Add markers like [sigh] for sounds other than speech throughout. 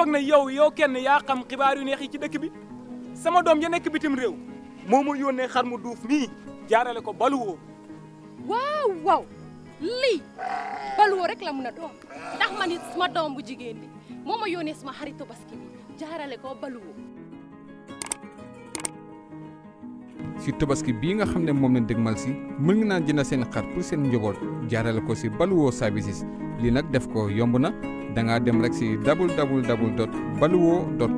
foog ne yow yow kenn yaa xam xibaar yu neex yi ci dëkk bi sama doom ya nekk bitim réew moo ma yónnee xar mu duuf mii jaarale ko baluwoo waaw waaw lii baluwoo rek la mu a doon ndax man suma doom bu jigéen bi moo ma yónnee sama xaritu baski bi jaarale ko baluwoo si tobaski bi nga xam ne lañ dëgmal si mën nga naa jënd seen xar pour seen njaboot jaarale ko si baluwo services lii nag def ko yomb na da ngaa dem rek si www dot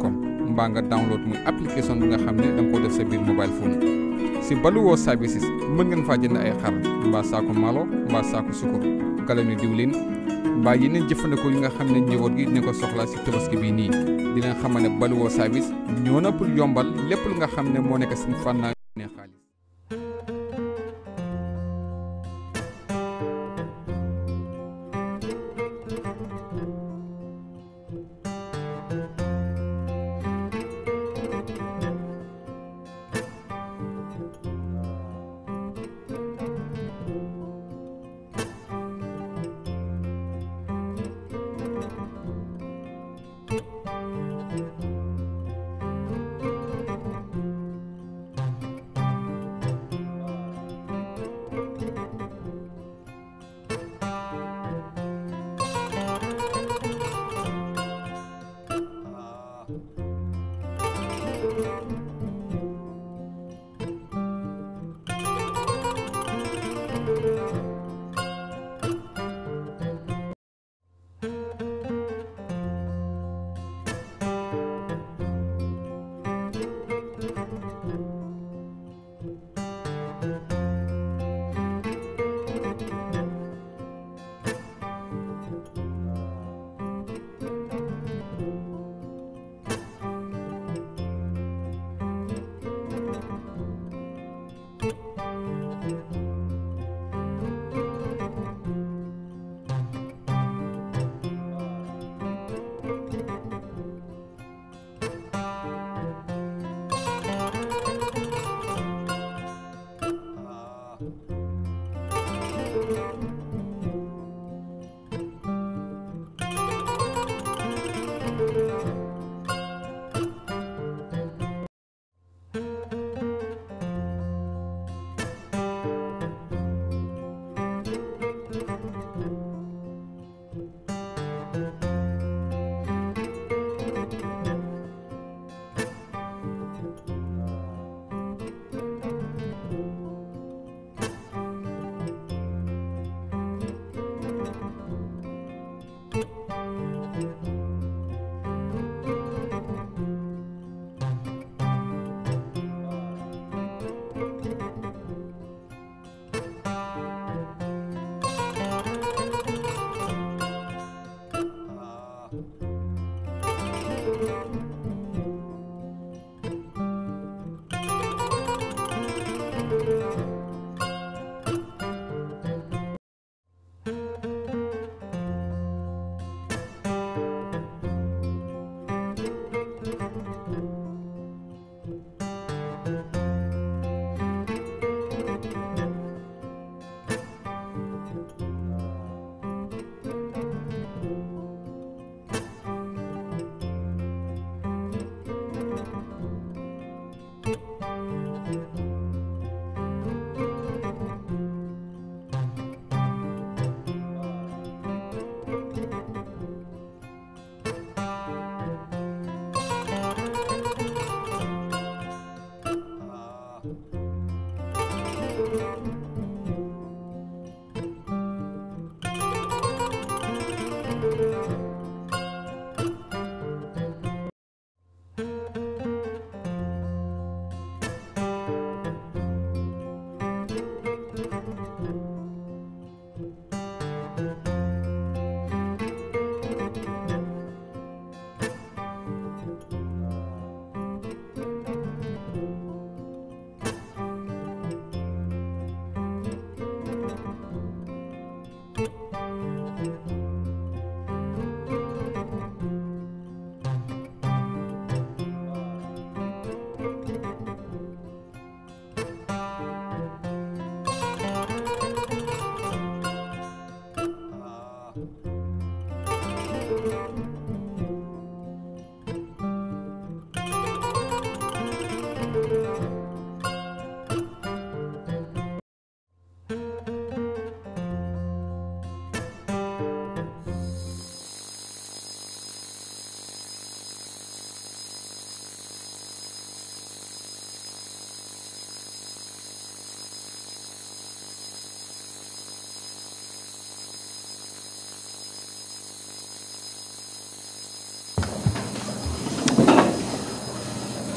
nga download muy application bi nga xam ne ko def sa biir mobile phone si baluwo services mën ngeen faa jënd ay xar mbaa saako maalo mbaa saako sukur galanu diwlin mbaa yeneen jëfandikoo yi nga xam ne njaboot gi dina ko soxla si tobaski bii nii di leen xamal baluwo service ñoo na pour yombal lépp lu nga xam ne moo seen fànnaa μια χάλιση.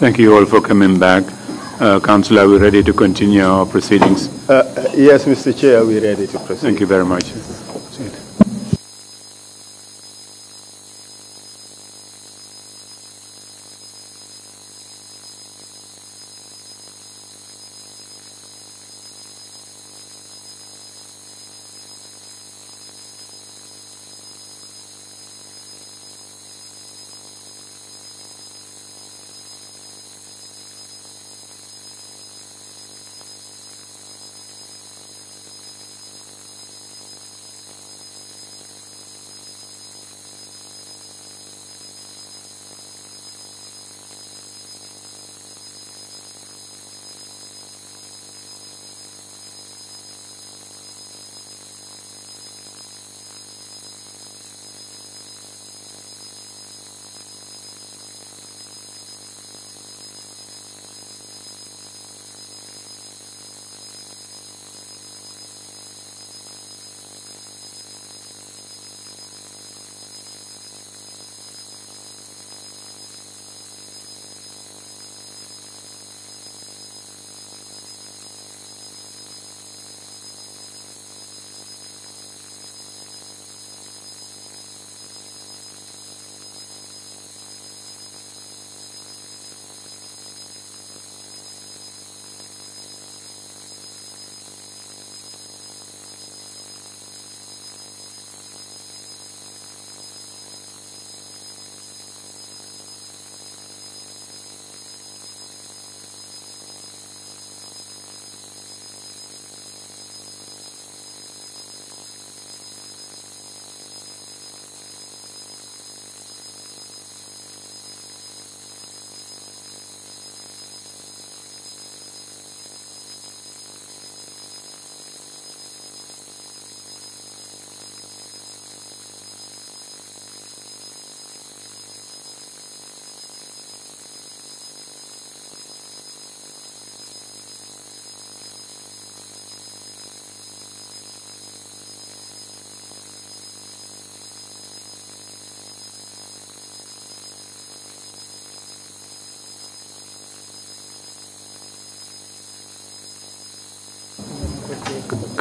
Thank you all for coming back. Uh, Council, are we ready to continue our proceedings? Uh, yes, Mr. Chair, we're ready to proceed. Thank you very much.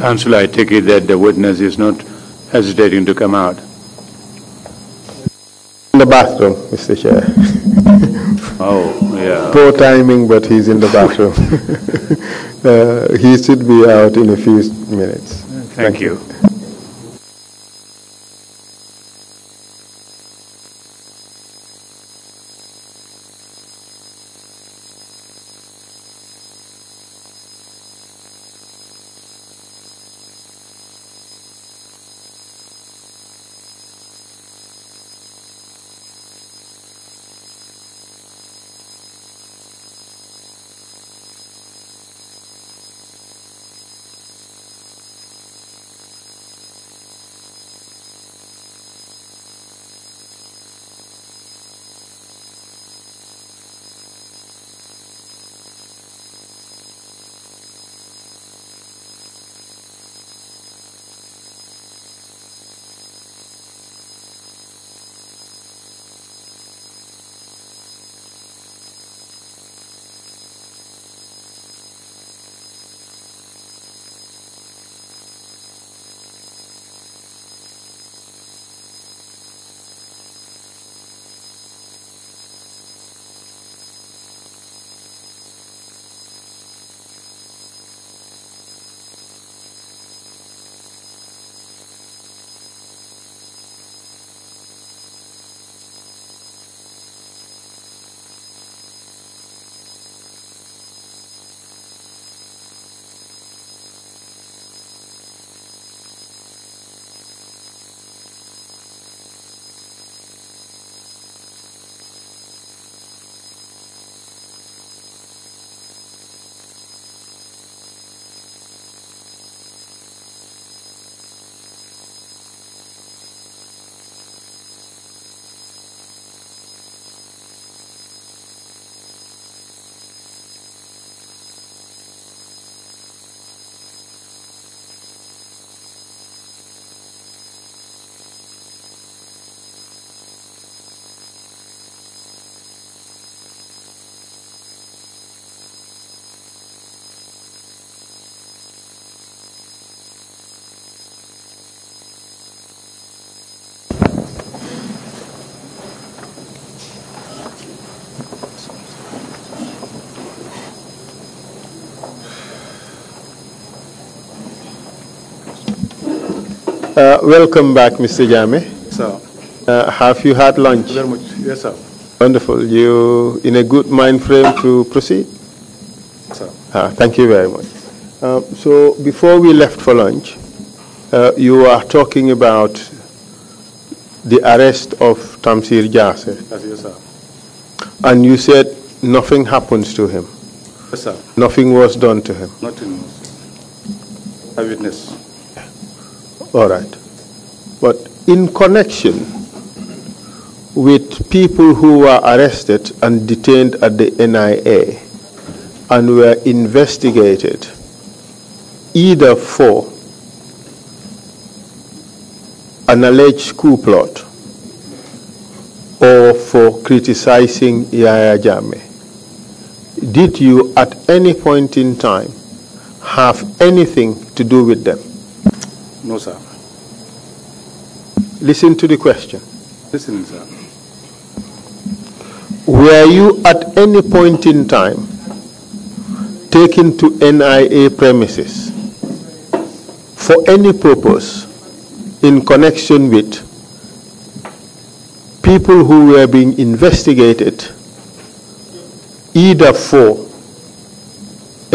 Counsel, I take it that the witness is not hesitating to come out. In the bathroom, Mr. Chair. [laughs] oh, yeah. Poor timing, but he's in the bathroom. [laughs] uh, he should be out in a few minutes. Thank, Thank you. you. Uh, welcome back, Mr. Jame. Sir. Uh, have you had lunch? Very much. Yes, sir. Wonderful. You in a good mind frame to proceed? Sir. Ah, thank you very much. Uh, so before we left for lunch, uh, you are talking about the arrest of Tamsir Jase. Yes, yes, sir. And you said nothing happens to him. Yes, sir. Nothing was done to him. Nothing A witness. All right. But in connection with people who were arrested and detained at the NIA and were investigated either for an alleged coup plot or for criticizing Yahya Jammeh, did you at any point in time have anything to do with them? Listen to the question. Listen, sir. Were you at any point in time taken to NIA premises for any purpose in connection with people who were being investigated either for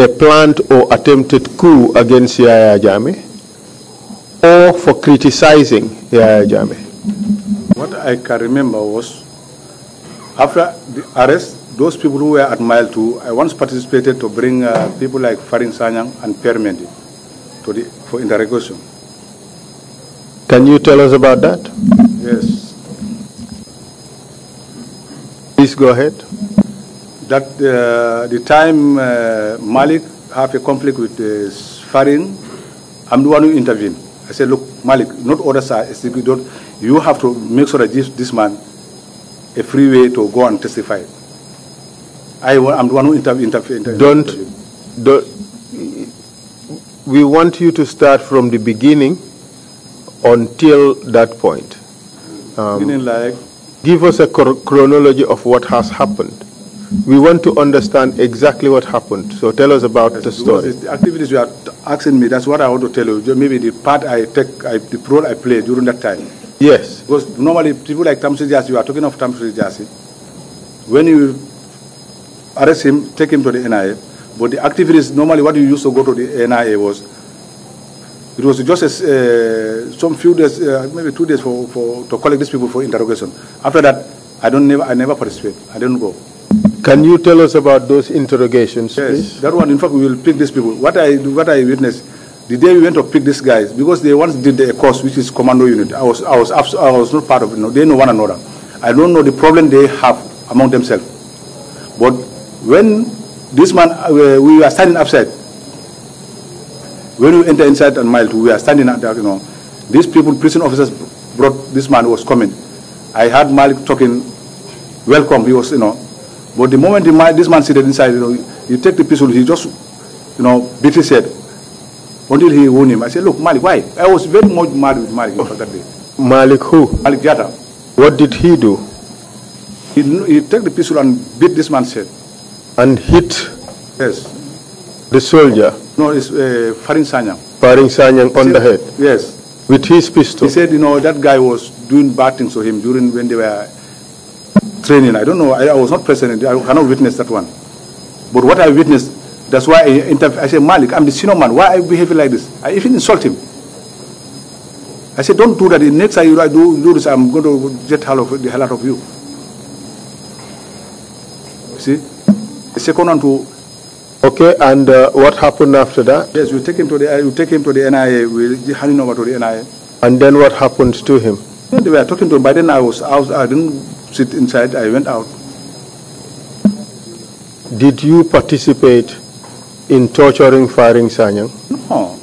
a planned or attempted coup against Yahya Jammeh or for criticizing the Jame? What I can remember was after the arrest, those people who were at mile two, I once participated to bring uh, people like Farin Sanyang and Pierre Mendy to the, for interrogation. Can you tell us about that? Yes. Please go ahead. That uh, the time uh, Malik have a conflict with uh, Farin, I'm the one who intervened. I said, look, Malik, not order sir, don't, you have to make sure that this man a free way to go and testify. I, am the one who interview. Interv interv don't, don't, we want you to start from the beginning until that point. Um, like? Give us a chronology of what has happened. We want to understand exactly what happened. So tell us about yes, the story. The activities you are asking me, that's what I want to tell you. Maybe the part I take, I, the role I play during that time. Yes. Because normally people like Tamsi Jasi, you are talking of Tamsi Jasi. When you arrest him, take him to the NIA. But the activities, normally what you used to go to the NIA was, it was just uh, some few days, uh, maybe two days for, for, to collect these people for interrogation. After that, I don't never, I never participate. I didn't go. Can you tell us about those interrogations? Yes, please? that one. In fact, we will pick these people. What I what I witnessed the day we went to pick these guys because they once did a course which is commando unit. I was I was I was not part of it. No, they know one another. I don't know the problem they have among themselves. But when this man uh, we were standing outside, when we enter inside and mile we are standing at you know, these people prison officers brought this man was coming. I heard Malik talking, welcome. He was you know but the moment the man, this man seated inside, you know, he take the pistol, he just, you know, beat his head until he won him. I said, look, Malik, why? I was very much mad with Malik oh. that day. Malik who? Malik Jata. What did he do? He, he took the pistol and beat this man's head. And hit? Yes. The soldier? No, it's uh, Farin Sanyang. Farin Sanyang on said, the head? Yes. With his pistol? He said, you know, that guy was doing bad things to him during when they were training. I don't know, I, I, was not present, I cannot witness that one. But what I witnessed, that's why I interv- I said, Malik, I'm the senior man. Why you behave like this? I even insult him. I said, don't do that. The next time you do, do this, I'm going to get hell of, the hell out of you. See? The second one to... Okay, and uh, what happened after that? Yes, we take him to the, we uh, take him to the NIA. We hand him over to the NIA. And then what happened to him? they were talking to him. By then I was, I, was, I didn't sit inside, I went out. Did you participate in torturing, firing Sanyang? No.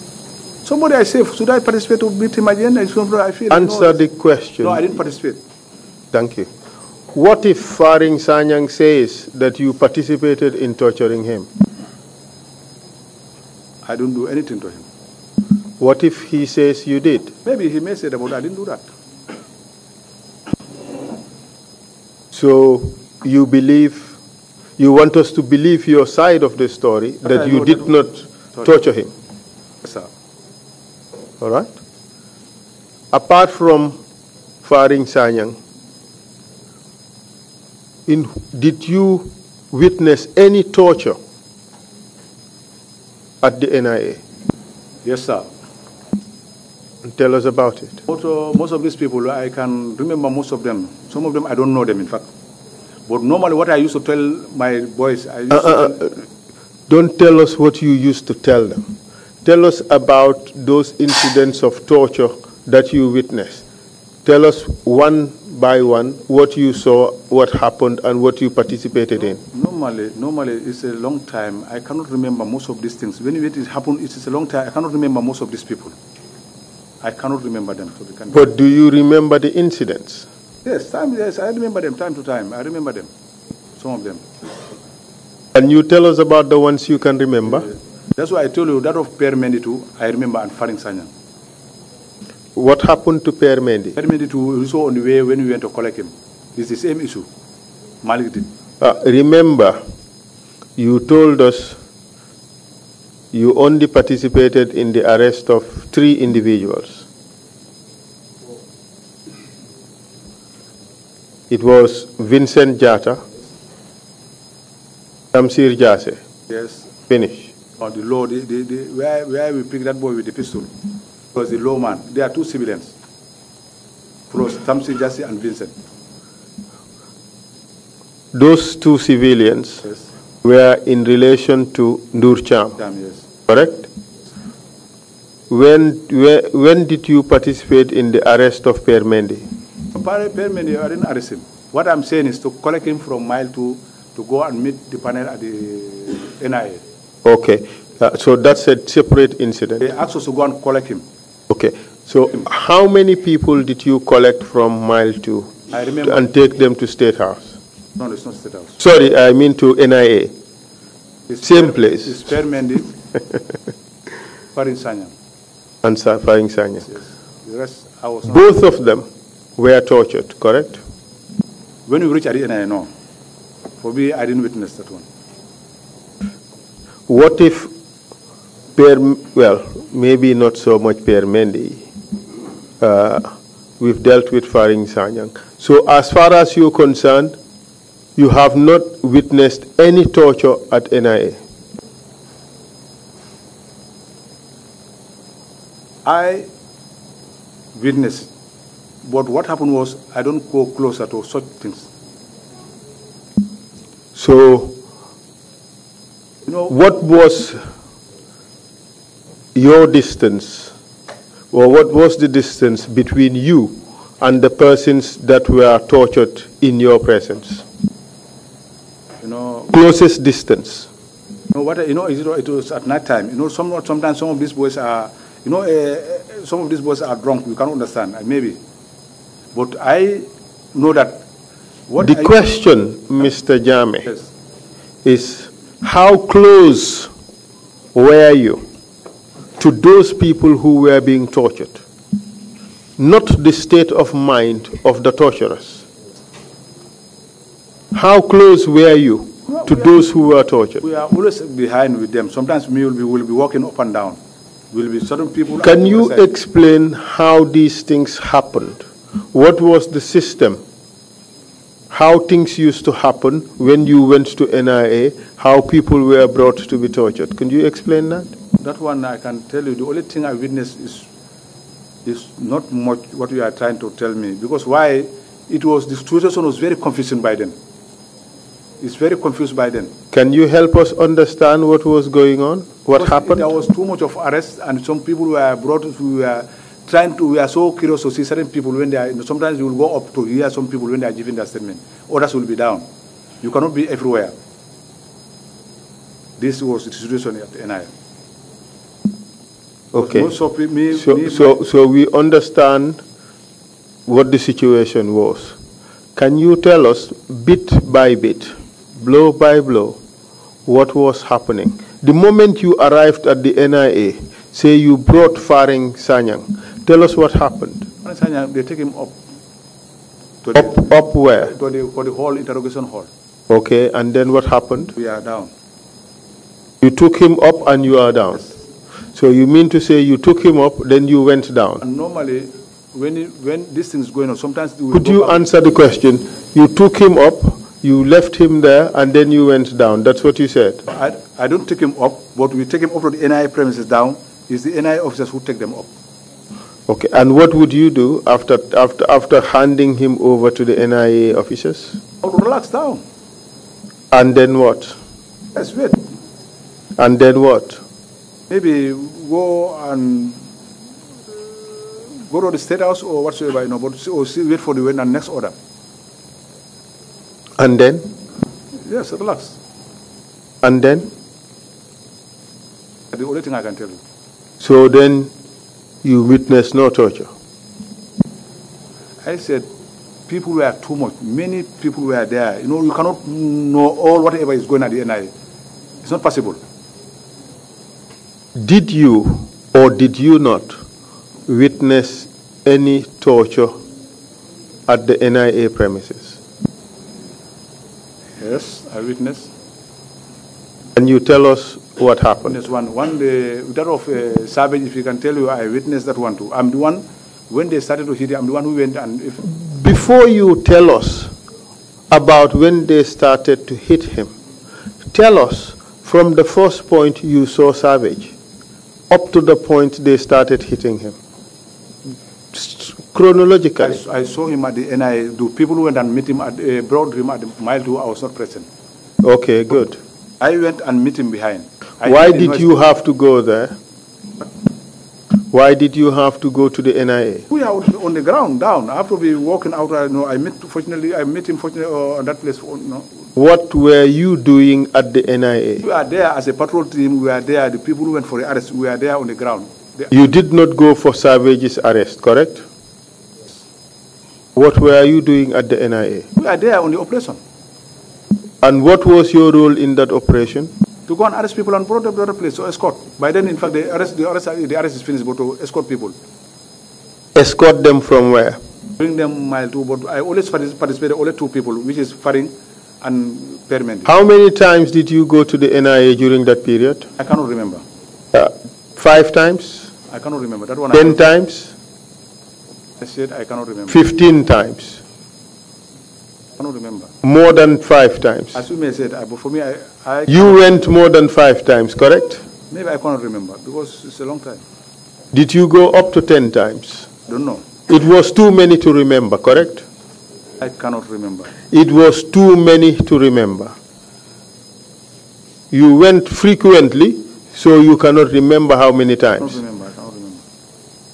Somebody I say, should I participate to beat him again? I feel, Answer no, the question. No, I didn't participate. Thank you. What if Firing Sanyang says that you participated in torturing him? I don't do anything to him. What if he says you did? Maybe he may say that, but I didn't do that. So you believe, you want us to believe your side of the story okay, that you no, did not torture him. Yes, sir. All right? Apart from Faring Sanyang, in, did you witness any torture at the NIA? Yes, sir. Tell us about it. Uh, most of these people, I can remember most of them. Some of them, I don't know them, in fact. But normally, what I used to tell my boys, I used uh, to. Uh, tell uh, don't tell us what you used to tell them. Tell us about those incidents of torture that you witnessed. Tell us one by one what you saw, what happened, and what you participated in. Normally, normally it's a long time. I cannot remember most of these things. When it happened, it's a long time. I cannot remember most of these people. I cannot remember them. So but do you remember the incidents? Yes, time, yes, I remember them time to time. I remember them, some of them. And you tell us about the ones you can remember? that's why I told you that of Pierre Menditu, I remember, and Faring Sanyan. What happened to Pierre Mendy? Pierre Menditu, we saw on the way when we went to collect him. It's the same issue. Malik did. Uh, remember, you told us you only participated in the arrest of three individuals. It was Vincent Jata, Tamsir Jase. Yes. Finish. On oh, the law, where, where we picked that boy with the pistol was the lawman. There are two civilians, plus Tamsir Jase and Vincent. Those two civilians. Yes were in relation to Nurcham. Yes. Correct? When, where, when did you participate in the arrest of Per Mendy? Per Mendy, I didn't arrest him. What I'm saying is to collect him from mile to, to go and meet the panel at the NIA. Okay. Uh, so that's a separate incident. They asked us to go and collect him. Okay. So how many people did you collect from mile two and take them to State House? No, it's not State House. Sorry, I mean to NIA. It's Same per, place. It's Per Mendy, And Sa Farin Yes. The rest, I was Both of them were tortured, correct? When we reached NIA, no. For me, I didn't witness that one. What if Per, well, maybe not so much Per Mendy. Uh, we've dealt with Faring Sanyang. So as far as you're concerned, you have not witnessed any torture at NIA? I witnessed, but what happened was I don't go closer to such things. So, you know, what was your distance, or what was the distance between you and the persons that were tortured in your presence? you know. Closest distance. You know, what, you know it, it was at night time. You know, some, sometimes some of these boys are, you know, uh, some of these boys are drunk. You can understand, uh, maybe. But I know that. What the I question, Mr. Jame, yes. is how close were you to those people who were being tortured? Not the state of mind of the torturers how close were you to those who were tortured? We are always behind with them. Sometimes we will be, will be walking up and down. Will be certain people. Can you explain how these things happened? What was the system? How things used to happen when you went to NIA? How people were brought to be tortured? Can you explain that? That one I can tell you. The only thing I witnessed is is not much what you are trying to tell me because why it was the situation was very confusing by then is very confused by then. Can you help us understand what was going on? What because happened? There was too much of arrest, and some people were brought. We were trying to. We are so curious to see certain people when they are. You know, sometimes you will go up to hear some people when they are giving their statement. Others will be down. You cannot be everywhere. This was the situation at NI. Okay. so, me, so, me, so, so we understand what the situation was. Can you tell us bit by bit blow by blow, what was happening. The moment you arrived at the NIA, say you brought Faring Sanyang, tell us what happened. Sanyang, they take him up. To up, the, up where? To the, for the whole interrogation hall. Okay, and then what happened? We are down. You took him up and you are down. Yes. So you mean to say you took him up, then you went down? And normally, when, it, when these things going on, sometimes... Could you answer the question? You took him up, you left him there and then you went down. That's what you said. I, I don't take him up. What we take him up to the NIA premises down is the NIA officers who take them up. Okay, and what would you do after, after, after handing him over to the NIA officers? I would relax down. And then what? let wait. And then what? Maybe go and go to the State House or whatsoever, you know, but or see, wait for the next order. And then? Yes, relax. And then? The only thing I can tell you. So then you witnessed no torture? I said people were too much. Many people were there. You know, you cannot know all whatever is going on at the NIA. It's not possible. Did you or did you not witness any torture at the NIA premises? Yes, I witnessed. Can you tell us what happened? Yes, one. One, the, that of uh, Savage, if you can tell you, I witnessed that one too. I'm the one, when they started to hit him. I'm the one who went and... If Before you tell us about when they started to hit him, tell us from the first point you saw Savage up to the point they started hitting him chronologically. I, I, saw him at the NIA. Do people went and meet him at a eh, broad Broadrim at the mile two? I was not present. Okay, good. But I went and meet him behind. I Why did you have to go there? Why did you have to go to the NIA? We are on the ground down. After we walking out, I know I met. Fortunately, I met him. Fortunately, uh, on that place. You What were you doing at the NIA? We are there as a patrol team. We are there. The people who went for the arrest. We are there on the ground. you did not go for Savage's arrest, correct? What were you doing at the NIA? We are there on the operation. And what was your role in that operation? To go and arrest people and brought them to other place so escort. By then, in fact, the arrest, the arrest, the arrest is finished, but to escort people. Escort them from where? Bring them mile two, but I always participated only two people, which is Faring and Permanent. How many times did you go to the NIA during that period? I cannot remember. Uh, five times? I cannot remember. That one. Ten times? I said I cannot remember. 15 times. I cannot remember. More than five times. As you may said, I, but for me, I. I you went more than five times, correct? Maybe I cannot remember because it's a long time. Did you go up to 10 times? Don't know. It was too many to remember, correct? I cannot remember. It was too many to remember. You went frequently, so you cannot remember how many times.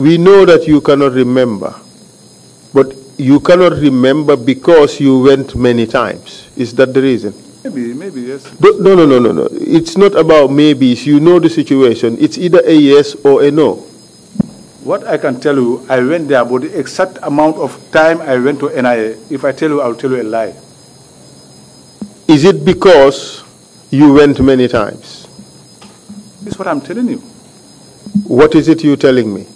We know that you cannot remember, but you cannot remember because you went many times. Is that the reason? Maybe, maybe, yes. But no, no, no, no, no. It's not about maybe. You know the situation. It's either a yes or a no. What I can tell you, I went there, but the exact amount of time I went to NIA, if I tell you, I'll tell you a lie. Is it because you went many times? This is what I'm telling you. What is it you're telling me?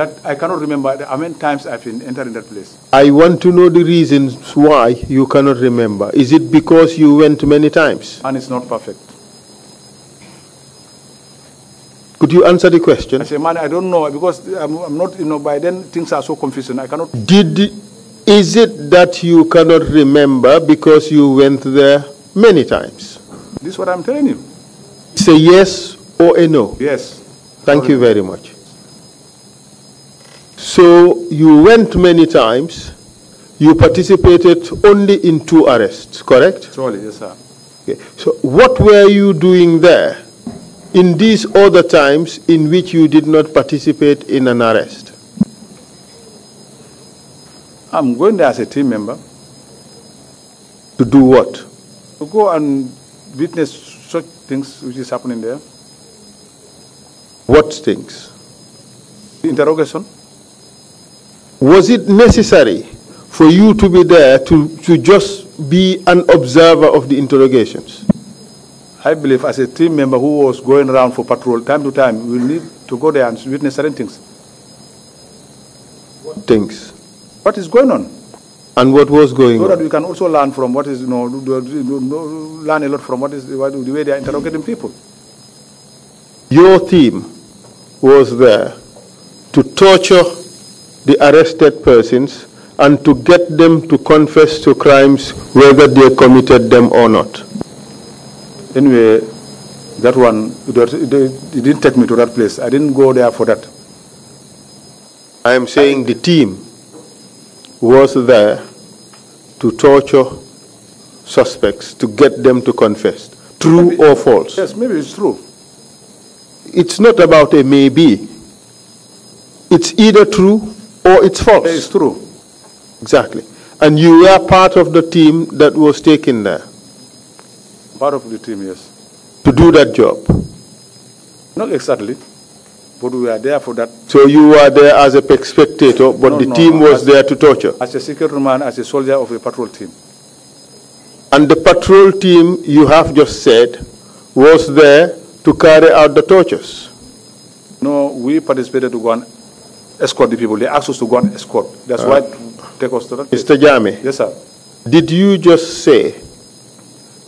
That I cannot remember how many times I've been entering that place. I want to know the reasons why you cannot remember. Is it because you went many times? And it's not perfect. Could you answer the question? I say, man, I don't know because I'm, I'm not, you know, by then things are so confusing. I cannot. Did, is it that you cannot remember because you went there many times? This is what I'm telling you. Say yes or a no. Yes. Thank you very much. So you went many times. You participated only in two arrests, correct? Truly, yes, sir. Okay. So what were you doing there in these other times in which you did not participate in an arrest? I'm going there as a team member. To do what? To go and witness such things which is happening there. What things? interrogation was it necessary for you to be there to, to just be an observer of the interrogations? I believe as a team member who was going around for patrol time to time, we need to go there and witness certain things. What things? What is going on? And what was going so on? So that we can also learn from what is, you know, learn a lot from what is the way they are interrogating people. Your team was there to torture the arrested persons and to get them to confess to crimes whether they committed them or not. Anyway, that one, it didn't take me to that place. I didn't go there for that. I am saying the team was there to torture suspects, to get them to confess, true maybe, or false. Yes, maybe it's true. It's not about a maybe. It's either true or it's false. It's true. Exactly. And you were part of the team that was taken there. Part of the team, yes. To do that job. Not exactly, but we were there for that. So you were there as a spectator, but no, the no, team no. was there to torture. As a security man, as a soldier of a patrol team. And the patrol team, you have just said, was there to carry out the tortures. No, we participated to go and escort the people. They asked us to go and escort. That's why uh, take us to that. Mr. Jame. Yes, sir. Did you just say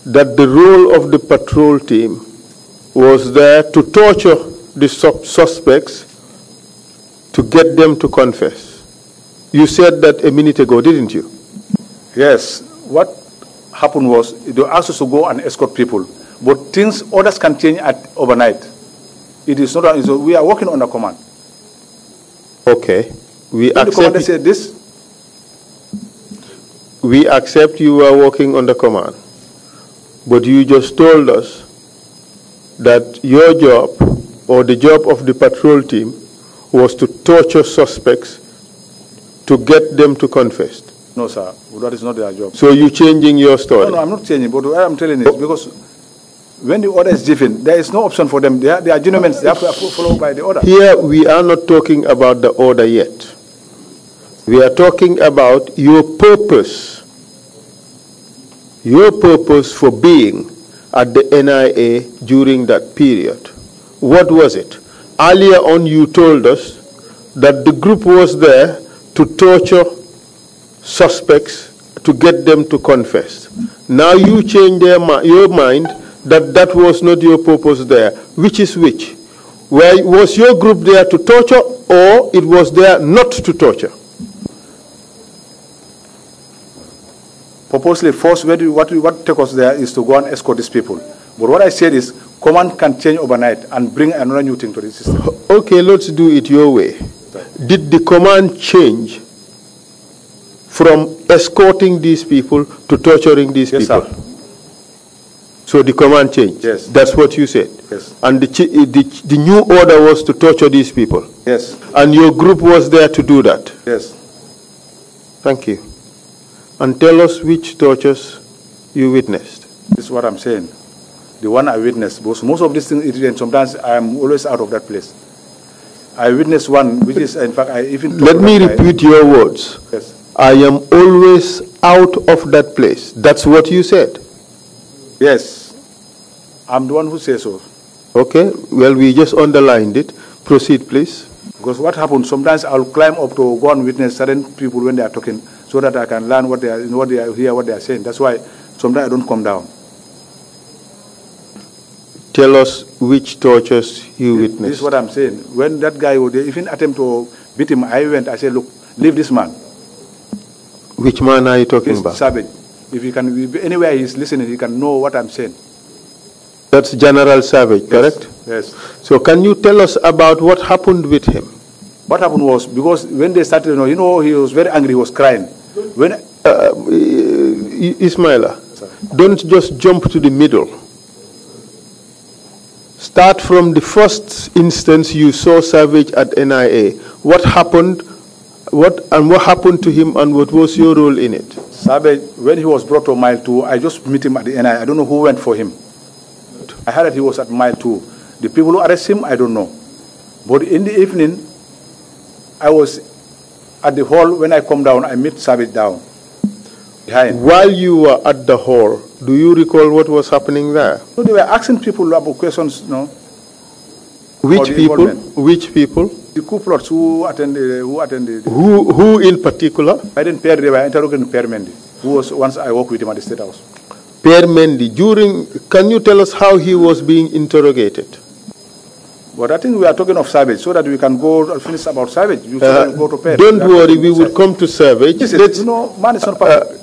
that the role of the patrol team was there to torture the suspects to get them to confess? You said that a minute ago, didn't you? Yes. What happened was they asked us to go and escort people, but things orders can change at overnight. It is not. We are working on a command. Okay. We did accept the commander said this? We accept you were working under command, but you just told us that your job or the job of the patrol team was to torture suspects to get them to confess. No, sir. That is not their job. So you're changing your story? No, no, I'm not changing, but I'm telling you because when the order is given, there is no option for them. They are, they are genomens. They have to follow by the order. Here, we are not talking about the order yet. We are talking about your purpose. Your purpose for being at the NIA during that period. What was it? Earlier on, you told us that the group was there to torture suspects to get them to confess. Now you change their, your mind that that was not your purpose there. Which is which? Where was your group there to torture or it was there not to torture? Purposely force, what, what took us there is to go and escort these people. But what I said is command can change overnight and bring another new thing to the system. [laughs] Okay, let's do it your way. Did the command change from escorting these people to torturing these yes, people? Sir. So the command changed. Yes. That's what you said. Yes. And the, the, the new order was to torture these people. Yes. And your group was there to do that. Yes. Thank you. And tell us which tortures you witnessed. This is what I'm saying. The one I witnessed, because most of these things, and sometimes I'm always out of that place. I witnessed one, which is, in fact, I even. Let me repeat I, your words. Yes. I am always out of that place. That's what you said. Yes. I'm the one who says so. Okay. Well, we just underlined it. Proceed, please. Because what happens, sometimes I'll climb up to go and witness certain people when they are talking so that I can learn what they are, what they are, hear what they are saying. That's why sometimes I don't come down. Tell us which tortures you this, witnessed. This is what I'm saying. When that guy would even attempt to beat him, I went, I said, look, leave this man. Which man are you talking this about? Savage. If you can, anywhere he's listening, he can know what I'm saying. That's General Savage, correct? Yes. So can you tell us about what happened with him? What happened was, because when they started, you know, you know he was very angry, he was crying. When uh, uh Ismaila, don't just jump to the middle. Start from the first instance you saw Savage at NIA. What happened? What and what happened to him, and what was your role in it? Sabe, when he was brought to mile two, I just met him at the end. I don't know who went for him. I heard that he was at mile two. The people who arrested him, I don't know. But in the evening, I was at the hall. When I come down, I meet Sabe down. Behind. While you were at the hall, do you recall what was happening there? So they were asking people about questions, you know, which people? Which people? The couple who attended. Who attended? Who, who in particular? I didn't pair. They were interrogating Pierre Mendy, who was once I worked with him at the State House. Pierre Mendy, during, can you tell us how he was being interrogated? But I think we are talking of savage, so that we can go and finish about savage. You uh, go to Pierre. Don't worry, we will come to savage. Yes, yes, you know, man is not perfect. Uh,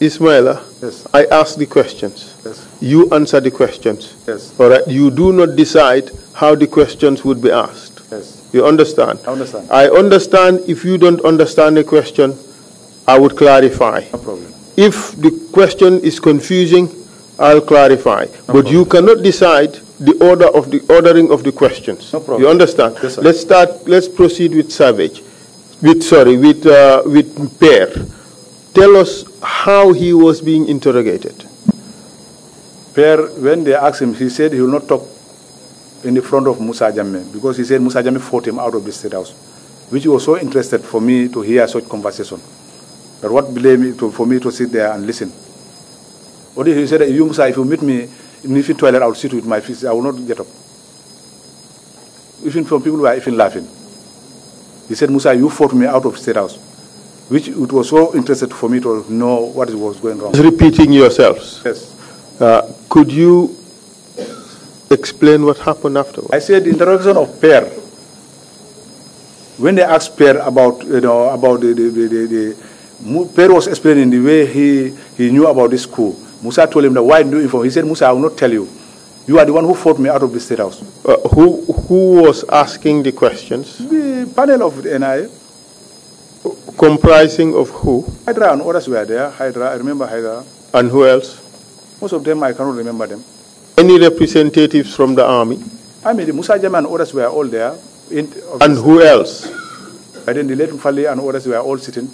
Ismaila, yes. I ask the questions. Yes. You answer the questions. Yes. All right. You do not decide how the questions would be asked. Yes. You understand? I understand. I understand if you don't understand the question, I would clarify. No problem. If the question is confusing, I'll clarify. No but problem. you cannot decide the order of the ordering of the questions. No problem. You understand? Yes, let's start. Let's proceed with Savage, with sorry, with uh, with Pear. Tell us how he was being interrogated. Pear, when they asked him, he said he will not talk in the front of Musa Jame because he said Musa Jame fought him out of the state house, which was so interested for me to hear such conversation. But what blame me to, for me to sit there and listen? What did he said, you Musa, if you meet me in the toilet, I'll sit with my feet. I will not get up. Even from people who are even laughing. He said, Musa, you fought me out of state house, which it was so interested for me to know what was going on. repeating yourselves. Yes. Uh, could you Explain what happened afterwards. I said introduction of pair. When they asked pair about you know about the the, the, the, the pair was explaining the way he he knew about this school. Musa told him that why do you inform? He said, Musa, I will not tell you. You are the one who fought me out of the state house. Uh, who who was asking the questions? The panel of the NIA. Comprising of who? Hydra and others were there. Hydra, I remember Hydra. And who else? Most of them, I cannot remember them any representatives from the army? I mean, Musa Jama and others were all there. and who else? And then the late Mfali and others were all sitting.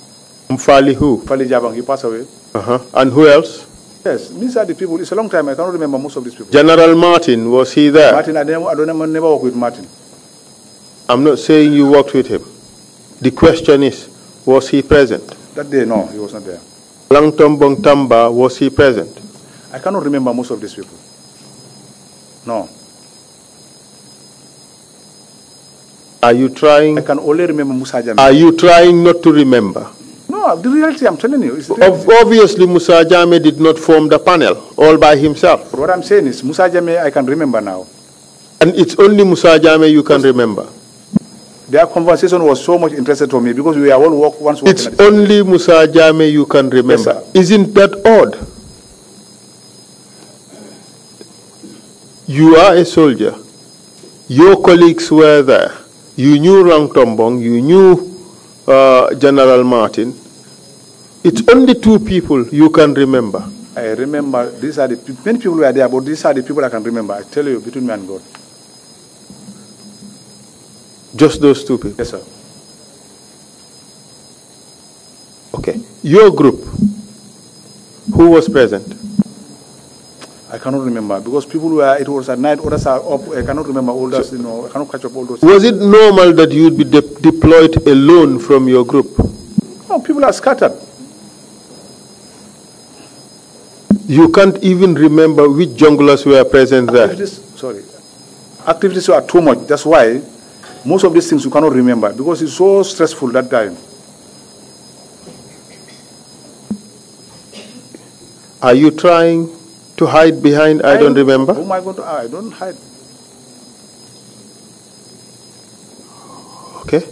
Mfali um, who? Mfali Jabang, he passed away. Uh-huh. And who else? Yes, these are the people. It's a long time. I cannot remember most of these people. General Martin, was he there? Martin, I, never, I don't I never worked with Martin. I'm not saying you worked with him. The question is, was he present? That day, no, he was not there. Langtombong Tamba, was he present? I cannot remember most of these people. No. Are you trying? I can only remember Musa Jame. Are you trying not to remember? No, the reality I'm telling you is. obviously, Musa Jame did not form the panel all by himself. But what I'm saying is, Musa Jame, I can remember now. And it's only Musa Jame you can remember. Their conversation was so much interested for me because we are all work once. It's only Musa Jame you can remember. Yes, Isn't that odd? You are a soldier. Your colleagues were there. You knew Rang Tombong, you knew uh, General Martin. It's only two people you can remember. I remember, these are the many people were there, but these are the people I can remember. I tell you, between me and God. Just those two people? Yes, sir. Okay. Your group, who was present? I cannot remember because people were, it was at night, others are up. I cannot remember all those, so, you know, I cannot catch up all those. Was it normal that you'd be de deployed alone from your group? No, people are scattered. You can't even remember which junglers were present activities, there. Sorry. Activities are too much. That's why most of these things you cannot remember because it's so stressful that time. Are you trying to hide behind, I, I don't remember? Who am I going to, I don't hide. Okay.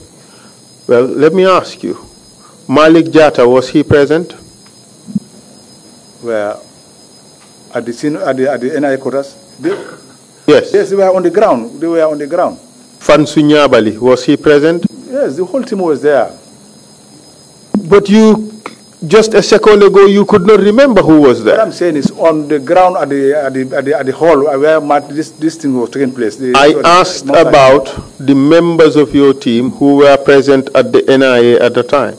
Well, let me ask you. Malik Jatta, was he present? Well, at the, scene, at the, at the NIA quarters? They, yes. Yes, they were on the ground. They were on the ground. Fansu Bali, was he present? Yes, the whole team was there. But you just a second ago you could not remember who was there. What I'm saying is on the ground at the at the, at the, at the hall where this this thing was taking place. The, I the, asked about the members of your team who were present at the NIA at the time.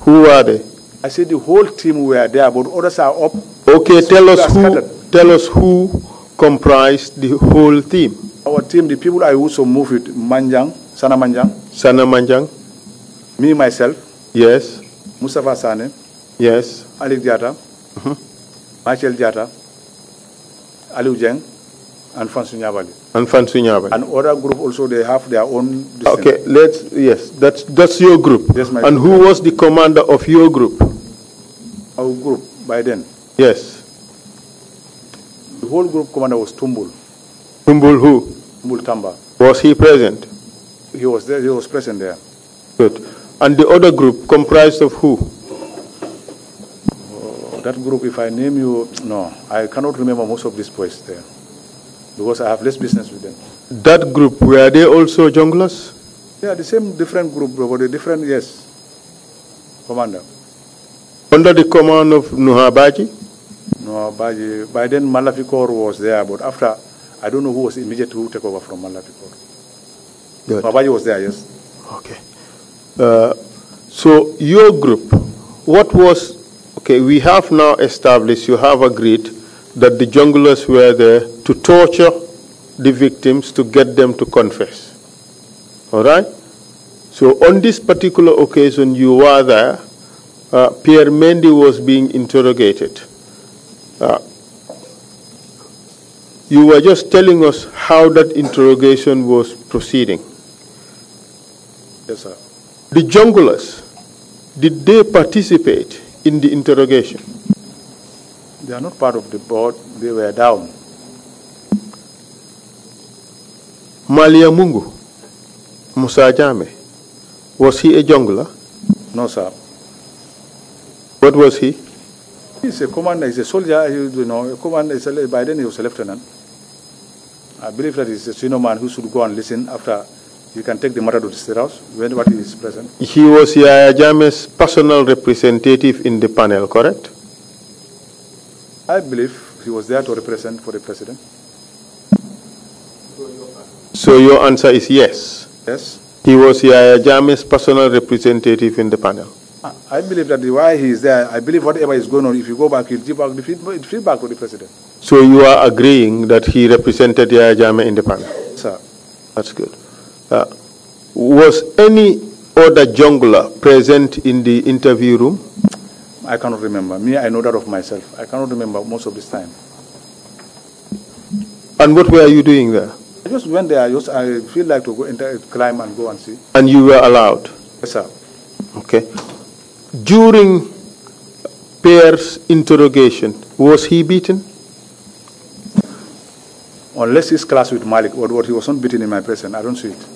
Who are they? I said the whole team were there, but others are up. Okay, tell us who. Tell us who comprised the whole team. Our team, the people I also moved with, Manjang, Sana Manjang. Sana Manjang. Me myself. Yes. Mustafa Sane. Yes. Ali Diata. Uh-huh. Michael Diata. Aliu Jeng and Fansu Nyabali. And Fansu Nyabali. And other group also they have their own. Okay, let's yes, that's that's your group. Yes, my. And group. who was the commander of your group? Our group by then. Yes. The whole group commander was Tumbul. Tumbul who? Tumbul Tamba. Was he present? He was there. He was present there. Good. And the other group comprised of who? Uh, that group, if I name you, no, I cannot remember most of these boys there because I have less business with them. That group, were they also junglers? Yeah, the same different group, but a different, yes, commander. Under the command of Nuhabaji? Nuhabaji, by then Malafikor was there, but after, I don't know who was immediate who took over from Malafikor. Nuhabaji was there, yes. Okay. Uh, so your group, what was, okay, we have now established, you have agreed that the junglers were there to torture the victims to get them to confess. All right? So on this particular occasion, you were there. Uh, Pierre Mendy was being interrogated. Uh, you were just telling us how that interrogation was proceeding. Yes, sir. The junglers, did they participate in the interrogation? They are not part of the board, they were down. Malia Mungu, Musa Jame, was he a jungler? No, sir. What was he? He's a commander, he's a soldier, he, you know, a commander, by then he was a lieutenant. I believe that he's a senior man who should go and listen after you can take the matter to the State House when what is present. He was Yaya Jame's personal representative in the panel, correct? I believe he was there to represent for the president. So your answer is yes? Yes. He was Yaya Jame's personal representative in the panel. I believe that why he is there, I believe whatever is going on, if you go back, he'll give back the feedback to the president. So you are agreeing that he represented Yaya Jame in the panel? Sir. That's good. Uh, was any other jungler present in the interview room? I cannot remember. Me, I know that of myself. I cannot remember most of this time. And what were you doing there? I just went there. I just I feel like to go enter, climb and go and see. And you were allowed. Yes, sir. Okay. During Pierre's interrogation, was he beaten? Unless his class with Malik or what he was not beaten in my presence, I don't see it.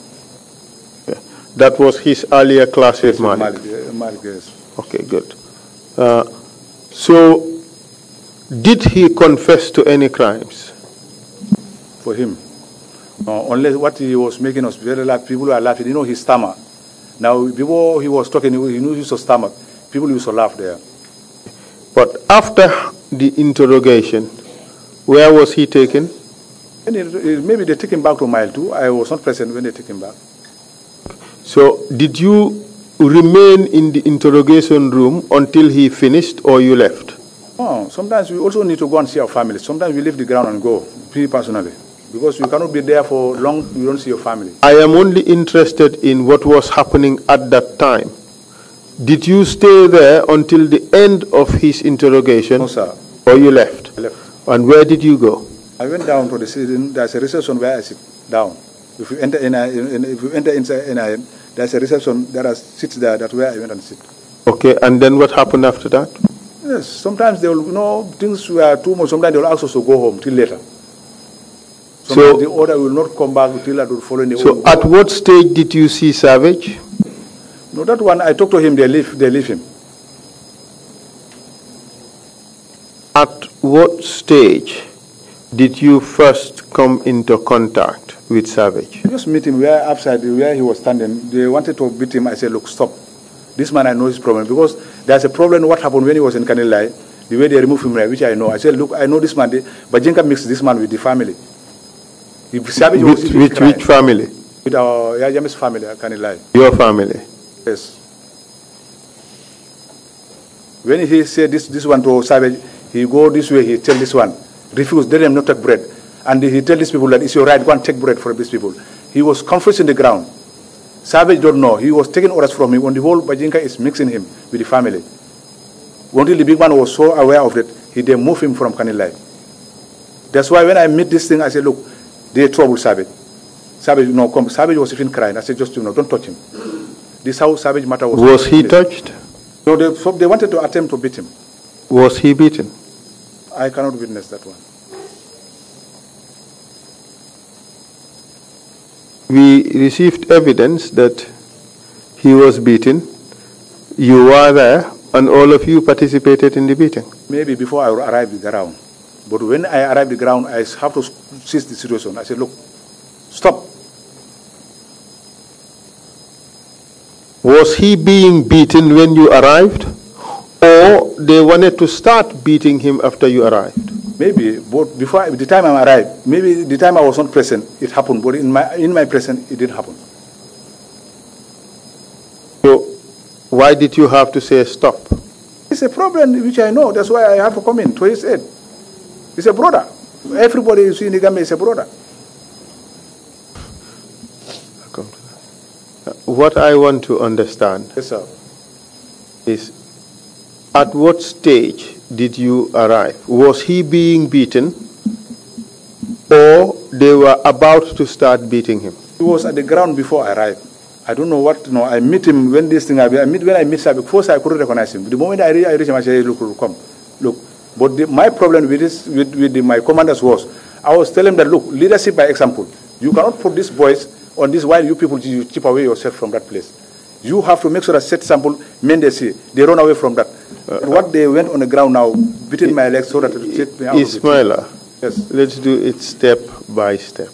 Yeah. That was his earlier class with Malik. Malik, uh, Malik yes. Okay, good. Uh, so, did he confess to any crimes? For him. Uh, unless what he was making us very laugh, people were laughing. You know, his stomach. Now, before he was talking, he knew his stomach. People used to laugh there. But after the interrogation, where was he taken? And it, it, maybe they took him back to mile two. I was not present when they took him back. So did you remain in the interrogation room until he finished or you left? Oh, sometimes we also need to go and see our family. Sometimes we leave the ground and go, personally. Because you cannot be there for long, you don't see your family. I am only interested in what was happening at that time. Did you stay there until the end of his interrogation? No, sir. Or you left? I left. And where did you go? I went down to the season. There's a reception where I sit down. If you enter in, a, in if you enter inside NIN, there's a reception. There are seats there. That's where I went and sit. Okay, and then what happened after that? Yes, sometimes they will you know things were too much. Sometimes they will ask us to go home till later. Sometimes so the order will not come back till I will follow. The so at what stage did you see Savage? No, that one I talked to him. They leave. They leave him. At what stage? did you first come into contact with Savage? Just meet him where outside where he was standing. They wanted to beat him. I said, look, stop. This man, I know his problem because there's a problem. What happened when he was in Kanilai? The way they removed him, which I know. I said, look, I know this man. But Jinka mixed this man with the family. If Savage with, was with which family? With our Yajami's family, uh, Kanilai. Your family? Yes. When he said this, this one to Savage, he go this way, he tell this one refused, let them not take bread. And he tell these people that it's your right, go and take bread for these people. He was confused in the ground. Savage don't know. He was taking orders from him. On the whole, Bajinka is mixing him with the family. Until the big man was so aware of it, he then moved him from Kanilai. That's why when I meet this thing, I say, look, they trouble Savage. Savage, no, come. Savage was even crying. I said, just, you know, don't touch him. This how Savage matter was. Was he touched? No, so they, so they wanted to attempt to beat him. Was he beaten? I cannot witness that one. We received evidence that he was beaten. You were there, and all of you participated in the beating. Maybe before I arrived the ground. But when I arrived the ground, I have to seize the situation. I said, look, stop. Was he being beaten when you arrived? Or they wanted to start beating him after you arrived? Maybe, but before the time I arrived, maybe the time I was not present, it happened. But in my in my presence, it didn't happen. So, why did you have to say stop? It's a problem which I know. That's why I have to come in to his aid. It's a brother. Everybody you see in the game is a brother. Uh, what I want to understand yes, is at what stage did you arrive? Was he being beaten or they were about to start beating him? He was at the ground before I arrived. I don't know what, no, I meet him when this thing I meet, when I meet Sabik, first I couldn't recognize him. The moment I, re- I reached him, I said, look, look come, look. But the, my problem with this, with, with the, my commanders was, I was telling them that, look, leadership by example. You cannot put these boys on this while you people you chip away yourself from that place. You have to make sure that set sample men they see, they run away from that. Uh, what they went on the ground now, between my legs so that it take me out. Ismaila, yes. let's do it step by step.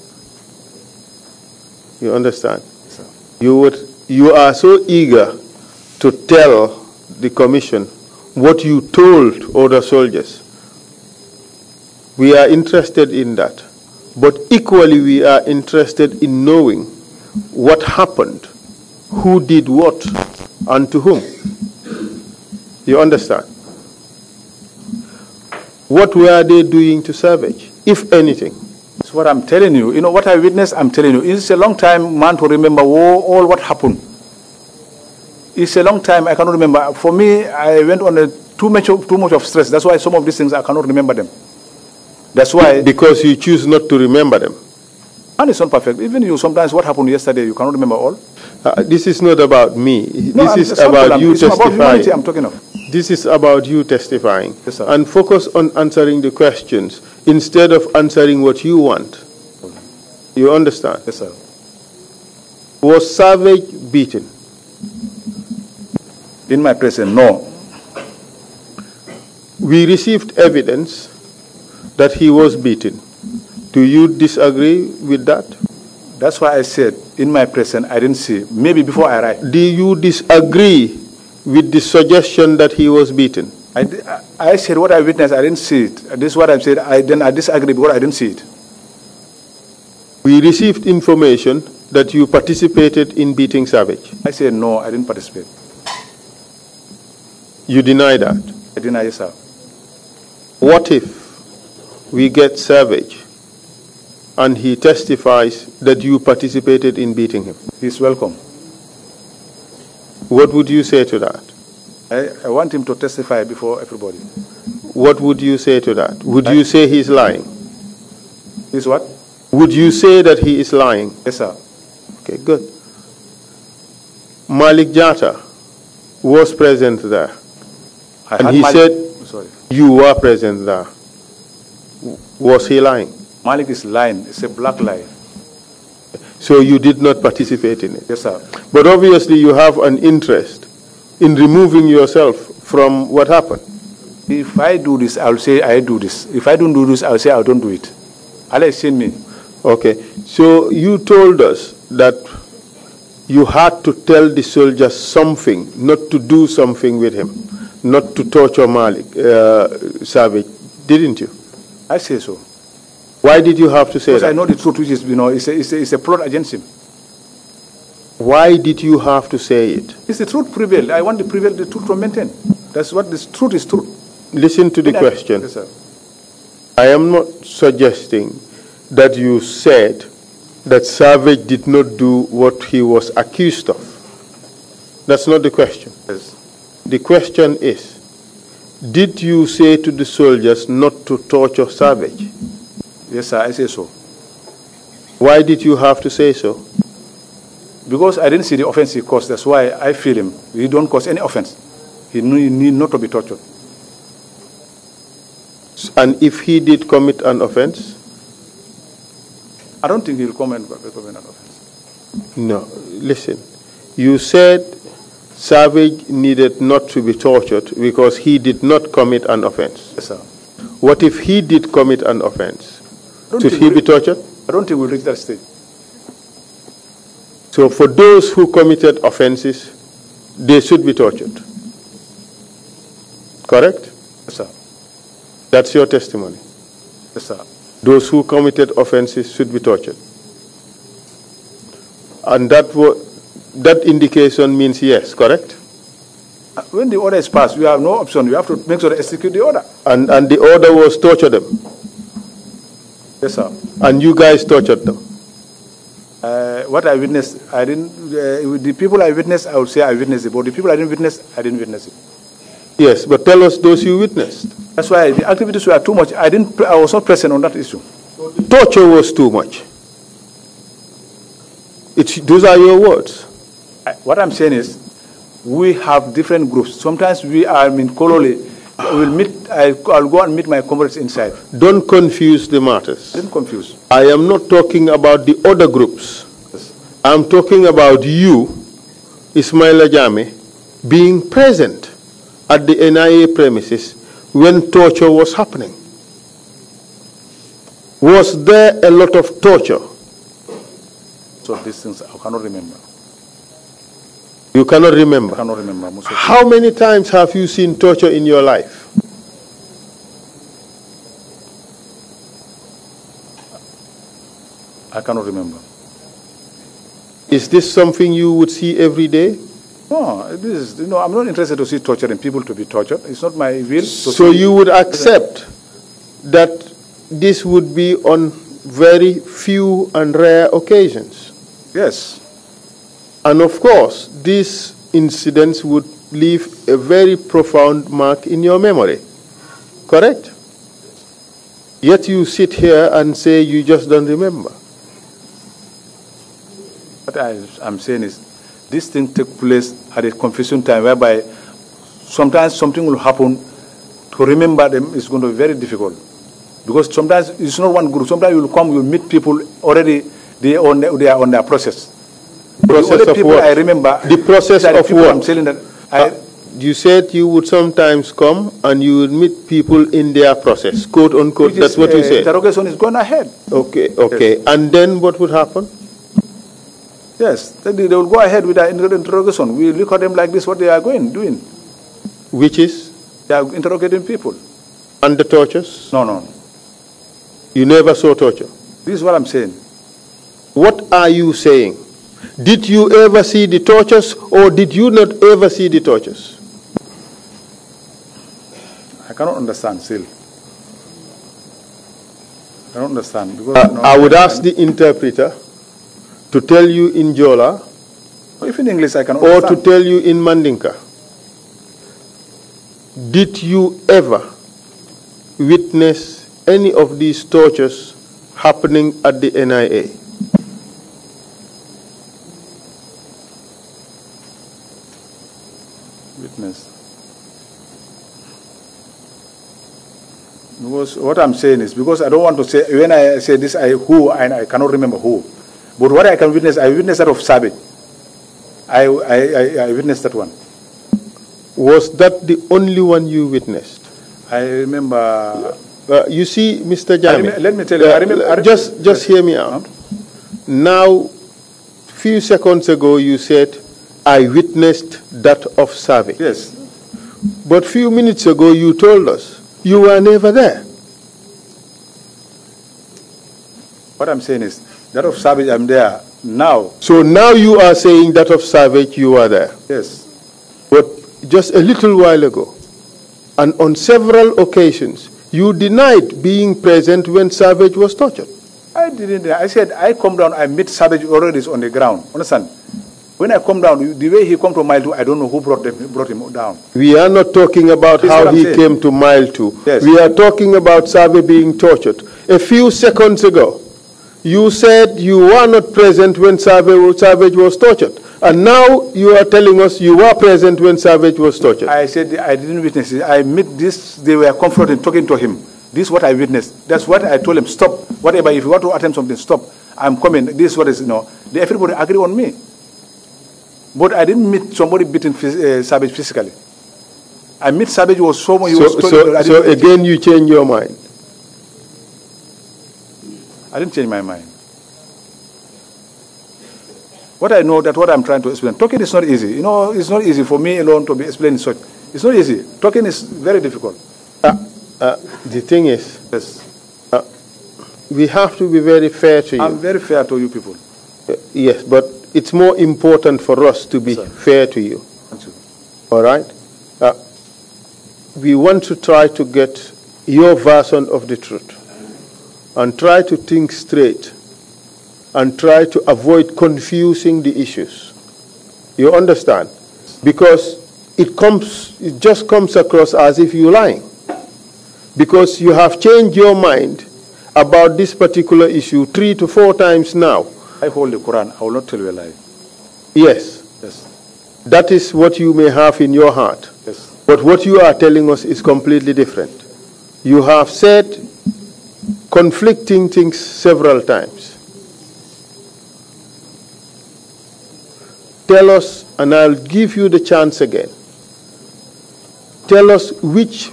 You understand? Yes, you, would, you are so eager to tell the commission what you told other soldiers. We are interested in that. But equally, we are interested in knowing what happened, who did what, and to whom. You understand? What were they doing to Savage, if anything? That's what I'm telling you. You know what I witnessed, I'm telling you. It's a long time, man, to remember all what happened. It's a long time, I cannot remember. For me, I went on a, too, much of, too much of stress. That's why some of these things I cannot remember them. That's why. Because you choose not to remember them. And it's not perfect. Even you, sometimes what happened yesterday, you cannot remember all. Uh, this is not about me. No, this is about you testifying. About I'm talking of. This is about you testifying. Yes, and focus on answering the questions instead of answering what you want. Okay. You understand? Yes, sir. Was Savage beaten? In my presence, no. We received evidence that he was beaten. Do you disagree with that? That's why I said in my present I didn't see. Maybe before I arrived. Do you disagree with the suggestion that he was beaten? I, I said what I witnessed. I didn't see it. This is what I said. I then I disagree because I didn't see it. We received information that you participated in beating Savage. I said no. I didn't participate. You deny that. I deny, yourself. sir. What if we get Savage and he testifies that you participated in beating him. He's welcome. What would you say to that? I, I want him to testify before everybody. What would you say to that? Would I, you say he's lying? He's what? Would you say that he is lying? Yes, sir. Okay, good. Malik Jata was present there. I and he Malik said, sorry. You were present there. Was he lying? Malik is lying. It's a black lie. So you did not participate in it? Yes, sir. But obviously you have an interest in removing yourself from what happened. If I do this, I'll say I do this. If I don't do this, I'll say I don't do it. Allah is me. Okay. So you told us that you had to tell the soldier something, not to do something with him, not to torture Malik, uh, Savage, didn't you? I say so. Why did you have to say because that? I know the truth, which is, you know, it's a, it's a, it's a plot against him. Why did you have to say it? It's the truth prevailed. I want the prevail, the truth to maintain. That's what this truth is truth. Listen to the question. I, yes, sir. I am not suggesting that you said that Savage did not do what he was accused of. That's not the question. Yes. The question is, did you say to the soldiers not to torture Savage? Yes, sir, I say so. Why did you have to say so? Because I didn't see the offense he caused. That's why I feel him. He don't cause any offense. He need not to be tortured. And if he did commit an offense? I don't think he'll commit, commit an offense. No, listen. You said Savage needed not to be tortured because he did not commit an offense. Yes, sir. What if he did commit an offense? Should he be tortured? I don't think we'll reach that stage. So for those who committed offenses, they should be tortured. Correct? Yes, sir. That's your testimony. Yes, sir. Those who committed offenses should be tortured. And that, that indication means yes, correct? Uh, when the order is passed, we have no option. We have to make sure to execute the order. And, and the order was torture them. Yes, sir. And you guys tortured them? Uh, what I witnessed, I didn't. Uh, the people I witnessed, I would say I witnessed it. But the people I didn't witness, I didn't witness it. Yes, but tell us those you witnessed. That's why the activities were too much. I didn't. I was not present on that issue. torture was too much. It's, those are your words. I, what I'm saying is, we have different groups. Sometimes we are in Kololi I [coughs] will meet, I, will go and meet my comrades inside. Don't confuse the matters. Don't confuse. I am not talking about the other groups. Yes. I'm talking about you, Ismail Ajami, being present at the NIA premises when torture was happening. Was there a lot of torture? So these things I cannot remember. You cannot remember. I cannot remember. How many times have you seen torture in your life? I cannot remember. Is this something you would see every day? No, this is, you know, I'm not interested to see torture and people to be tortured. It's not my will. so you would accept that this would be on very few and rare occasions? Yes. And of course, these incidents would leave a very profound mark in your memory. Correct? Yet you sit here and say you just don't remember. What I, am saying is, this thing took place at a confusing time whereby sometimes something will happen. To remember them is going to be very difficult. Because sometimes it's not one group. Sometimes you'll come, you'll meet people already, they, on, they are on their process Process the only people I remember. The process of what? I'm telling that uh, I, you said you would sometimes come and you would meet people in their process, quote unquote. Is, that's what uh, you said. Interrogation is going ahead. Okay, okay. Yes. And then what would happen? Yes, they, they will go ahead with their interrogation. We look at them like this, what they are going doing. Which is? They are interrogating people. Under tortures? No, no. You never saw torture? This is what I'm saying. What are you saying? Did you ever see the tortures or did you not ever see the tortures? I cannot understand still. I don't understand. Because uh, I would ask the interpreter to tell you in Jola. Or if in English I can Or to tell you in Mandinka. Did you ever witness any of these tortures happening at the NIA? Because what I'm saying is, because I don't want to say, when I say this, I who, and I cannot remember who. But what I can witness, I witnessed that of Savage. I, I, I, witnessed that one. Was that the only one you witnessed? I remember. Uh, you see, Mr. Jami. let me tell you. Uh, I I just, just hear me out. Now, few seconds ago, you said, "I witnessed that of Savage." Yes. But few minutes ago, you told us you were never there. What I'm saying is that of Savage, I'm there now. So now you are saying that of Savage, you are there. Yes. But just a little while ago, and on several occasions, you denied being present when Savage was tortured. I didn't. I said I come down. I meet Savage already on the ground. Understand? When I come down, the way he come to mile two, I don't know who brought, him brought him down. We are not talking about this how he saying. came to mile two. Yes. We are talking about Savage being tortured. A few seconds ago, you said you were not present when Savage, Savage was tortured. And now you are telling us you were present when Savage was tortured. I said I didn't witness it. I met this, they were comforting, talking to him. This is what I witnessed. That's what I told him. Stop. Whatever, if you want to attempt something, stop. I'm coming. This is what is, you know. Everybody agree on me. But I didn't meet somebody beating uh, Savage physically. I met Savage was someone he so, was So, so again, you change your mind. I didn't change my mind. What I know that what I'm trying to explain. Talking is not easy. You know, it's not easy for me alone to be explaining such. It's not easy. Talking is very difficult. Uh, uh, the thing is, yes. Uh, we have to be very fair to you. I'm very fair to you people. Uh, yes, but it's more important for us to be Sir. fair to you. All right? Uh, we want to try to get your version of the truth and try to think straight and try to avoid confusing the issues. You understand? Because it comes it just comes across as if you're lying. Because you have changed your mind about this particular issue three to four times now I hold the Quran. I will not tell you a lie. Yes. Yes. That is what you may have in your heart. Yes. But what you are telling us is completely different. You have said conflicting things several times. Tell us, and I'll give you the chance again. Tell us which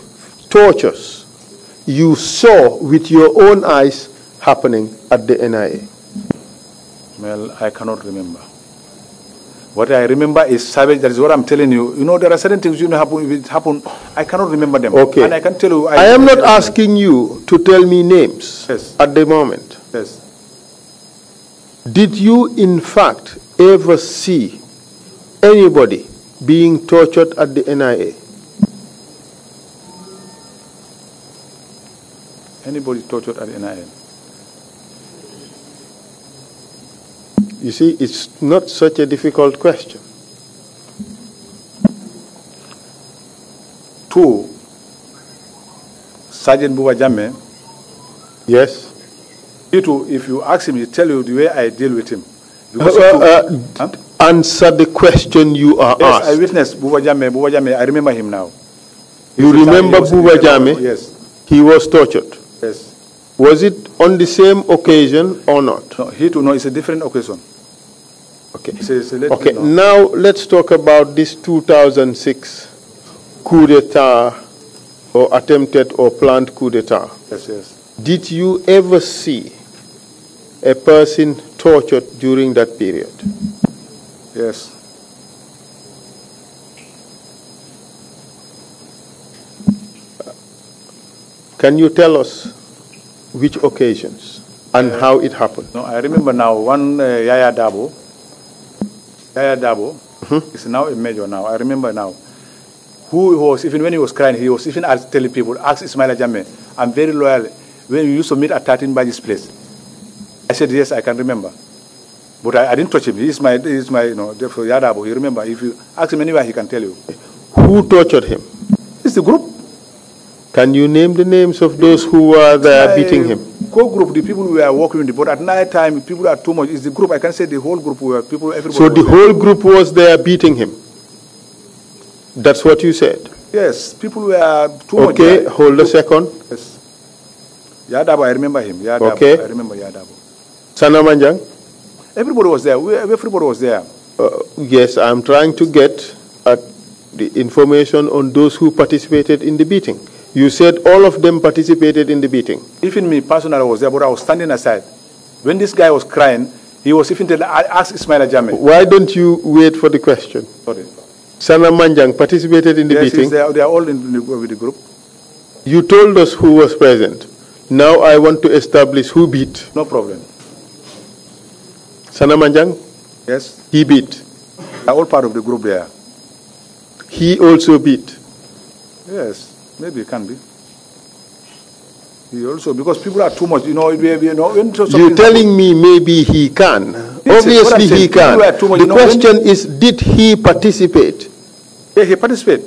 tortures you saw with your own eyes happening at the NIA. Well, I cannot remember. What I remember is savage. That is what I'm telling you. You know, there are certain things you know happen. If it happen, I cannot remember them. Okay. And I can tell you. I, I am not asking you to tell me names. Yes. At the moment. Yes. Did you, in fact, ever see anybody being tortured at the NIA? Anybody tortured at the NIA? You see, it's not such a difficult question. Two, Sergeant Buba Jame. Yes. You too, if you ask him, he tell you the way I deal with him. uh, uh, huh? Answer the question you are yes, asked. I witnessed Buba Jame. Buba Jame, I remember him now. you remember Buba Jame? Yes. He was tortured. Yes. Was it on the same occasion or not? No, here to no, it's a different occasion. Okay. okay. Now let's talk about this 2006 coup d'état or attempted or planned coup d'état. Yes, yes. Did you ever see a person tortured during that period? Yes. Can you tell us which occasions and how it happened? No, I remember now one uh, Yaya Dabo. Yaya Dabo hmm is now a major now. I remember now. Who was, even when he was crying, he was even telling people, ask Ismail Ajame, I'm very loyal. When you used to meet at 13 by this place, I said, yes, I can remember. But I, I didn't touch him. He's my, he's my, you know, therefore Yadabo. You remember, if you ask him anywhere, he can tell you. Who tortured him? It's the group. Can you name the names of those who were there beating him? Co-group, the people were working with, boat. at night time, people are too much. It's the group, I can say the whole group were people, everybody So the whole group was there beating him? That's what you said? Yes, people were too okay, much. Okay, hold a second. Yes. Yadabo, I remember him. Yadabo, okay. I remember Yadabo. Sanamanjang? Everybody was there. everybody was there. Uh, yes, I'm trying to get at the information on those who participated in the beating. You said all of them participated in the beating. Even me personally was there, but I was standing aside. When this guy was crying, he was even telling, I asked Ismail Ajame. Why don't you wait for the question? Sorry. Sana Manjang participated in the yes, beating. Yes, they, they are all in the, with the group. You told us who was present. Now I want to establish who beat. No problem. Sana Manjang? Yes. He beat. They are all part of the group there. He also beat. Yes. Maybe it can be. He also because people are too much, you know. you know You're telling me maybe he can. Yes, Obviously he can. Much, the know, question is, did he participate? Yeah, he participated.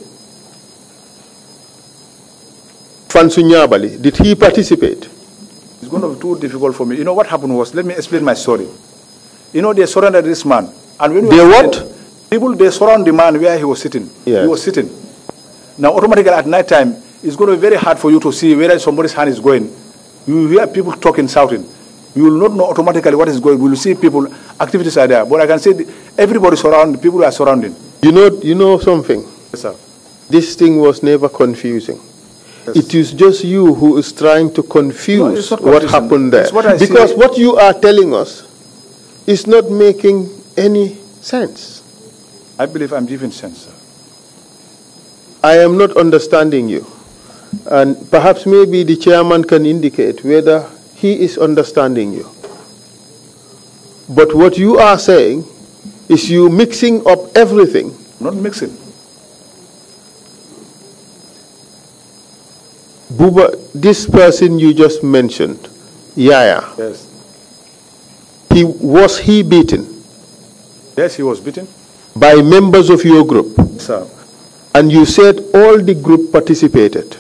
Fansunyabali, did he participate? It's going to be too difficult for me. You know what happened was, let me explain my story. You know they surrounded this man, and when they what? People they surround the man where he was sitting. He was sitting. Now, automatically at night time, it's going to be very hard for you to see where somebody's hand is going. You hear people talking, shouting. You will not know automatically what is going. We will see people, activities are there. But I can say everybody surrounding, people are surrounding. You know, you know something? Yes, sir. This thing was never confusing. Yes. It is just you who is trying to confuse no, what happened there. What because see. what you are telling us is not making any sense. I believe I'm giving sense, sir. I am not understanding you. And perhaps maybe the chairman can indicate whether he is understanding you. But what you are saying is you mixing up everything. Not mixing. Buba, this person you just mentioned, Yaya. Yes. He was he beaten? Yes, he was beaten. By members of your group. Sir and you said all the group participated.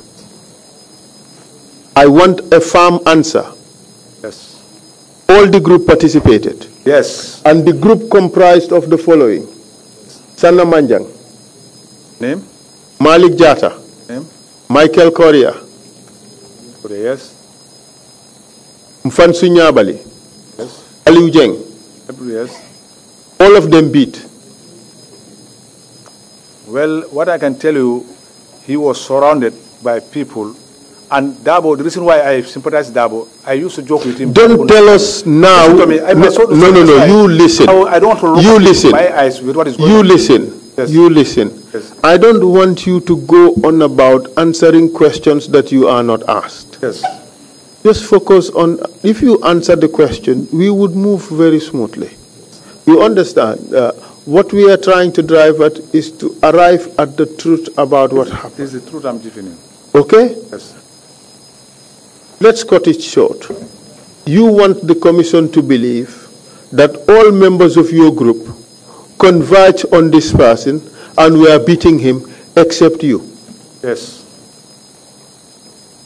I want a firm answer. Yes. All the group participated. Yes. And the group comprised of the following. Sanna Manjang. Name? Malik Jata. Name? Michael Correa. Correa, yes. Mfansu Nyabali. Yes. Aliu Jeng. Yes. All of them beat. Well, what I can tell you, he was surrounded by people. And Dabo, the reason why I sympathize Dabo, I used to joke with him. Don't tell us now. no, no, no, no. You listen. I, don't want to look you listen. my eyes with what is going you on. Listen. Yes. You listen. Yes. I don't want you to go on about answering questions that you are not asked. Yes. Just focus on, if you answer the question, we would move very smoothly. You understand? Uh, what we are trying to drive at is to arrive at the truth about what happened. This is the truth I'm giving Okay? Yes. Let's cut it short. You want the Commission to believe that all members of your group converge on this person and we are beating him except you. Yes.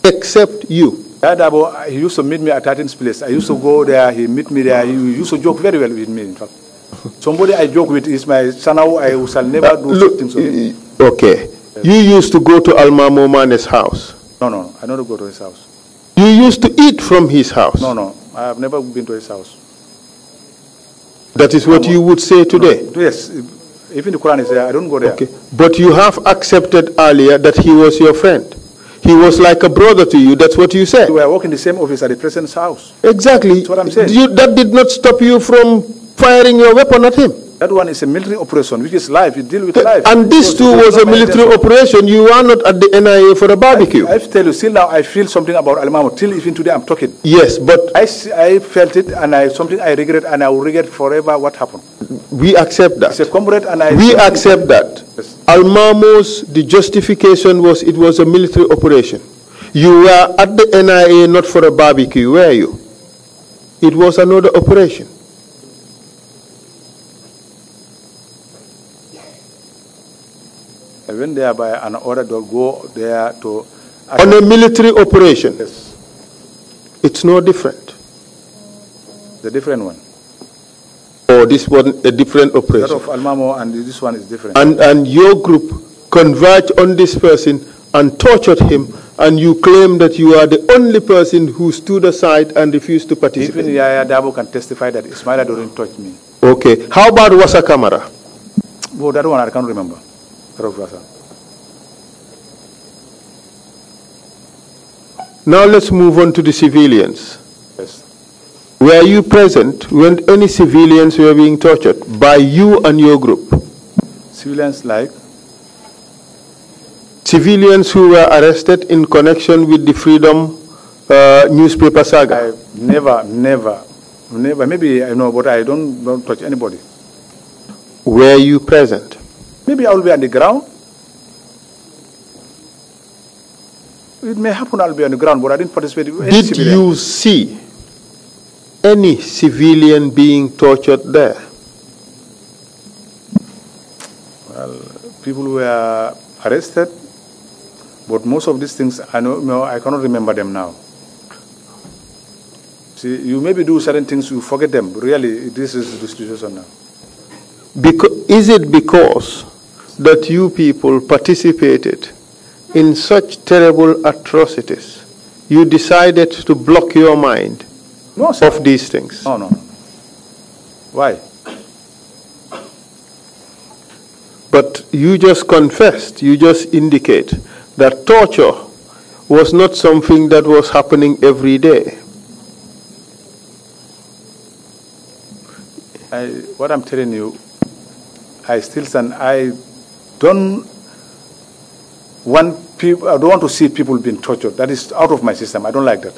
Except you. Dadabo, he used to meet me at Athens place. I used to go there, he meet me there. He used to joke very well with me, in fact. [laughs] Somebody I joke with is my son. I shall never do look, something. So. Okay. Yes. You used to go to Alma Momane's house. No, no, I don't go to his house. You used to eat from his house. No, no, I have never been to his house. That is what you would say today. No, yes, even the Quran is there. I don't go there. Okay, but you have accepted earlier that he was your friend. He was like a brother to you. That's what you said. We are working the same office at the president's house. Exactly. That's what I'm saying. You, that did not stop you from firing your weapon at him. That one is a military operation, which is life. You deal with life. And this too was a military operation. You are not at the NIA for a barbecue. I, I tell you, still now I feel something about Alimamo. Till even today I'm talking. Yes, but I, I felt it, and I something I regret, and I will regret forever what happened. We accept that. It's a comrade, and I. We accept it. that. Yes. Almamo's the justification was it was a military operation. You were at the NIA not for a barbecue, were you? It was another operation. When went there an order to go there to. On a military operation? Yes. It's no different. The different one. Or oh, this one a different operation? That of Almamo and this one is different. And, and your group converged on this person and tortured him and you claim that you are the only person who stood aside and refused to participate. Even Yaya Dabo can testify that Ismaila didn't touch me. Okay. How about Wasa Kamara? Well, oh, that one I can't remember. Now let's move on to the civilians. Yes. Were you present when any civilians were being tortured by you and your group? Civilians like? Civilians who were arrested in connection with the freedom uh, newspaper saga? I never, never, never. Maybe I know, but I don't, don't touch anybody. Were you present? Maybe I will be on the ground. It may happen I'll be on the ground, but I didn't participate. Did you see any civilian being tortured there? Well, people were arrested, but most of these things I know, no, I cannot remember them now. See, you maybe do certain things, you forget them. Really, this is the situation now. Because, is it because that you people participated in such terrible atrocities. You decided to block your mind no, of these things. Oh, no. Why? But you just confessed, you just indicate that torture was not something that was happening every day. I, what I'm telling you, I still stand. I don't want people, I don't want to see people being tortured. That is out of my system. I don't like that.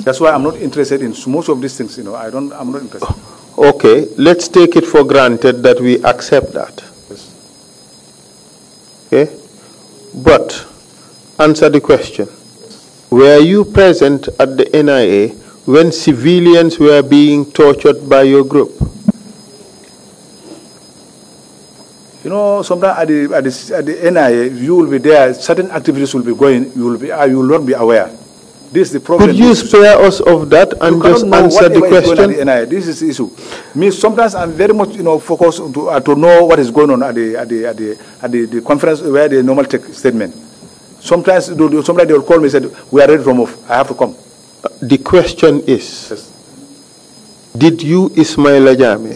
That's why I'm not interested in most of these things. You know, I don't. I'm not interested. Oh, okay, let's take it for granted that we accept that. Yes. Okay, but answer the question: Were you present at the NIA when civilians were being tortured by your group? You know, sometimes at the, at the, at the NIA, you will be there, certain activities will be going, you will, be, uh, you will not be aware. This is the problem. Could you spare us of that and just answer the question? Is the this is the issue. Me, sometimes I'm very much, you know, focused to, uh, to know what is going on at the at the at the at the, the conference where the normal statement. Sometimes, sometimes they will call me and said, "We are ready to move. I have to come." The question is, yes. did you, Ismail Ajami,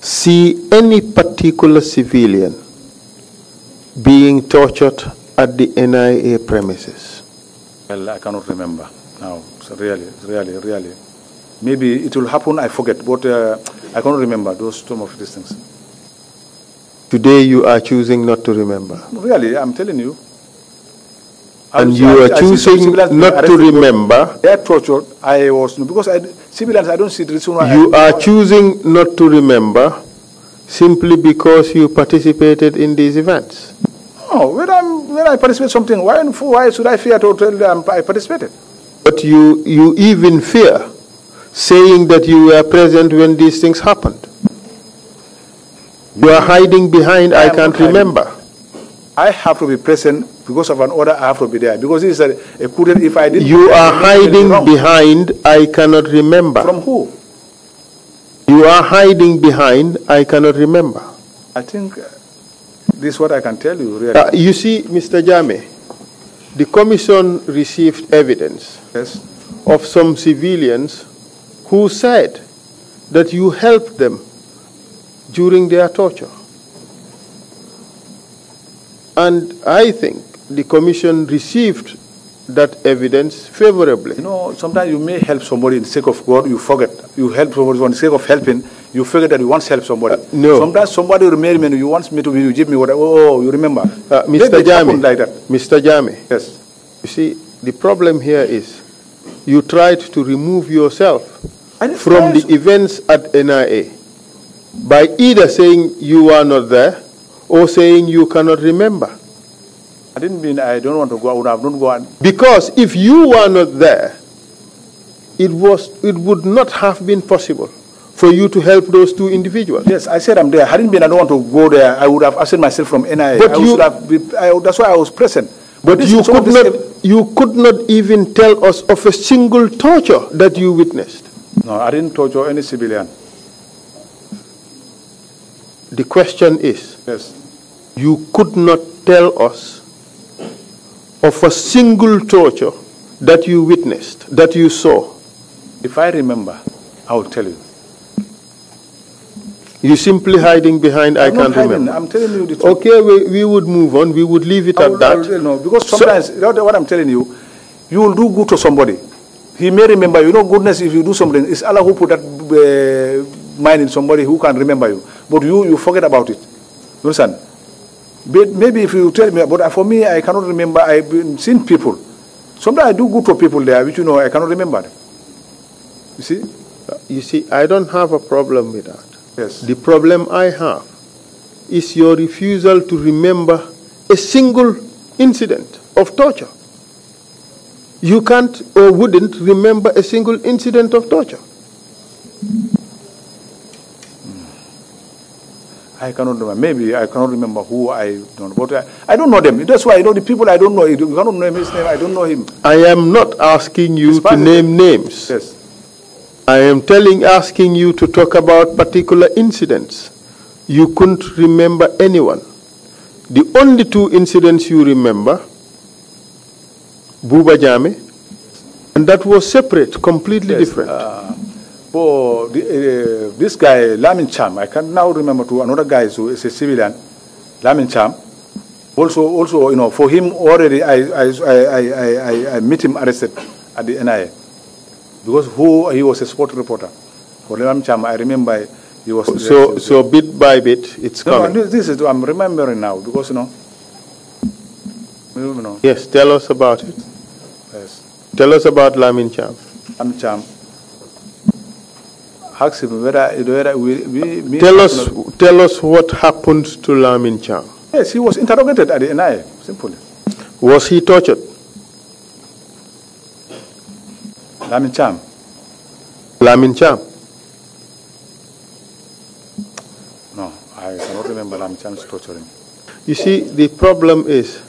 see any particular civilian being tortured at the NIA premises? Well, I cannot remember now. So really, really, really. Maybe it will happen, I forget, but uh, I cannot remember those some of these things. Today you are choosing not to remember. Really, I'm telling you and you are choosing not to remember. They are tortured. I was because I civilians. I don't see the reason why. You are choosing not to remember simply because you participated in these events. Oh, when, I'm, when I participate something, why, why should I fear to tell them I participated? But you, you even fear saying that you were present when these things happened. You are hiding behind, I, I can't remember. I have to be present because of an order. I have to be there because this is a, a prudent. If I did, you are hiding behind. I cannot remember from who. You are hiding behind. I cannot remember. I think uh, this is what I can tell you. Really, uh, you see, Mr. Jame, the commission received evidence yes. of some civilians who said that you helped them during their torture. And I think the Commission received that evidence favorably. You know, sometimes you may help somebody in the sake of God, you forget. You help somebody for the sake of helping, you forget that you once helped somebody. Uh, no. Sometimes somebody will me, you want me to you give me whatever, oh, you remember. Uh, Mr. Jami, like that. Mr. Jami. Yes. You see, the problem here is you tried to remove yourself from the events at NIA by either saying you are not there or saying you cannot remember. I didn't mean I don't want to go. I would have not gone. Because if you were not there, it was it would not have been possible for you to help those two individuals. Yes, I said I'm there. I Hadn't been, I don't want to go there. I would have absent myself from NIA. But I you, have, I, that's why I was present. But, you could not. you could not even tell us of a single torture that you witnessed. No, I didn't torture any civilian. The question is. Yes you could not tell us of a single torture that you witnessed, that you saw? If I remember, I will tell you. You're simply hiding behind, I'm I can't hiding, remember. I'm telling you the truth. Okay, we, we would move on. We would leave it I at will, that. no, because sometimes, so, what I'm telling you, you will do good to somebody. He may remember you. know, goodness, if you do something, it's Allah who put that uh, mind in somebody who can remember you. But you, you forget about it. You understand? But maybe if you tell me, but for me, I cannot remember. I've seen people. Sometimes I do good for people there, which you know I cannot remember You see? You see, I don't have a problem with that. Yes. The problem I have is your refusal to remember a single incident of torture. You can't or wouldn't remember a single incident of torture. I cannot remember. Maybe I cannot remember who I don't know. But I, I don't know them. That's why I know the people I don't know. You cannot name his name. I don't know him. I am not asking you to name names. Yes. I am telling, asking you to talk about particular incidents. You couldn't remember anyone. The only two incidents you remember, Buba Jame, and that was separate, completely yes, different. Uh, for uh, eh, this guy, Lamin Cham, I can now remember to another guy who is a civilian, Lamin Cham. Also, also, you know, for him already, I, I, I, I, I meet him arrested at the NIA because who he was a sport reporter for Lamin Cham. I remember he was. So, so bit by bit, it's no, coming. No, this is I'm remembering now because you know. You know. Yes, tell us about it. Yes. Tell us about Lamin Cham. Lamin Cham. Tell us, tell us what happened to Lamin Chang. Yes, he was interrogated at the NIA, simply. Was he tortured? Lamin Cham. Lamin Cham. No, I cannot remember Lamin Cham's torturing. You see, the problem is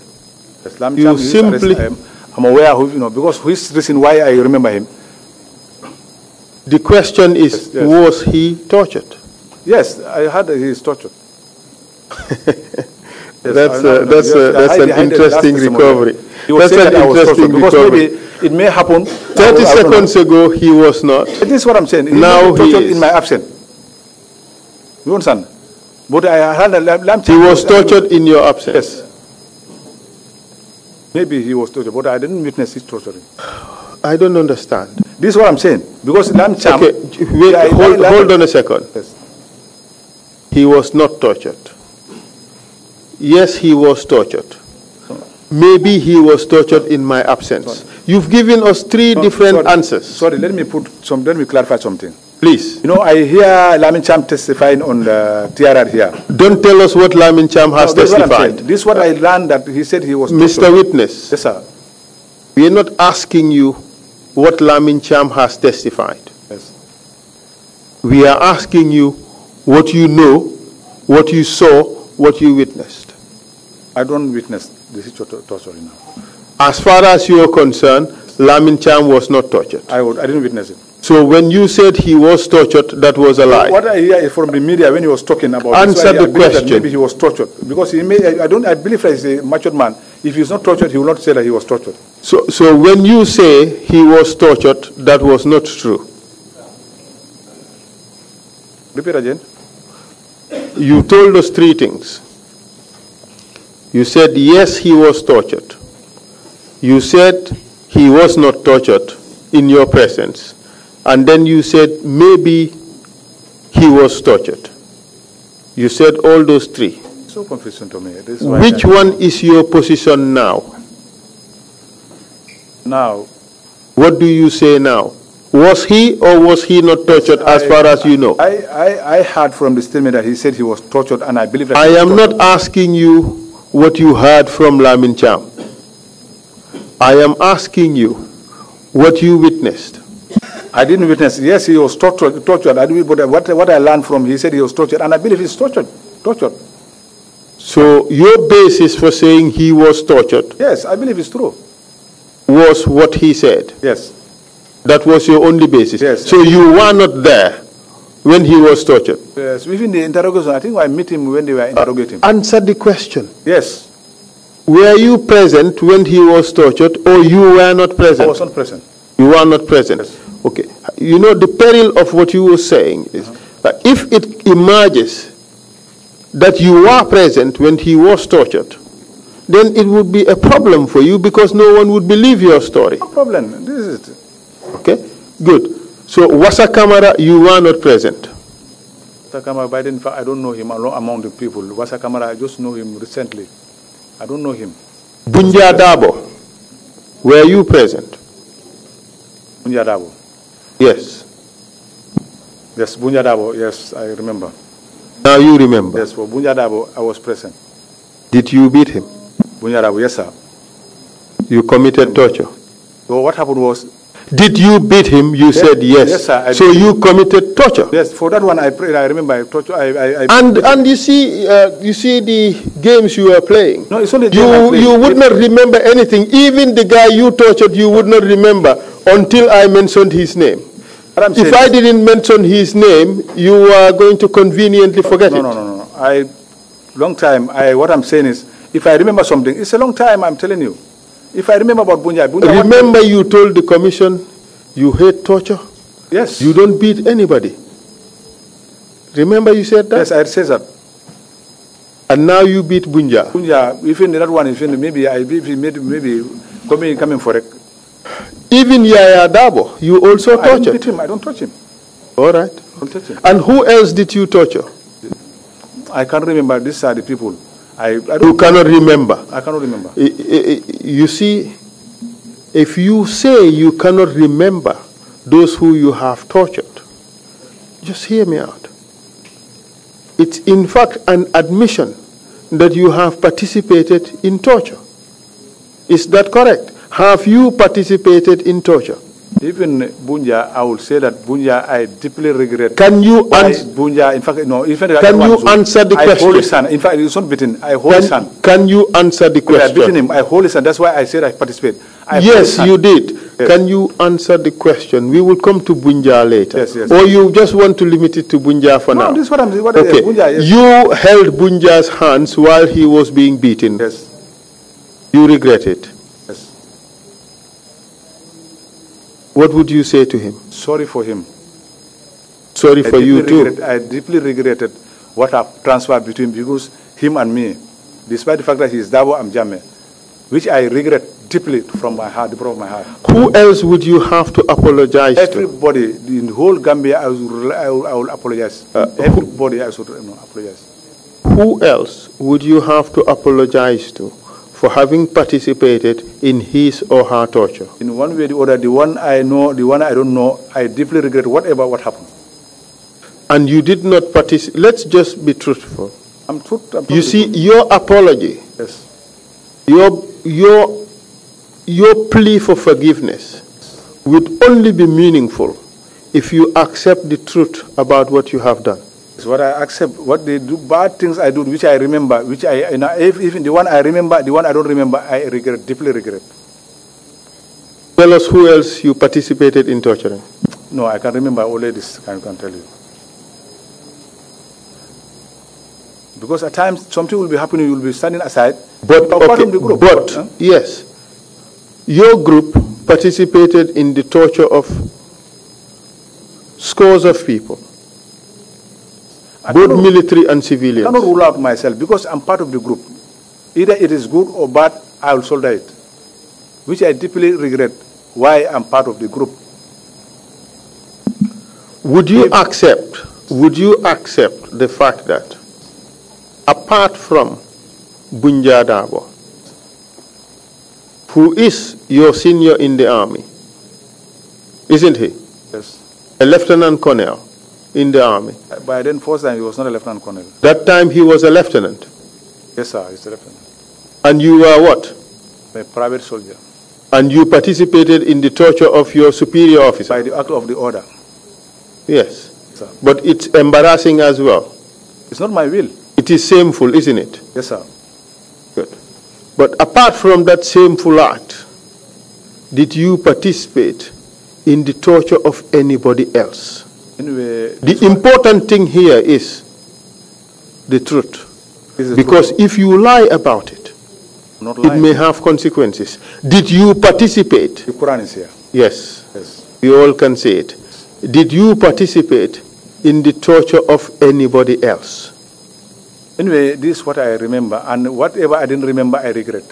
yes, Lamin you Cham simply. Is, I'm, aware of, you know, because his reason why I remember him the question is, yes, yes. was he tortured? Yes, I heard he is tortured. [laughs] Yes, that's that's that's an interesting recovery. That's an that interesting recovery. it may happen. Thirty seconds ago, he was not. This is what I'm saying. now he is. in my absence. You understand? But I had a lamp. He was tortured in your absence. Yes. Maybe he was tortured, but I didn't witness his torturing. I don't understand. This is what I'm saying. Because Lam Cham. Okay, wait, hold, hold on a second. Yes. He was not tortured. Yes, he was tortured. Maybe he was tortured in my absence. Sorry. You've given us three no, different sorry. answers. Sorry, let me put some. Let me clarify something. Please. You know, I hear Lamin Cham testifying on the TRR here. Don't tell us what Lamin Cham has no, testified. What this is what I learned that he said he was. Tortured. Mr. Witness. Yes, sir. We are not asking you what Lamin Cham has testified. Yes. We are asking you what you know, what you saw, what you witnessed. I don't witness this torture now. As far as you are concerned, Lamin Cham was not tortured. I, would, I didn't witness it. So when you said he was tortured, that was a lie. What I hear from the media when he was talking about answer the question. maybe he was tortured because he may. I don't. I believe that he's a matured man. If he's not tortured, he will not say that he was tortured. So, so when you say he was tortured, that was not true. Repeat again. You told us three things. You said yes, he was tortured. You said he was not tortured in your presence. And then you said maybe he was tortured. You said all those three. So confusing to me. Which one is your position now? Now. What do you say now? Was he or was he not tortured I, as far as you know? I, I, I heard from the statement that he said he was tortured and I believe that I am not asking you what you heard from Lamin Cham. I am asking you what you witnessed. I didn't witness. Yes, he was tortured. tortured. I didn't, but what, what I learned from him, he said he was tortured, and I believe he's tortured. Tortured. So your basis for saying he was tortured? Yes, I believe it's true. Was what he said? Yes. That was your only basis. Yes. So you were not there when he was tortured. Yes, within the interrogation, I think I met him when they were interrogating. Uh, answer the question. Yes. Were you present when he was tortured, or you were not present? I was not present. You were not present. Yes. Okay. You know, the peril of what you were saying is that if it emerges that you were present when he was tortured, then it would be a problem for you because no one would believe your story. No problem. This is it. Okay. Good. So, Wasa Kamara, you were not present. Wasa Kamara, in fact, I don't know him among the people. Wasa Kamara, I just know him recently. I don't know him. Bunja Dabo, were you present? Bunja Dabo. Yes. Yes, Bunyadabo. yes, I remember. Now you remember? Yes, for Bunyadabo, I was present. Did you beat him? Bunyadabo, yes, sir. You committed torture? Well, what happened was... Did you beat him? You yes, said yes. Yes, sir. I so you committed torture? Yes, for that one I prayed. I remember I torture. I, I, I and and you see, uh, you see the games you were playing. No, it's only you. You would not remember anything. Even the guy you tortured, you would not remember until I mentioned his name if I didn't mention his name, you are going to conveniently forget no, it. No, no, no, no. I, long time. I, what I'm saying is, if I remember something, it's a long time. I'm telling you. If I remember about Bunya, Bunya remember you told the commission you hate torture. Yes. You don't beat anybody. Remember you said that. Yes, I said that. And now you beat Bunja. Bunja, even that one, even maybe I, maybe maybe coming coming for it. Even Yaya Dabo, you also no, tortured. I don't him. I don't touch him. All right. I don't touch him. And who else did you torture? I can't remember. These are the people. I, I don't you cannot remember. I cannot remember. You see, if you say you cannot remember those who you have tortured, just hear me out. It's in fact an admission that you have participated in torture. Is that correct? Have you participated in torture? Even Bunja, I will say that Bunja, I deeply regret. Can you answer? Bunja, in fact, no. In fact, can you answer the I question? I hold his hand. In fact, it's not beaten. I hold can, his hand. Can you answer the question? I beaten him. I hold his hand. That's why I said I participated. I yes, you did. Yes. Can you answer the question? We will come to Bunja later. Yes, yes. Or you just want to limit it to Bunja for no, now? No, this is what I'm saying. What okay. Bunja, yes. You held Bunja's hands while he was being beaten. Yes. You regret it. what would you say to him? Sorry for him. Sorry for you regret, too. I deeply regretted what I transpired between because him and me, despite the fact that he is Dabo Amjame, which I regret deeply from my heart, from my heart. Who else would you have to apologize Everybody to? in the whole Gambia, I will, I will, I will apologize. Uh, Everybody, who, I should you know, apologize. Who else would you have to apologize to? for having participated in his or her torture. In one way or the other, the one I know, the one I don't know, I deeply regret whatever what happened. And you did not participate. Let's just be truthful. I'm truth. I'm you see, your apology, yes, your your your plea for forgiveness would only be meaningful if you accept the truth about what you have done. It's what I accept. What they do, bad things I do, which I remember, which I, you know, even the one I remember, the one I don't remember, I regret, deeply regret. Tell us who else you participated in torturing. No, I can remember all this, I can tell you. Because at times something will be happening, you will be standing aside. But, okay, group, but huh? yes, your group participated in the torture of scores of people both military and civilians? I cannot rule out myself because I'm part of the group. Either it is good or bad, I will soldier it, which I deeply regret why I'm part of the group. Would you if, accept, would you accept the fact that apart from Bunja Dabo, who is your senior in the army, isn't he? Yes. A lieutenant colonel in the army. By then, first time, he was not a lieutenant colonel. That time, he was a lieutenant? Yes, sir, he's a lieutenant. And you were what? A private soldier. And you participated in the torture of your superior officer? By the act of the order. Yes. Sir. But it's embarrassing as well. It's not my will. It is shameful, isn't it? Yes, sir. Good. But apart from that shameful act, did you participate in the torture of anybody else? Anyway, the important thing here is the truth. Is because if you lie about it, Not it may have consequences. Did you participate? The Quran is here. Yes. Yes. We all can see it. Did you participate in the torture of anybody else? Anyway, this is what I remember, and whatever I didn't remember, I regret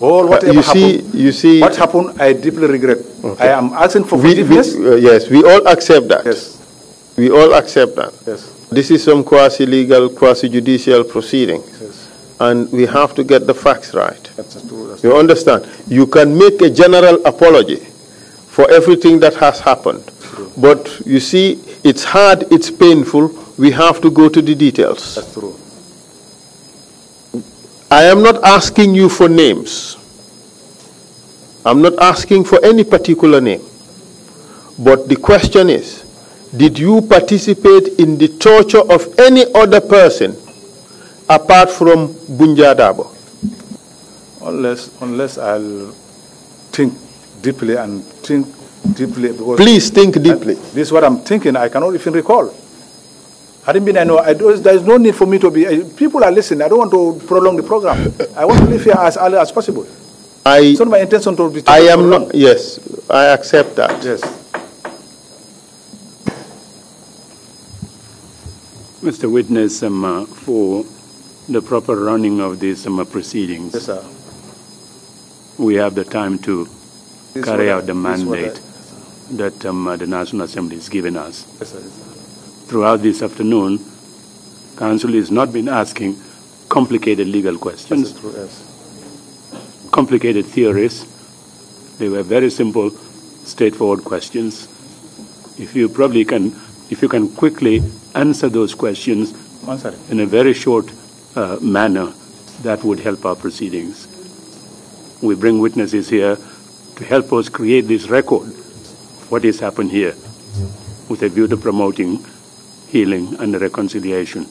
all whatever you see, happened, you see, what happened, I deeply regret. Okay. I am asking for forgiveness. We, uh, yes, we all accept that. Yes. We all accept that. Yes. This is some quasi-legal, quasi-judicial proceedings. Yes. And we have to get the facts right. That's true, that's you understand? You can make a general apology for everything that has happened. True. But you see, it's hard, it's painful. We have to go to the details. That's true. I am not asking you for names. I'm not asking for any particular name. But the question is Did you participate in the torture of any other person apart from Bunjadabo? Unless, unless I'll think deeply and think deeply. Please think deeply. I, this is what I'm thinking. I cannot even recall do I know I do, there's no need for me to be. Uh, people are listening. I don't want to prolong the program. I want to leave here as early as possible. I, it's not my intention to be. I am not. Yes, I accept that. Yes. Mr. Witness, um, uh, for the proper running of these um, uh, proceedings, yes, sir. we have the time to this carry out the mandate that um, uh, the National Assembly has given us. Yes, sir, yes, sir throughout this afternoon, counsel has not been asking complicated legal questions, yes. complicated theories. They were very simple, straightforward questions. If you probably can, if you can quickly answer those questions in a very short uh, manner, that would help our proceedings. We bring witnesses here to help us create this record, of what has happened here, with a view to promoting healing and reconciliation.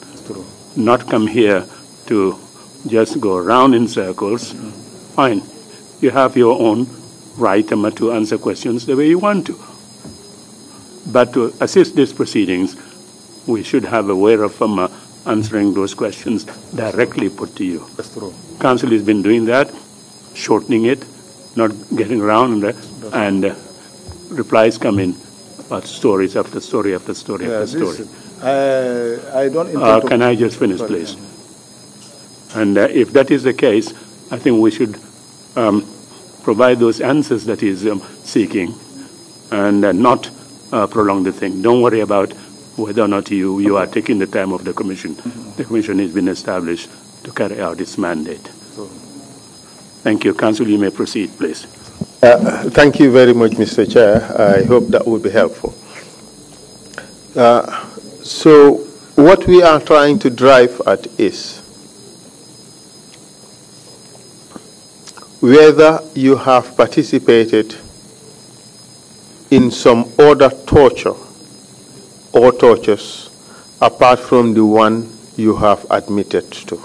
Not come here to just go around in circles. Mm. Fine, you have your own right to answer questions the way you want to. But to assist these proceedings, we should have a way of um, uh, answering those questions directly put to you. That's true. Council has been doing that, shortening it, not getting around, uh, and uh, replies come in, but stories after story after story yeah, after story. I, uh, I don't uh, Can I just finish, please? And uh, if that is the case, I think we should um, provide those answers that he's um, seeking and uh, not uh, prolong the thing. Don't worry about whether or not you, you are taking the time of the commission. Mm-hmm. The commission has been established to carry out its mandate. So. Thank you. Council, you may proceed, please. Uh, thank you very much, Mr. Chair. I hope that will be helpful. Uh, so, what we are trying to drive at is whether you have participated in some other torture or tortures apart from the one you have admitted to.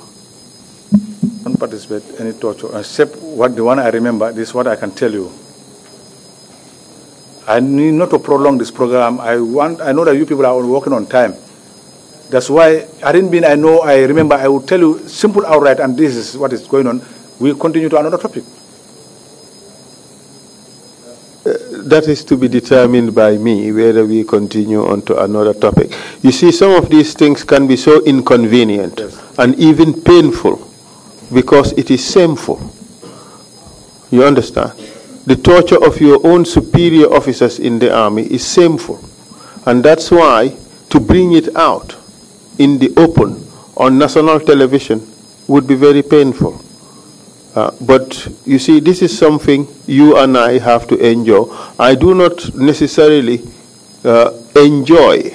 I don't participate in any torture except what the one I remember. This is what I can tell you. I need not to prolong this program. I want. I know that you people are working on time. That's why I didn't mean I know. I remember. I will tell you simple outright, and this is what is going on. We continue to another topic. Uh, that is to be determined by me whether we continue on to another topic. You see, some of these things can be so inconvenient yes. and even painful because it is shameful. You understand? the torture of your own superior officers in the army is shameful. And that's why to bring it out in the open on national television would be very painful. Uh, but you see, this is something you and I have to enjoy. I do not necessarily uh, enjoy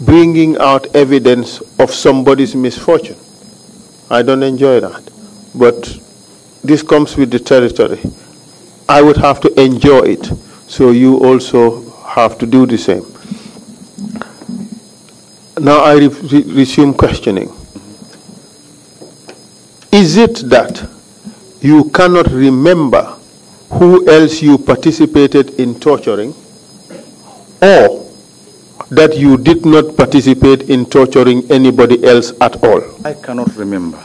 bringing out evidence of somebody's misfortune. I don't enjoy that. But this comes with the territory. I would have to enjoy it. So you also have to do the same. Now I re resume questioning. Is it that you cannot remember who else you participated in torturing or that you did not participate in torturing anybody else at all? I cannot remember.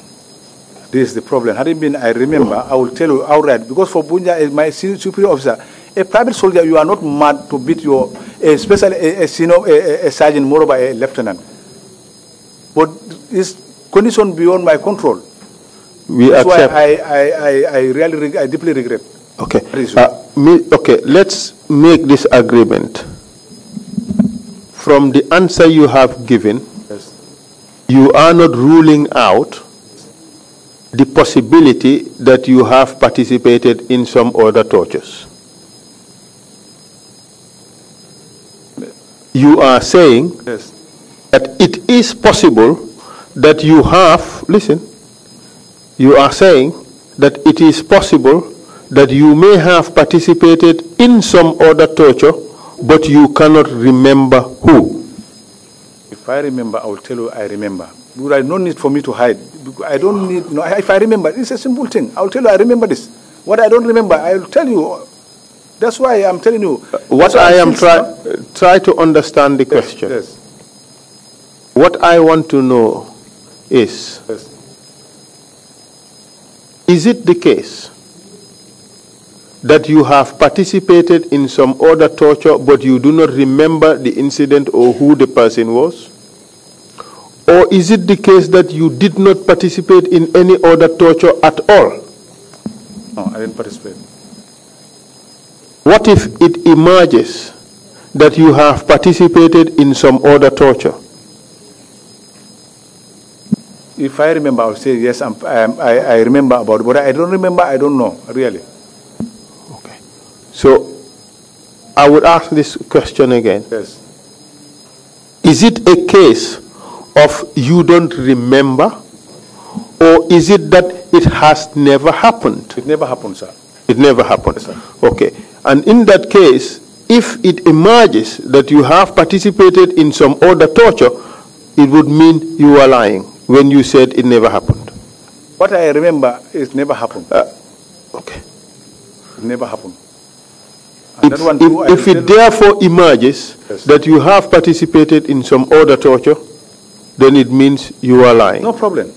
This is the problem. Had it been, I remember, I will tell you outright. Because for Bunja, is eh, my superior officer, a private soldier, you are not mad to beat your, eh, especially a, a, senior, a, eh, a sergeant, moreover a lieutenant. But it's condition beyond my control. We That's accept. why I, I, I, I really, I deeply regret. Okay. Uh, me, okay, let's make this agreement. From the answer you have given, yes. you are not ruling out the possibility that you have participated in some other tortures. You are saying yes. that it is possible that you have, listen, you are saying that it is possible that you may have participated in some other torture, but you cannot remember who. If I remember, I will tell you I remember. There is no need for me to hide. I don't need, you know, if I remember, it's a simple thing. I'll tell you, I remember this. What I don't remember, I'll tell you. That's why I'm telling you. Uh, what I am trying, try to understand the yes, question. Yes. What I want to know is, yes. is it the case that you have participated in some other torture, but you do not remember the incident or who the person was? Or is it the case that you did not participate in any other torture at all? No, I didn't participate. What if it emerges that you have participated in some other torture? If I remember, I'll say yes, I'm, I, I remember about it, but I don't remember, I don't know, really. Okay. So I would ask this question again. Yes. Is it a case of you don't remember? Or is it that it has never happened? It never happened, sir. It never happened. Yes, sir. Okay. And in that case, if it emerges that you have participated in some other torture, it would mean you were lying when you said it never happened. What I remember is never happened. Uh, okay. It never happened. It, if, too, if it therefore emerges yes. that you have participated in some other torture, then it means you are lying. No problem.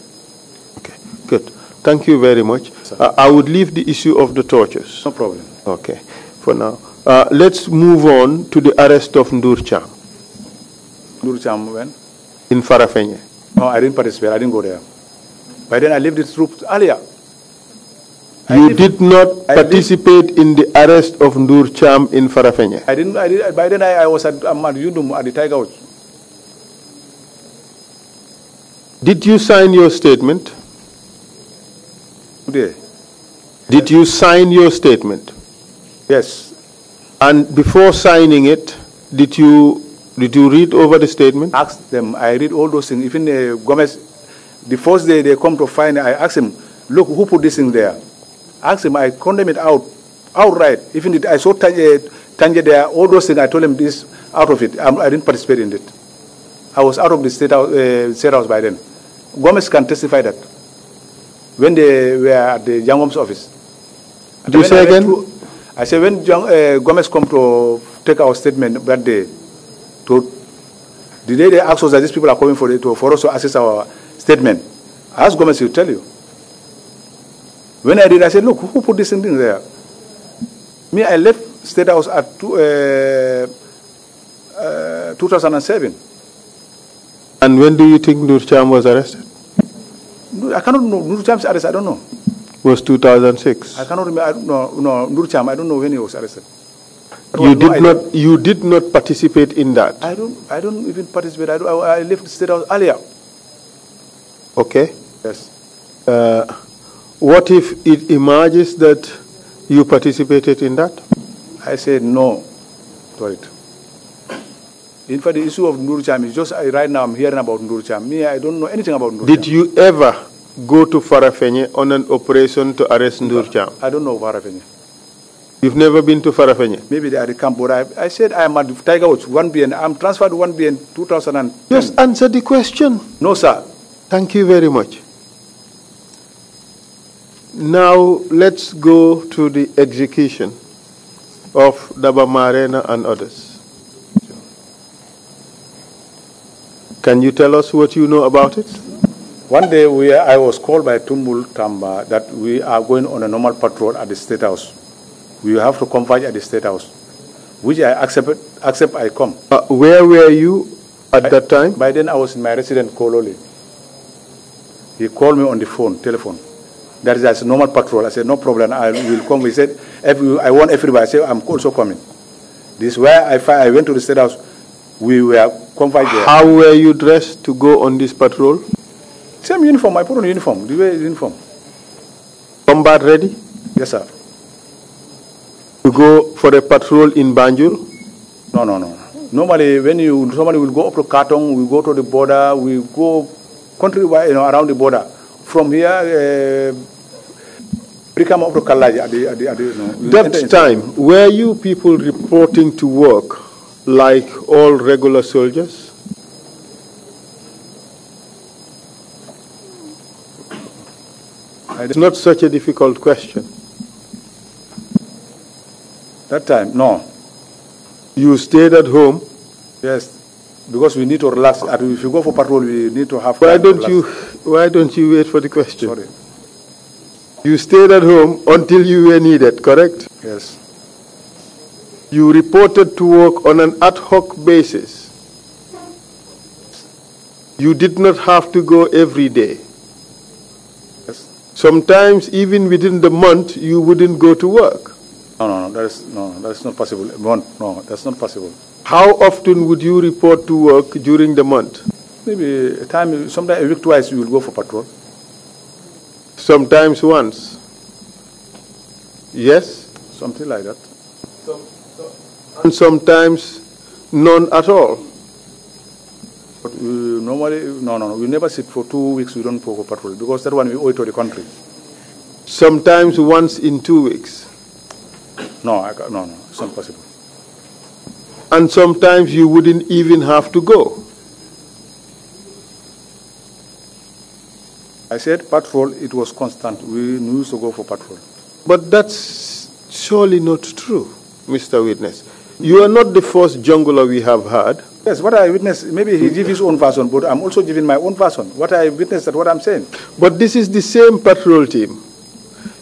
Okay, good. Thank you very much. Uh, I would leave the issue of the tortures. No problem. Okay, for now. Uh, let's move on to the arrest of Ndur Cham, when? In Farafenye. No, I didn't participate. I didn't go there. By then, I left the troops earlier. I you did not participate in the arrest of Cham in Farafenye. I didn't. I did, by then, I, I was at, i um, at Yudum at the Tiger House. Did you sign your statement? Did you sign your statement? Yes. And before signing it, did you did you read over the statement? Ask them. I read all those things. Even uh, Gomez, the first day they come to find, I ask him, look, who put this thing there? Ask him. I condemn it out, outright. Even it, I saw Tanje, Tanje there. All those things. I told him this out of it. I'm, I did not participate in it. I was out of the state house, uh, state house by then. Gomez can testify that when they were at the Jangom's office. Do you say I again? To, I said when John, uh, eh, Gomez come to take our statement that day, to the day they asked us that these people are coming for, to, for us to assess our statement, I asked Gomez to tell you. When I did, I said, look, who put this thing there? Me, I left State House at two, uh, eh, uh, eh, 2007. And when do you think Nur Cham was arrested? I cannot know. Nur Cham's arrest, I don't know. Was 2006? I cannot remember. no, no, Nur Cham, I don't know when he was arrested. No, you no, did not. You did not participate in that. I don't. I don't even participate. I, I, I left the state house earlier. Okay. Yes. Uh, what if it emerges that you participated in that? I said no to it. In fact, the issue of Nurcham is just right now I'm hearing about Nurcham. Me, I don't know anything about Nurcham. Did you ever go to Farafenye on an operation to arrest Nurcham? I don't know Farafenye. You've never been to Farafenye? Maybe they are the camp, but I, I said I am at Tiger Woods, 1BN. I'm transferred to 1BN 2000. Just answer the question. No, sir. Thank you very much. Now let's go to the execution of Daba Marena and others. Can you tell us what you know about it? One day we, I was called by Tumbul Tamba that we are going on a normal patrol at the State House. We have to converge at the State House, which I accept, accept I come. Uh, where were you at I, that time? By then I was in my residence, Kololi. He called me on the phone, telephone. That is as a normal patrol. I said, no problem, I will come. He said, every, I want everybody. I said, I'm also coming. This is where I, I went to the State House. We were How were you dressed to go on this patrol? Same uniform. I put on uniform. The way uniform. Combat ready? Yes, sir. To go for a patrol in Banjul? No, no, no. Normally, when you somebody will go up to Katong, we go to the border, we go countrywide, you know, around the border. From here, uh, come up to Kalaji. At the, at the, at the, you know, that time, were you people reporting to work like all regular soldiers. It's not such a difficult question. That time, no. You stayed at home? Yes, because we need to relax. Uh, if you go for patrol, we need to have. Why don't you? Why don't you wait for the question? Sorry. You stayed at home until you were needed, correct? Yes you reported to work on an ad hoc basis. You did not have to go every day. Sometimes, even within the month, you wouldn't go to work. No, no, no, that is, no, that is not possible. Month, no, that's not possible. How often would you report to work during the month? Maybe a time, sometimes a week twice you will go for patrol. Sometimes once. Yes? Something like that and sometimes none at all. But we normally, no, no, no, we never sit for two weeks, we don't go patrol because that one we owe it to the country. Sometimes once in two weeks. No, I, no, no, it's not possible. And sometimes you wouldn't even have to go. I said patrol, it was constant. We used to go for patrol. But that's surely not true, Mr. Witness. You are not the first jungler we have had. Yes, what I witnessed, maybe he gave his own version, but I'm also giving my own version. What I witnessed and what I'm saying. But this is the same patrol team.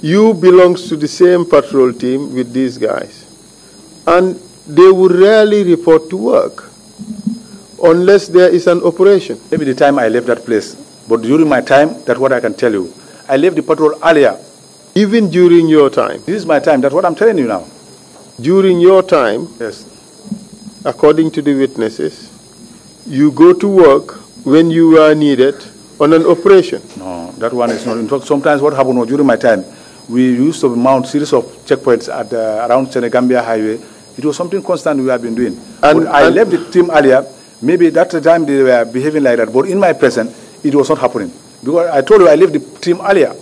You belongs to the same patrol team with these guys. And they would rarely report to work unless there is an operation. Maybe the time I left that place, but during my time, that's what I can tell you. I left the patrol earlier. Even during your time? This is my time. That's what I'm telling you now during your time, yes. according to the witnesses, you go to work when you are needed on an operation. No, that one is not. In fact, sometimes what happened was during my time, we used to mount series of checkpoints at uh, around Senegambia Highway. It was something constant we have been doing. And, I left the team earlier. Maybe that time they were behaving like that, but in my presence, it was not happening because I told you I left the team earlier.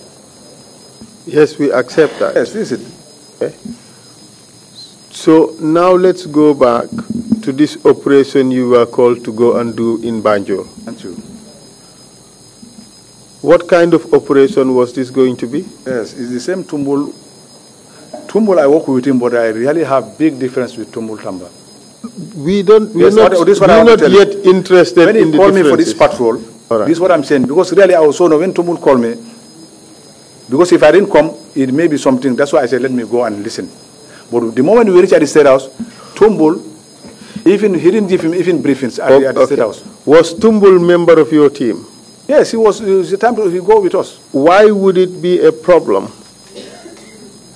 Yes, we accept that. Yes, this is it. Okay. Eh? So now let's go back to this operation you were called to go and do in Banjul. Banjul. What kind of operation was this going to be? Yes, it's the same Tumbul. Tumbul, I work with him, but I really have big difference with Tumbul Tamba. We don't. We're yes, not, what, this we're I not yet you. interested when in the When he called me for this patrol, this is what I'm saying. Because really, I also know when Tumbul called me, because if I didn't come, it may be something. That's why I said, let me go and listen. But the moment we reach at the State House, Tumble, even he didn't give him even briefings at, okay. the, at the State House. Was Tumble member of your team? Yes, he was. It was the time to go with us. Why would it be a problem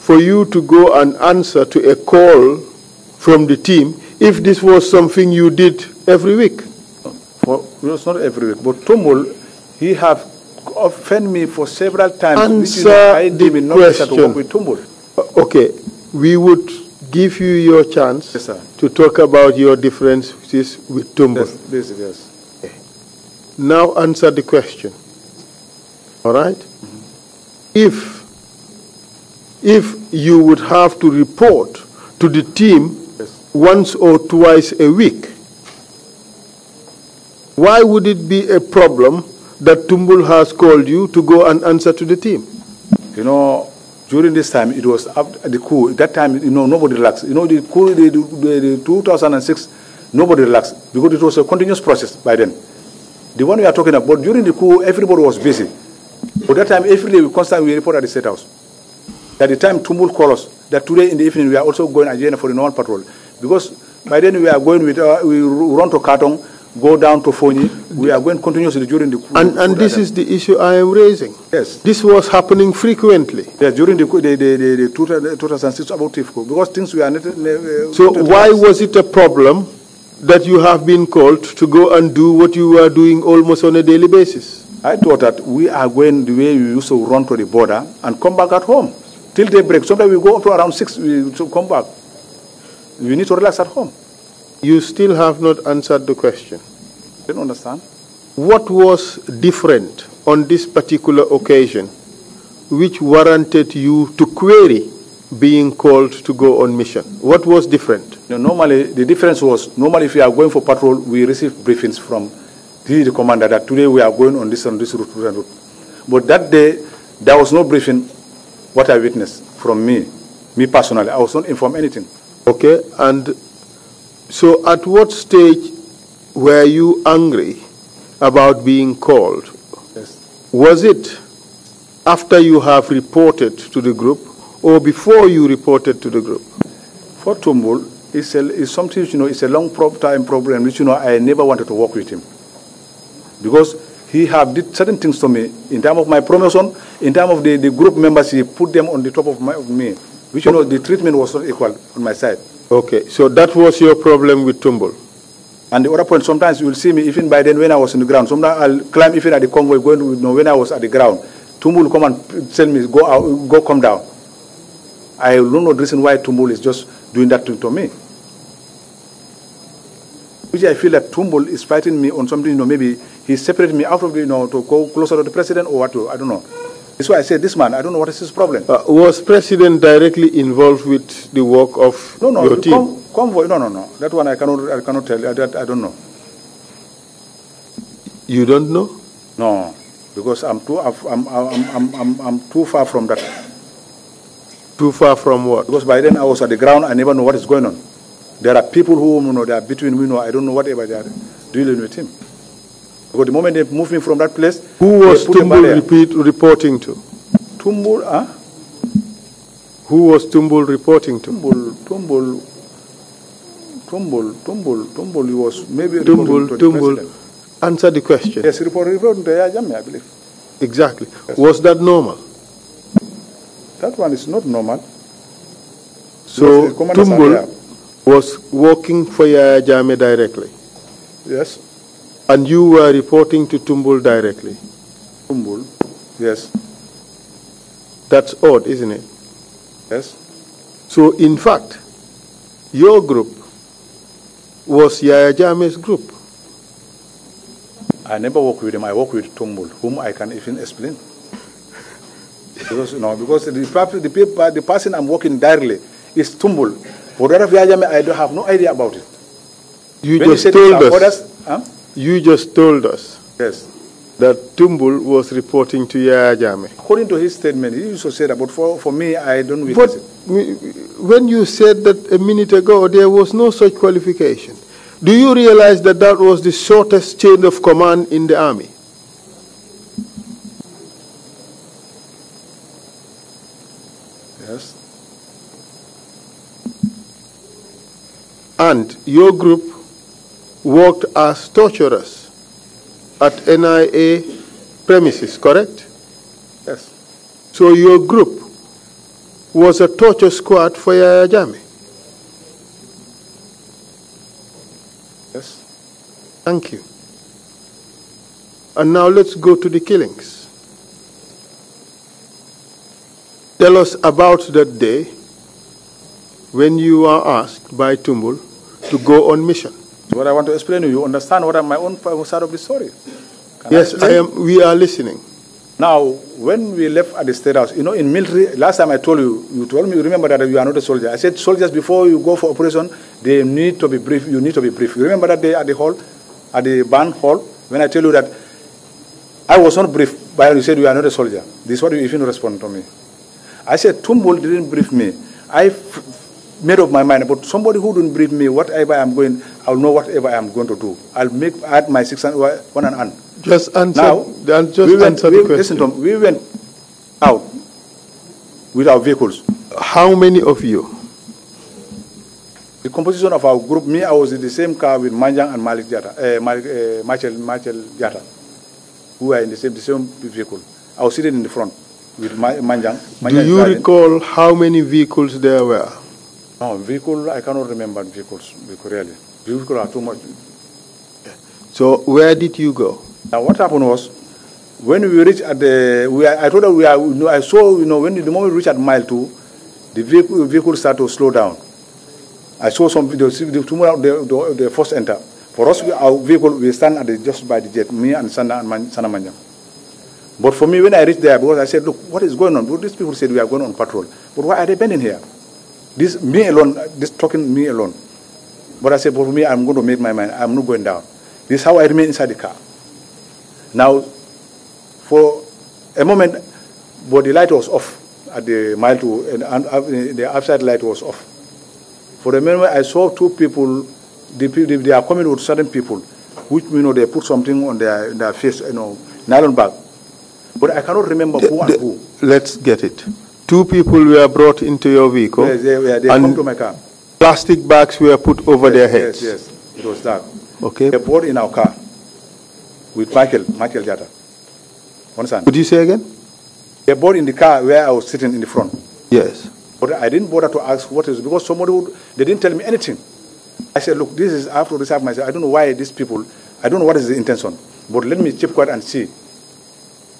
for you to go and answer to a call from the team if this was something you did every week? Well, was not every week, but Tumul, he have offended me for several times. Answer which is the question. okay, we would give you your chance yes, to talk about your differences with Tumbo. Yes, yes, yes. Now answer the question. All right? Mm -hmm. If if you would have to report to the team yes. once or twice a week, why would it be a problem that Tumbul has called you to go and answer to the team? You know, during this time, it was after the coup. At that time, you know, nobody relaxed. You know, the coup, the, the, the 2006, nobody relaxed because it was a continuous process by then. The one we are talking about, during the coup, everybody was busy. At that time, every day, we constantly report at the State House. At the time, Tumul called us that today in the evening, we are also going again for the normal patrol. Because by then, we are going with, uh, we run to Katong, go down to Fonyi. We are going continuously during the coup. And, and this is the issue I am raising. Yes. This was happening frequently. Yes, during the, the, the, the 2006 about TIFCO, because things were not... Uh, uh so why was it a problem that you have been called to go and do what you were doing almost on a daily basis? I thought that we are going the way we used to run to the border and come back at home. Till daybreak, sometimes we go up to around 6, we come back. We need to relax at home. You still have not answered the question. I don't understand. What was different on this particular occasion which warranted you to query being called to go on mission? What was different? normally, the difference was normally if we are going for patrol, we receive briefings from the, commander that today we are going on this and this route. But that day, there was no briefing, what I witnessed from me, me personally. I was not informed anything. Okay, and so, at what stage were you angry about being called? Yes. Was it after you have reported to the group or before you reported to the group? For Tumbul, it's, a, it's something, you know, it's a long time problem, which, you know, I never wanted to work with him. Because he have did certain things to me in time of my promotion, in time of the, the group members, he put them on the top of, my, of me which you know the treatment was not equal on my side. Okay, so that was your problem with Tumble. And the other point, sometimes you will see me even by then when I was in the ground. Sometimes I'll climb even at the convoy going to, you know, when I was at the ground. Tumul come and tell me go out, go come down. I don't know the reason why Tumul is just doing that to, to me. Which I feel that Tumul is fighting me on something, you know, maybe he separated me out of the, you know, to go closer to the president or what, I don't know. That's why I said this man, I don't know what is his problem. Uh, was President directly involved with the work of no, no, your team? Con convoy, no, no, no. That one I cannot, I cannot tell you. I, that I don't know. You don't know? No, because I'm too, I'm, I'm, I'm, I'm, I'm too far from that. Too far from what? Because by then I was at the ground. I never know what is going on. There are people who, you know, they are between me, you know, I don't know whatever they are dealing with him. Because the moment they moved me from that place, who was Tumbul repeat, reporting to? Tumbul, huh? Ah? Who was Tumbul reporting to? Tumbul, Tumbul, Tumbul, Tumbul, Tumbul. He was maybe Tumbul, Tumbul. Answer the question. Yes, reporting report to Yajame, I believe. Exactly. Yes. Was that normal? That one is not normal. So Tumbul was working for Yajame directly. Yes. And you were reporting to Tumbul directly? Tumbul? Yes. That's odd, isn't it? Yes. So, in fact, your group was Yaya Jame's group. I never work with him. I work with Tumbul, whom I can even explain. because, you know, because the, the, the person I'm working directly is Tumbul. For that of Yaya Jame, I don't have no idea about it. You when just you told us. Orders, huh? You just told us yes. that Tumbul was reporting to Yaya Jame. According to his statement, he also said about for, for me, I don't but When you said that a minute ago, there was no such qualification. Do you realize that that was the shortest chain of command in the army? Yes. And your group worked as torturers at NIA premises, correct? Yes. So your group was a torture squad for Yaya Jami. Yes. Thank you. And now let's go to the killings. Tell us about that day when you are asked by Tumbul to go on mission. What I want to explain to you, understand what I'm my own side of the story. Can yes, I, I am. We are listening. Now, when we left at the State House, you know, in military, last time I told you, you told me, you remember that you are not a soldier. I said, soldiers, before you go for operation, they need to be brief. You need to be brief. You remember that day at the hall, at the band hall, when I tell you that I was not brief, but you said you are not a soldier. This is what you even respond to me. I said, Tumbul didn't brief me. I made up my mind about somebody who don't believe me, whatever I'm going, I'll know whatever I'm going to do. I'll make add my six and one and one. Just answer. Now, just we went, answer we, Listen, we went out with our vehicles. How many of you? The composition of our group, me, I was in the same car with Manjang and Malik Diata, uh, eh, Malik, uh, eh, Diata, who were in the same, the same vehicle. I was sitting in the front with Manjang. Manjang Do you recall how many vehicles there were? No, vehicle, I cannot remember vehicles, vehicle really. Vehicles are too much. So where did you go? Now what happened was, when we reached at the, we are, I told her we are, you know, I saw, you know, when the moment we reached at mile two, the vehicle, vehicle started to slow down. I saw some videos, the, tomorrow the, the, the first enter. For us, our vehicle, we stand at the, just by the jet, me and Sana and Man, Sana Manjang. But for me, when I reached there, because I said, look, what is going on? Well, these people said we are going on patrol. But why are they bending here? This me alone, this talking me alone. But I said, but for me, I'm going to make my mind. I'm not going down. This is how I remain inside the car. Now, for a moment, but the light was off at the mile two, and, and uh, the outside light was off. For a moment, I saw two people. They, they are coming with certain people, which you know they put something on their their face, you know, nylon bag. But I cannot remember the, who the, and who. Let's get it. Two people were brought into your vehicle. Yes, They to my car. Plastic bags were put over yes, their heads. Yes, yes, it was that. Okay. They brought in our car with Michael, Michael Jata. Understand? Would you say again? They brought in the car where I was sitting in the front. Yes. But I didn't bother to ask what is because somebody would, they didn't tell me anything. I said, look, this is, I have to reserve myself. I don't know why these people, I don't know what is the intention. But let me keep quiet and see.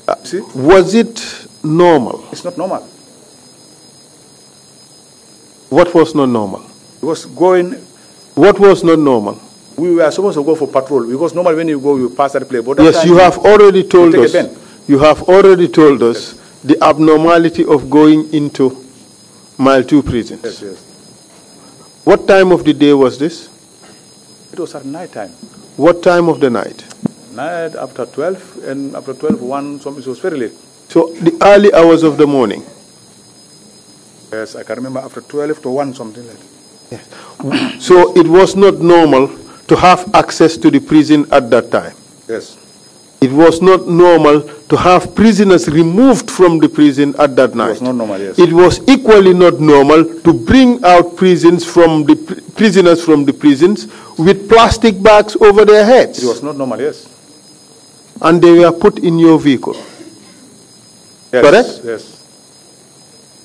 Uh, see? Was it normal? It's not normal. What was not normal? It was going. What was not normal? We were supposed to go for patrol because normally when you go, you pass that place. But that yes, you have already told us. You have already told us yes. the abnormality of going into mile two prisons. Yes, yes. What time of the day was this? It was at night time. What time of the night? Night after 12, and after 12, 1, something, so it was very late. So the early hours of the morning? Yes, I can remember after 12 to 1, something like that. Yes. so it was not normal to have access to the prison at that time? Yes. It was not normal to have prisoners removed from the prison at that night. It was not normal, yes. It was equally not normal to bring out prisons from the pr prisoners from the prisons with plastic bags over their heads. It was not normal, yes. And they were put in your vehicle. Yes, Correct? Yes.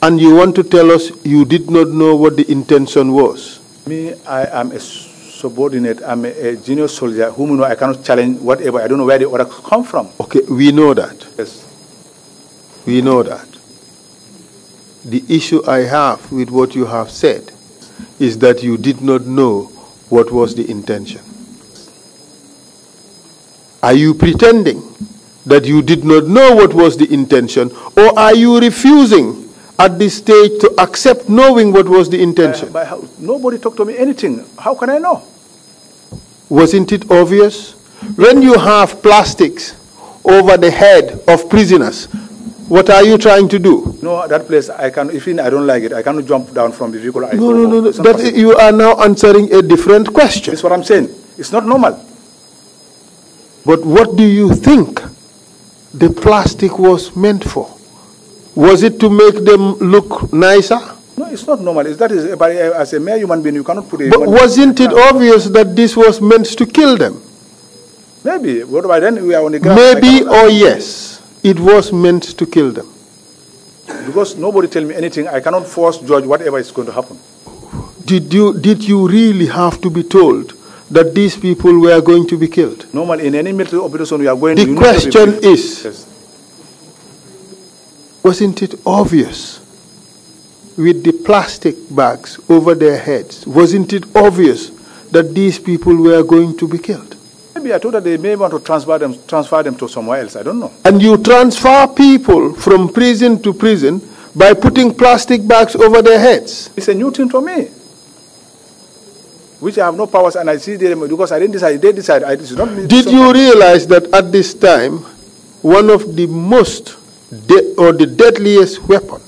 And you want to tell us you did not know what the intention was? Me, I am a subordinate. I'm a, a junior soldier whom you know, I cannot challenge whatever. I don't know where the order come from. Okay, we know that. Yes. We know that. The issue I have with what you have said is that you did not know what was the intention. Are you pretending that you did not know what was the intention, or are you refusing at this stage to accept knowing what was the intention? nobody talked to me anything. How can I know? Wasn't it obvious? When you have plastics over the head of prisoners, what are you trying to do? No, that place, I can, if I don't like it, I cannot jump down from the vehicle. I no, no, no, no. But possible. you are now answering a different question. That's what I'm saying. It's not normal. But what do you think the plastic was meant for? Was it to make them look nicer? No, it's not normal. that is, uh, as a mere human being, you cannot put a. But wasn't it obvious that this was meant to kill them? Maybe. What about then? We are on the ground. Maybe or yes, it was meant to kill them. Because nobody tell me anything. I cannot force judge whatever is going to happen. Did you did you really have to be told that these people were going to be killed? Normally, in any military operation, we are going. The question is. Yes wasn't it obvious? With the plastic bags over their heads, wasn't it obvious that these people were going to be killed? Maybe I told that they may want to transfer them, transfer them to somewhere else. I don't know. And you transfer people from prison to prison by putting plastic bags over their heads. It's a new thing for me, which I have no powers, and I see them because I didn't decide. They decided. I, did not Did so you realize that at this time, one of the most de- or the deadliest weapon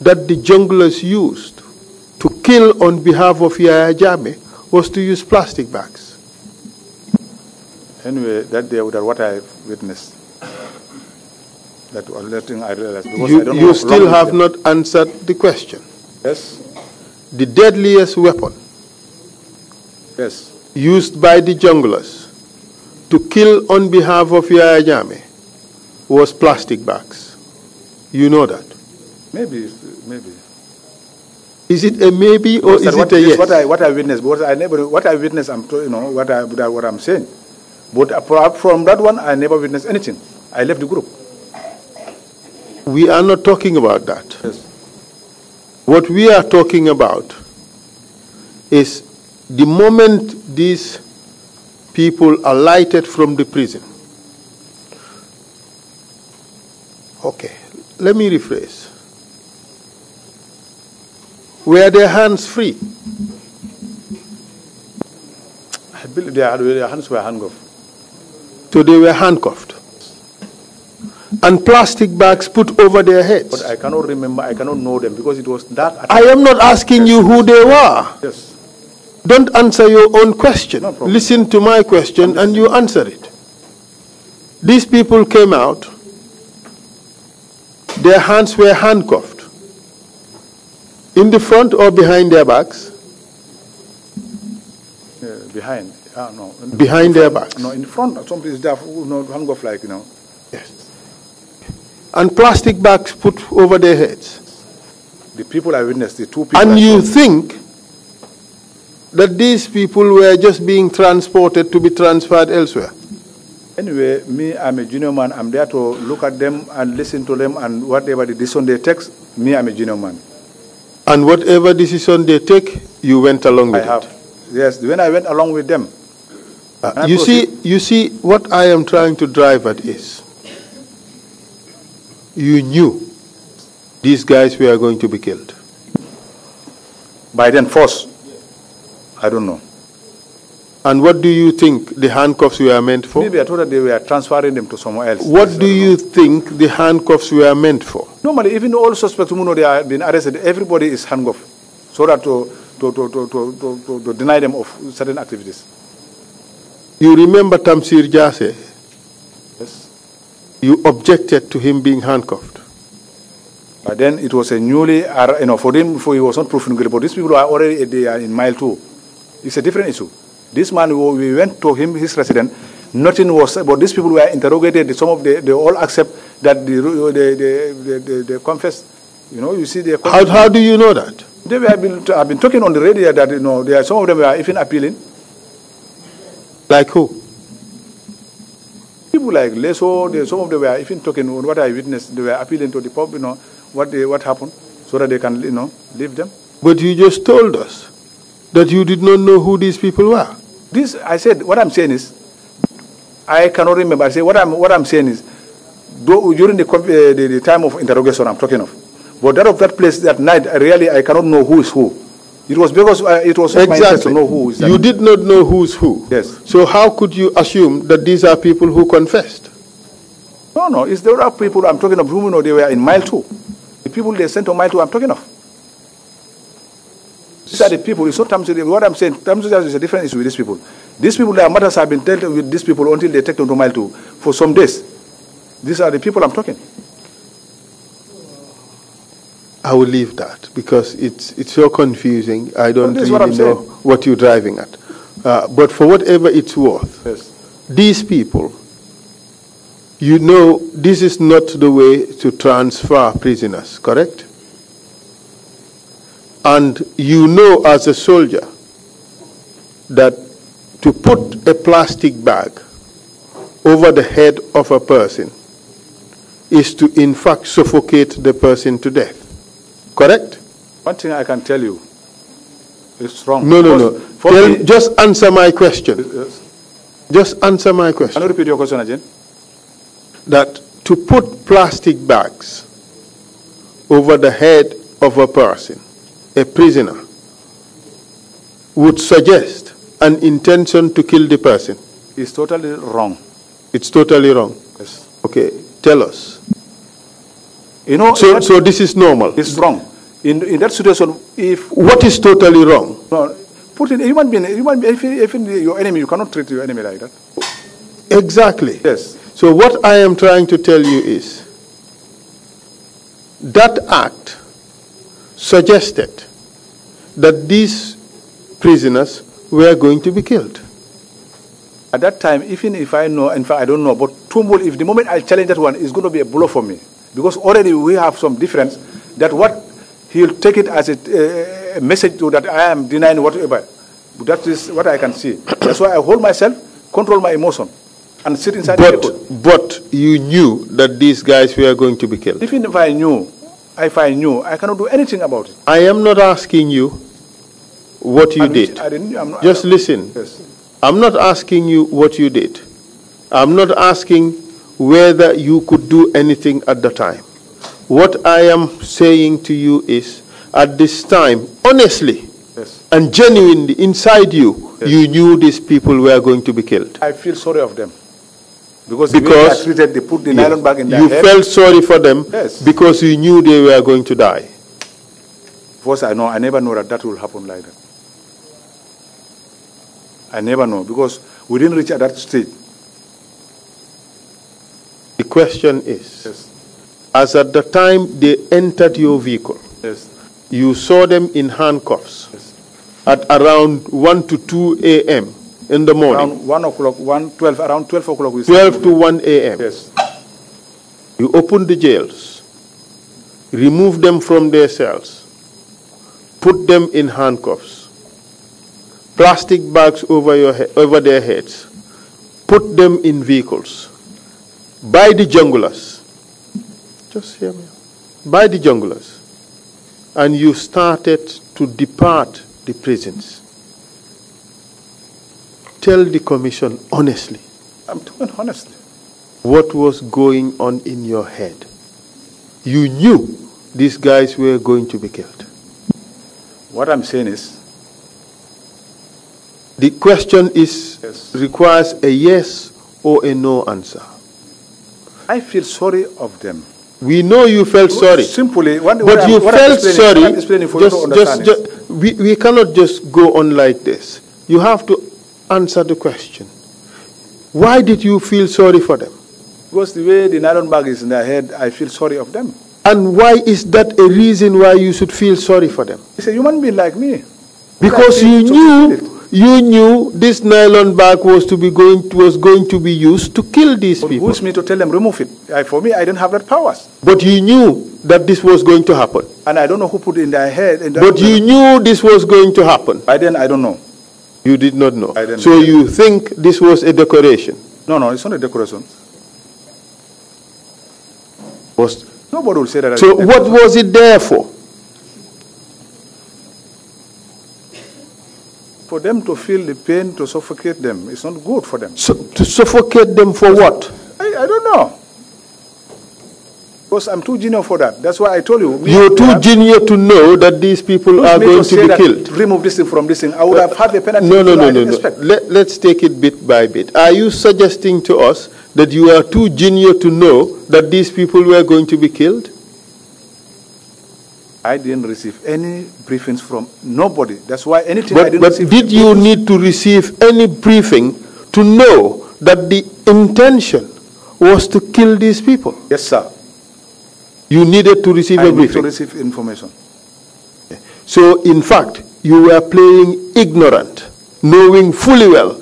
that the junglers used to kill on behalf of Yaya Jame was to use plastic bags. Anyway, that day, that what I witnessed. That was the thing I realized. Because you, I you still have them. not answered the question. Yes. The deadliest weapon. Yes. Used by the junglers to kill on behalf of Yaya Jame was plastic bags. You know that. Maybe, maybe. Is it a maybe or is what, it a yes? What I what I witnessed, but I never what I witnessed. I'm you know what I what I'm saying. But from that one, I never witnessed anything. I left the group. We are not talking about that. Yes. What we are talking about is the moment these people alighted from the prison, Okay, let me rephrase. Were their hands free? I believe their, hands were handcuffed. So they were handcuffed. And plastic bags put over their heads. But I cannot remember, I cannot know them because it was that. I am not asking you who they were. Yes. Don't answer your own question. No Listen to my question and you answer it. These people came out their hands were handcuffed in the front or behind their backs? Uh, behind. Uh, no. The behind front, their backs? No, in the front. Somebody is there, you know, like, you know. Yes. And plastic bags put over their heads. The people I witnessed, the two people. And you saw. think that these people were just being transported to be transferred elsewhere? Anyway, me, I'm a junior man. I'm there to look at them and listen to them and whatever the decision they take, me, I'm a junior man. And whatever decision they take, you went along with I have. It. Yes, when I went along with them. Uh, you see, you see, what I am trying to drive at is, you knew these guys were going to be killed. By then, force? I don't know. And what do you think the handcuffs were meant for? Maybe I thought that they were transferring them to someone else. What do you think the handcuffs were meant for? Normally, even all suspects who know they have been arrested, everybody is handcuffed so that to, to, to, to, to, deny them of certain activities. You remember Tamsir Jase? Yes. You objected to him being handcuffed. But then it was a newly, you know, for him, for he was not proven guilty. But these people are already they are in mile two. It's a different issue. This man, we went to him, his residence. Nothing was, but these people were interrogated. Some of them, they all accept that they, they, they, they, confess. You know, you see their. How, how do you know that? They have been, have been talking on the radio that, you know, there are, some of them are even appealing. Like who? People like Leso, they, some of them were even talking on what I witnessed. They were appealing to the public, you know, what, they, what happened, so that they can, you know, leave them. But you just told us that you did not know who these people were? This, I said, what I'm saying is, I cannot remember. I say, what I'm, what I'm saying is, during the, uh, the, the, time of interrogation I'm talking of, but that of that place that night, I really, I cannot know who is who. It was because uh, it was exactly. my interest to know who is that. You did not know who is who. Yes. So how could you assume that these are people who confessed? No, no. It's the other people I'm talking of who you know they were in mile two. The people they sent to mile two I'm talking of. These are the people. It's not Tamsil. What I'm saying, Tamsil is a different issue with these people. These people, their matters have been dealt with these people until they take them to mile two for some days. These are the people I'm talking. I will leave that because it's it's so confusing. I don't really what know saying. what you're driving at. Uh, but for whatever it's worth, yes. these people, you know, this is not the way to transfer prisoners, correct? And you know as a soldier that to put a plastic bag over the head of a person is to in fact suffocate the person to death. Correct? One thing I can tell you is wrong. No, no, no. Tell, just answer my question. Yes. Just answer my question. Can you repeat your question again? That to put plastic bags over the head of a person a prisoner would suggest an intention to kill the person. It's totally wrong. It's totally wrong. Yes. Okay, tell us. You know, so, so this is normal. It's wrong. In, in that situation, if what is totally wrong? No, put in human being, human being, even, even your enemy, you cannot treat your enemy like that. Exactly. Yes. So what I am trying to tell you is that act suggested that these prisoners were going to be killed. At that time, even if I know, in fact, I don't know, but Tumbul, if the moment I challenge that one, it's going to be a blow for me. Because already we have some difference that what he'll take it as a, uh, message to that I am denying whatever. But That is what I can see. That's why I hold myself, control my emotion, and sit inside but, But you knew that these guys were going to be killed. Even if I knew, if I knew, I cannot do anything about it. I am not asking you what you did. I didn't, I'm not, Just I'm, listen. Yes. I'm not asking you what you did. I'm not asking whether you could do anything at the time. What I am saying to you is, at this time, honestly yes. and genuinely inside you, yes. you knew these people were going to be killed. I feel sorry of them. Because, because treated, they put the yes, nylon bag in their You head. felt sorry for them yes. because you knew they were going to die. course, I know, I never know that that will happen like that. I never know because we didn't reach at that stage. The question is, yes. as at the time they entered your vehicle, yes. you saw them in handcuffs yes. at around 1 to 2 a.m in the morning. Around 1 o'clock, 1, 12, around 12 o'clock. 12 to 1 a.m. Yes. You open the jails, remove them from their cells, put them in handcuffs, plastic bags over, your over their heads, put them in vehicles, buy the junglers. Just hear me. Buy the junglers. And you started to depart the prisons tell the Commission honestly. I'm talking honestly. What was going on in your head? You knew these guys were going to be killed. What I'm saying is. The question is yes. requires a yes or a no answer. I feel sorry of them. We know you felt sorry. Simply, what, but what you felt sorry. Just, just, just, we, we cannot just go on like this. You have to answer the question. Why did you feel sorry for them? Because the way the nylon bag is in their head, I feel sorry of them. And why is that a reason why you should feel sorry for them? It's a human being like me. Because like you knew you knew this nylon bag was to be going was going to be used to kill these but people. Who's me to tell them remove it? I, for me, I don't have that powers. But you knew that this was going to happen. And I don't know who put it in their head. In their but head. you knew this was going to happen. By then, I don't know. You did not know. I didn't so know. you think this was a decoration? No, no, it's not a decoration. Was Nobody will say that. So what was it there for? For them to feel the pain, to suffocate them. It's not good for them. So, to suffocate them for what? I, I don't know. Because I'm too junior for that. That's why I told you. You're too junior to know that these people are going to be killed. Remove this thing from this thing. I would have had the penalty. No, no, no, no. no. Let, let's take it bit by bit. Are you suggesting to us that you are too junior to know that these people were going to be killed? I didn't receive any briefings from nobody. That's why anything but, I didn't but receive. did you need to receive any briefing to know that the intention was to kill these people? Yes, sir. You needed to receive I need to receive information. So, in fact, you were playing ignorant, knowing fully well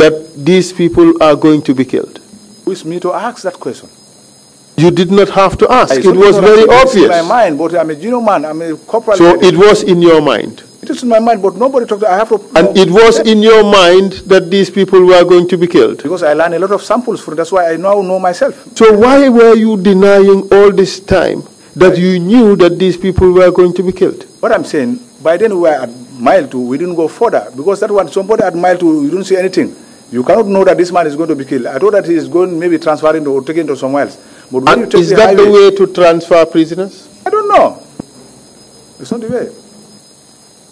that these people are going to be killed. Wish me to ask that question. You did not have to ask. I it was very obvious. In my mind, but I'm a junior man. I'm a corporal. So it was in your mind. It is in my mind, but nobody talked. I have to. And know, it was in your mind that these people were going to be killed. Because I learned a lot of samples from. That's why I now know myself. So why were you denying all this time that I, you knew that these people were going to be killed? What I'm saying, by then we were at mile two. We didn't go further because that one somebody at mile two, you didn't see anything. You cannot know that this man is going to be killed. I thought that he is going maybe transferring or taken to somewhere else. But when and you take is the that highway, the way to transfer prisoners? I don't know. It's not the way.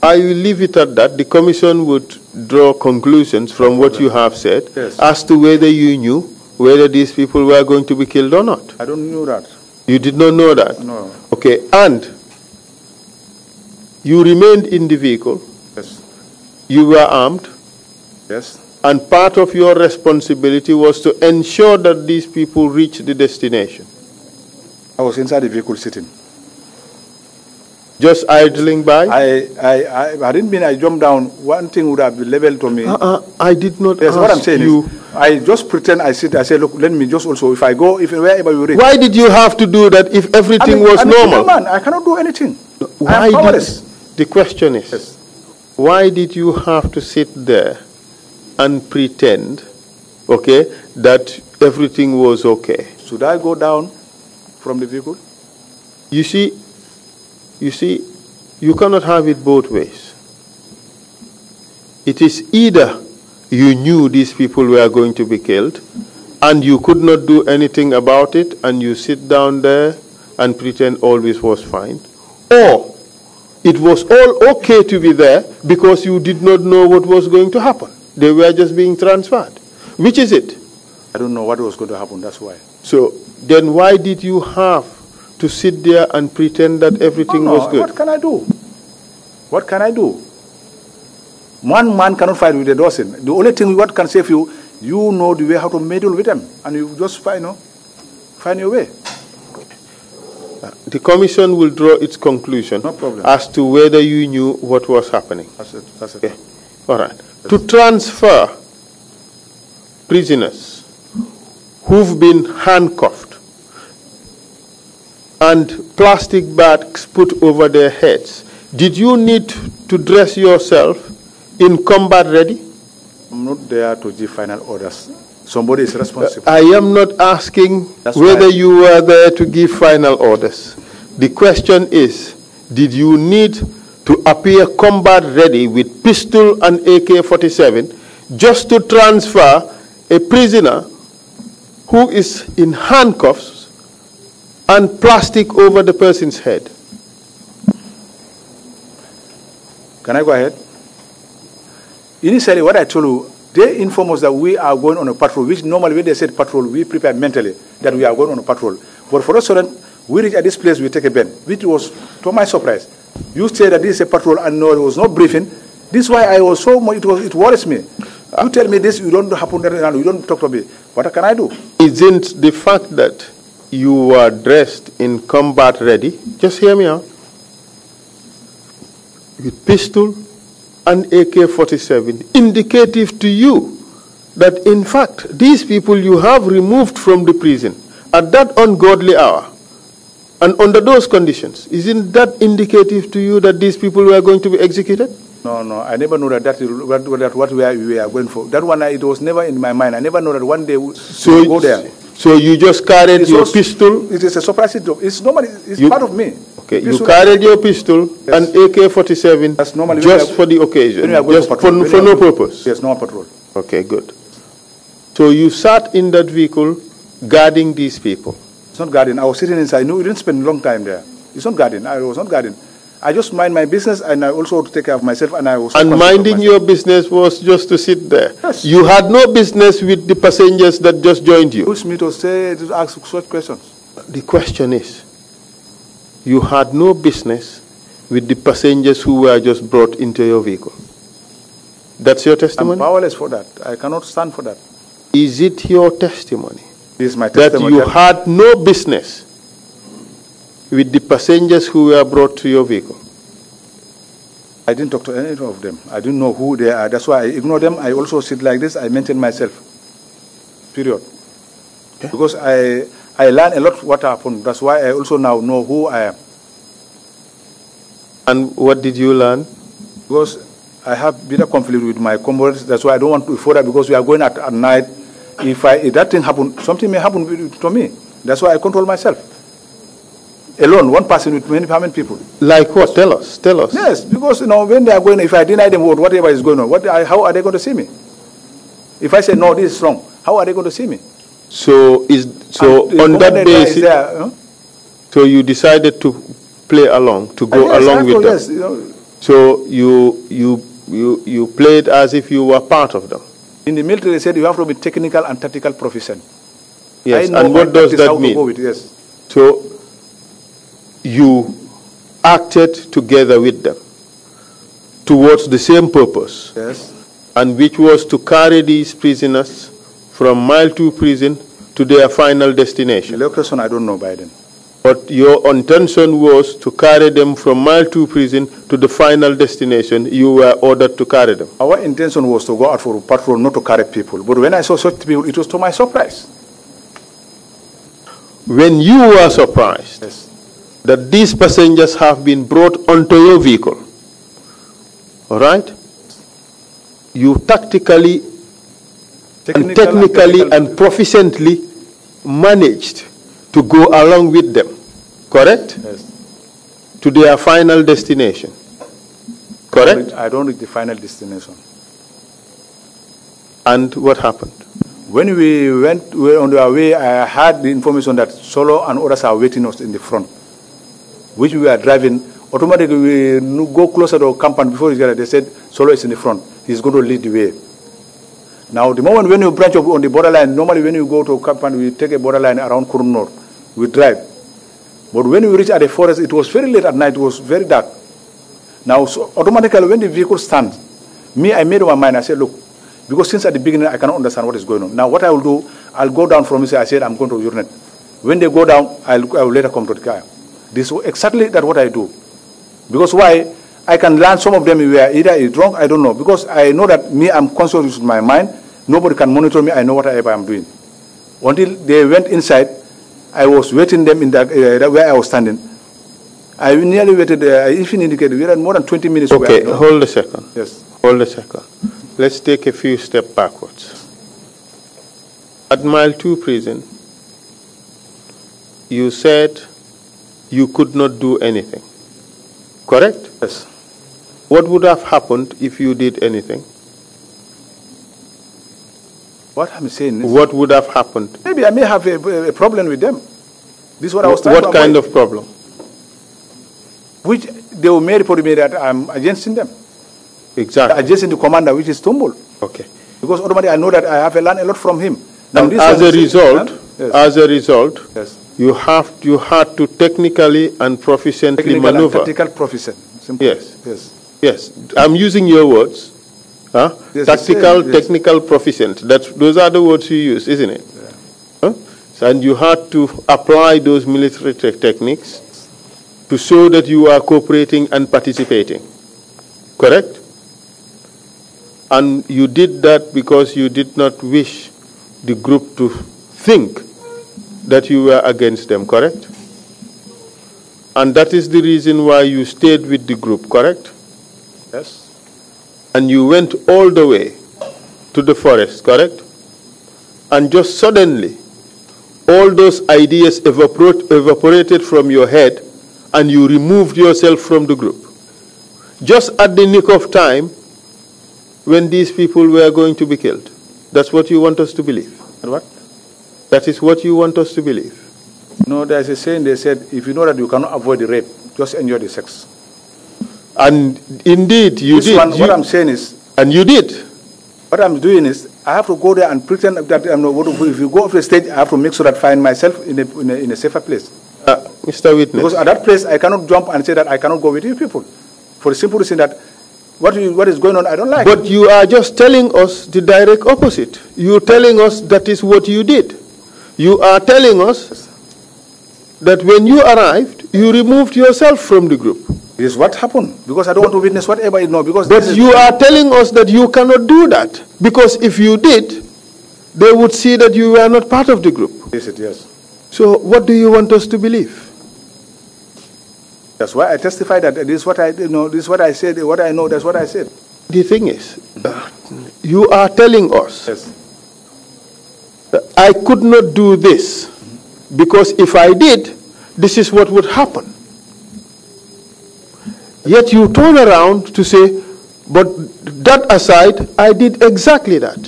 I will leave it at that. The commission would draw conclusions from what you have said yes. as to whether you knew whether these people were going to be killed or not. I don't know that. You did not know that? No. Okay, and you remained in the vehicle. Yes. You were armed. Yes. And part of your responsibility was to ensure that these people reached the destination. I was inside the vehicle sitting. Just idling by? I, I, I, I, didn't mean I jumped down. One thing would have been leveled to me. Uh, uh, I did not yes, what I'm saying you. Is, I just pretend I sit. I say, look, let me just also, if I go, if wherever you reach. Why did you have to do that if everything I mean, was I mean, normal? Man, I cannot do anything. Why I Did, the question is, yes. why did you have to sit there and pretend, okay, that everything was okay? Should I go down from the vehicle? You see, you see, you cannot have it both ways. It is either you knew these people were going to be killed and you could not do anything about it and you sit down there and pretend all this was fine, or it was all okay to be there because you did not know what was going to happen. They were just being transferred. Which is it? I don't know what was going to happen, that's why. So then why did you have to sit there and pretend that everything no. was good? What can I do? What can I do? One man cannot fight with a dozen. The only thing what can save you, you know the way how to meddle with them, and you just find, you know, find your way. The commission will draw its conclusion no as to whether you knew what was happening. That's it. That's it. Okay. All right. That's to transfer prisoners who've been handcuffed and plastic bags put over their heads. Did you need to dress yourself in combat ready? I'm not there to give final orders. Somebody is responsible. I am not asking That's whether you were there to give final orders. The question is did you need to appear combat ready with pistol and AK 47 just to transfer a prisoner who is in handcuffs and plastic over the person's head. Can I go ahead? Initially, what I told you, they inform us that we are going on a patrol, which normally when they said patrol, we prepare mentally that we are going on a patrol. But for us, sudden, we reach at this place, we take a bend, which was, to my surprise, you say that this is a patrol and no, it was no briefing. This is why I was so much, it, was, it worries me. You tell me this, you don't happen, you don't talk to me. What can I do? Isn't the fact that you were dressed in combat ready, just hear me out, with pistol and AK 47, indicative to you that in fact these people you have removed from the prison at that ungodly hour and under those conditions, isn't that indicative to you that these people were going to be executed? No, no, I never knew that that, that, that what we are, we are going for. That one, it was never in my mind. I never knew that one day we so go there. So you just carried your also, pistol? It is a surprise dog. It's normally, it's you, part of me. Okay, pistol. you carried your pistol yes. and AK-47 That's normally just for the occasion, just for, patrol, for no purpose? Yes, no patrol. Okay, good. So you sat in that vehicle guarding these people? It's not guarding. I was sitting inside. No, we didn't spend a long time there. It's not guarding. I was not guarding. I just mind my business and I also take care of myself and I was. And minding your business was just to sit there. Yes. You had no business with the passengers that just joined you. Push me to say to ask such questions. The question is, you had no business with the passengers who were just brought into your vehicle. That's your testimony? I'm powerless for that. I cannot stand for that. Is it your testimony? This is my testimony. That you had no business with the passengers who were brought to your vehicle? I didn't talk to any of them. I didn't know who they are. That's why I ignore them. I also sit like this. I maintain myself. Period. Okay. Because I I learn a lot what happened. That's why I also now know who I am. And what did you learn? Because I have bitter conflict with my comrades. That's why I don't want to further because we are going at, at night. If I if that thing happen, something may happen to me. That's why I control myself alone, one person with many, how many people? Like what? Tell us. Tell us. Yes, because you know when they are going, if I deny them whatever is going on, what how are they going to see me? If I say no, this is wrong, how are they going to see me? So is so and on that basis. There, huh? So you decided to play along, to go yes, along with them. Yes, you know. So you you you you played as if you were part of them. In the military, they said you have to be technical and tactical proficient. Yes, and what does that mean? Yes. So you acted together with them towards the same purpose. Yes. And which was to carry these prisoners from mile two prison to their final destination. The location I don't know by then. But your intention was to carry them from mile two prison to the final destination. You were ordered to carry them. Our intention was to go out for a patrol, not to carry people. But when I saw such people, it was to my surprise. When you were surprised, yes that these passengers have been brought onto your vehicle. All right? You tactically Technical and technically and, and proficiently managed to go along with them. Correct? Yes. To their final destination. Correct? I don't need the final destination. And what happened? When we went we were on our way, I had the information that Solo and others are waiting us in the front which we are driving, automatically we go closer to camp and before Israel. They said, Solo is in the front. He's going to lead the way. Now, the moment when you branch up on the borderline, normally when you go to a and we take a borderline around Kurun North. We drive. But when we reach at the forest, it was very late at night. It was very dark. Now, so automatically when the vehicle stands, me, I made up my mind. I said, look, because since at the beginning, I cannot understand what is going on. Now, what I will do, I'll go down from here. I said, I'm going to urinate. When they go down, I'll, I will later come to the car. This exactly that what I do. Because why? I can learn some of them where either is drunk, I don't know. Because I know that me, I'm conscious with my mind. Nobody can monitor me. I know whatever I'm doing. Until they went inside, I was waiting them in that uh, where I was standing. I nearly waited. Uh, I even indicated we had more than 20 minutes. Okay, hold a second. Yes. Hold a second. Let's take a few steps backwards. At mile two prison, you said you could not do anything. Correct? Yes. What would have happened if you did anything? What I'm saying is. What would have happened? Maybe I may have a, a problem with them. This is what I was trying What kind of problem? Which they will make for me that I'm against them. Exactly. Adjacent the commander, which is Tumbul. Okay. Because automatically I know that I have learned a lot from him. Now, this as a, result, yes. as a result, as a result, you have you had to technically and proficiently Technical maneuver. And tactical proficient. Simple. Yes. Yes. Yes. I'm using your words. Huh? Yes, Tactical, yes. technical, proficient. That's, those are the words you use, isn't it? Yeah. Huh? So, and you had to apply those military te techniques to show that you are cooperating and participating. Correct? And you did that because you did not wish the group to think that you were against them, correct? And that is the reason why you stayed with the group, correct? Yes. And you went all the way to the forest, correct? And just suddenly, all those ideas evaporated from your head and you removed yourself from the group. Just at the nick of time when these people were going to be killed. That's what you want us to believe. And what? That is what you want us to believe. No, there's a saying they said, if you know that you cannot avoid the rape, just enjoy the sex. And indeed, you this did. One, you, what I'm saying is. And you did. What I'm doing is, I have to go there and pretend that I'm not. If you go off the stage, I have to make sure that I find myself in a, in a, in a safer place. Uh, Mr. Witness. Because at that place, I cannot jump and say that I cannot go with you people. For the simple reason that what, you, what is going on, I don't like. But you are just telling us the direct opposite. You're telling us that is what you did. You are telling us that when you arrived, you removed yourself from the group. This is what happened because I don't want to witness whatever you know. Because but you are telling us that you cannot do that because if you did, they would see that you are not part of the group. Yes, it yes. So what do you want us to believe? That's why I testify that this is what I you know. This is what I said. What I know. That's what I said. The thing is, uh, you are telling us yes. I could not do this because if I did, this is what would happen. Yet you turn around to say, but that aside, I did exactly that.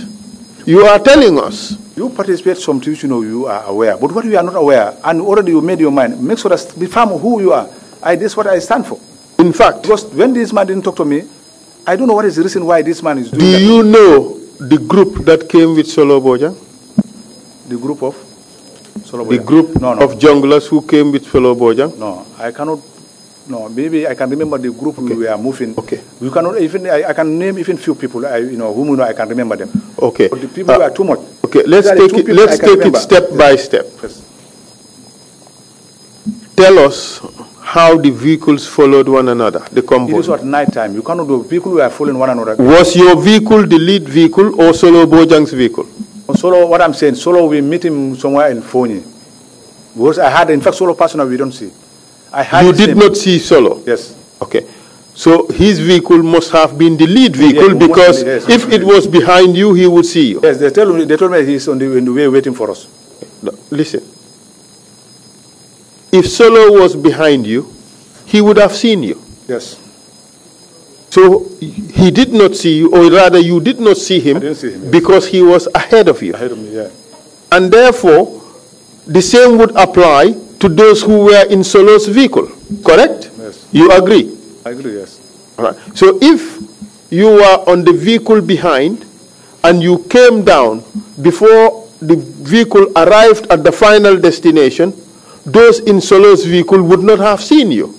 You are telling us. You participate sometimes, you know, you are aware. But what you are not aware, and already you made your mind, make sure that be who you are. I, this is what I stand for. In fact. Because when this man didn't talk to me, I don't know what is the reason why this man is doing Do that. you know the group that came with Solo Boja? The group of? Solo the group no, no. of junglers who came with Solo Bojang? No, I cannot. No, maybe I can remember the group okay. we were moving. Okay. You cannot even. I, I, can name even few people. I, you know, whom you know, I can remember them. Okay. But the people uh, too much. Okay. Let's take it. Let's take it step yes. by step. Yes. Tell us how the vehicles followed one another, the convoy. was at night time. You cannot do people we are following one another. Was your vehicle the lead vehicle or Solo Bojang's vehicle? Solo, what I'm saying, Solo, we meet him somewhere in Foni. Because I had, in fact, Solo personally, we don't see. I had. You did same. not see Solo? Yes. Okay. So his vehicle must have been the lead vehicle because be, yes, if it was behind you, he would see you. Yes, they told me, they told me he's on the, the way waiting for us. No, listen. If Solo was behind you, he would have seen you. Yes. So he did not see you, or rather, you did not see him, see him because yes. he was ahead of you. Ahead of me, yeah. And therefore, the same would apply to those who were in Solo's vehicle. Correct? Yes. You agree? I agree, yes. All right. So if you were on the vehicle behind and you came down before the vehicle arrived at the final destination, those in Solo's vehicle would not have seen you.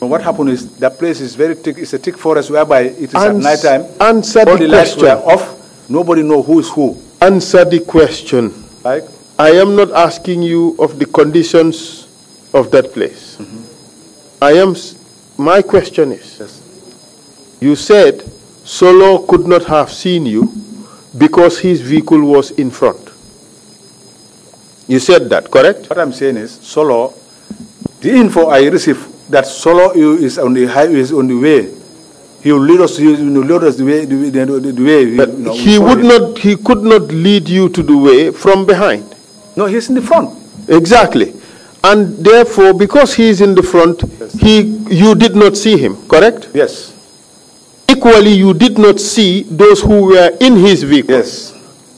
But what happened is that place is very thick. It's a thick forest whereby it is Ans- at night time. Answer the, question. lights were off. Nobody know who is who. Answer the question. Like? I am not asking you of the conditions of that place. Mm-hmm. I am. My question is. Yes. You said Solo could not have seen you because his vehicle was in front. You said that, correct? What I'm saying is Solo. The info I received that solo is on the highway, is on the way. He will lead us. He will lead us the way. The, the, the way. you know, he would not. He could not lead you to the way from behind. No, he's in the front. Exactly, and therefore, because he is in the front, yes. he you did not see him. Correct. Yes. Equally, you did not see those who were in his vehicle. Yes.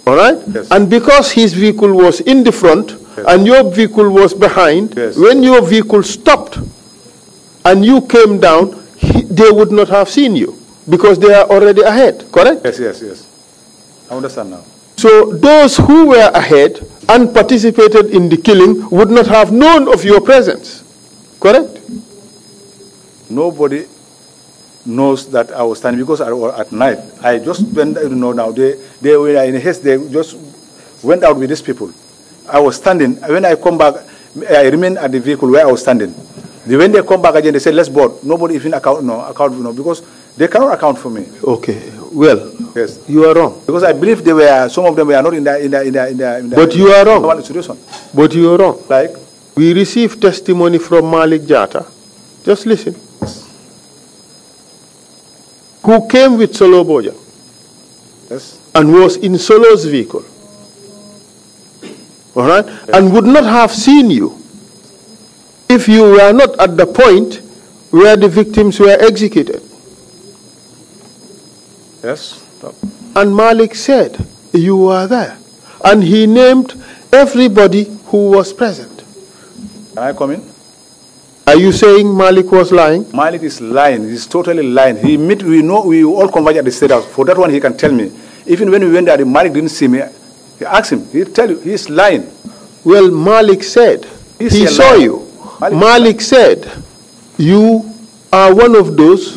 All right. Yes. And because his vehicle was in the front yes. and your vehicle was behind, yes. when your vehicle stopped, and you came down, he, they would not have seen you because they are already ahead, correct? Yes, yes, yes. I understand now. So those who were ahead and participated in the killing would not have known of your presence, correct? Nobody knows that I was standing because I was at night. I just went, you know, now they, they were in haste, they just went out with these people. I was standing. When I come back, I remain at the vehicle where I was standing. When they come back again, they say, let's board. Nobody even account, no, account, no, because they cannot account for me. Okay. Well, yes. you are wrong. Because I believe they were, some of them were not in the, in the, in the, in the, But you are wrong. Institution. But you are wrong. Like? We received testimony from Malik Jata. Just listen. Yes. Who came with Solo Boja. Yes. And was in Solo's vehicle. All right? Yes. And would not have seen you if you were not at the point where the victims were executed. Yes. Stop. And Malik said, You were there. And he named everybody who was present. Can I come in? Are you saying Malik was lying? Malik is lying. He's totally lying. He meet, we know we all converge at the state house. For that one, he can tell me. Even when we went there, Malik didn't see me. He asked him. He'll tell you. He's lying. Well, Malik said, he saw you. Malik, said, You are one of those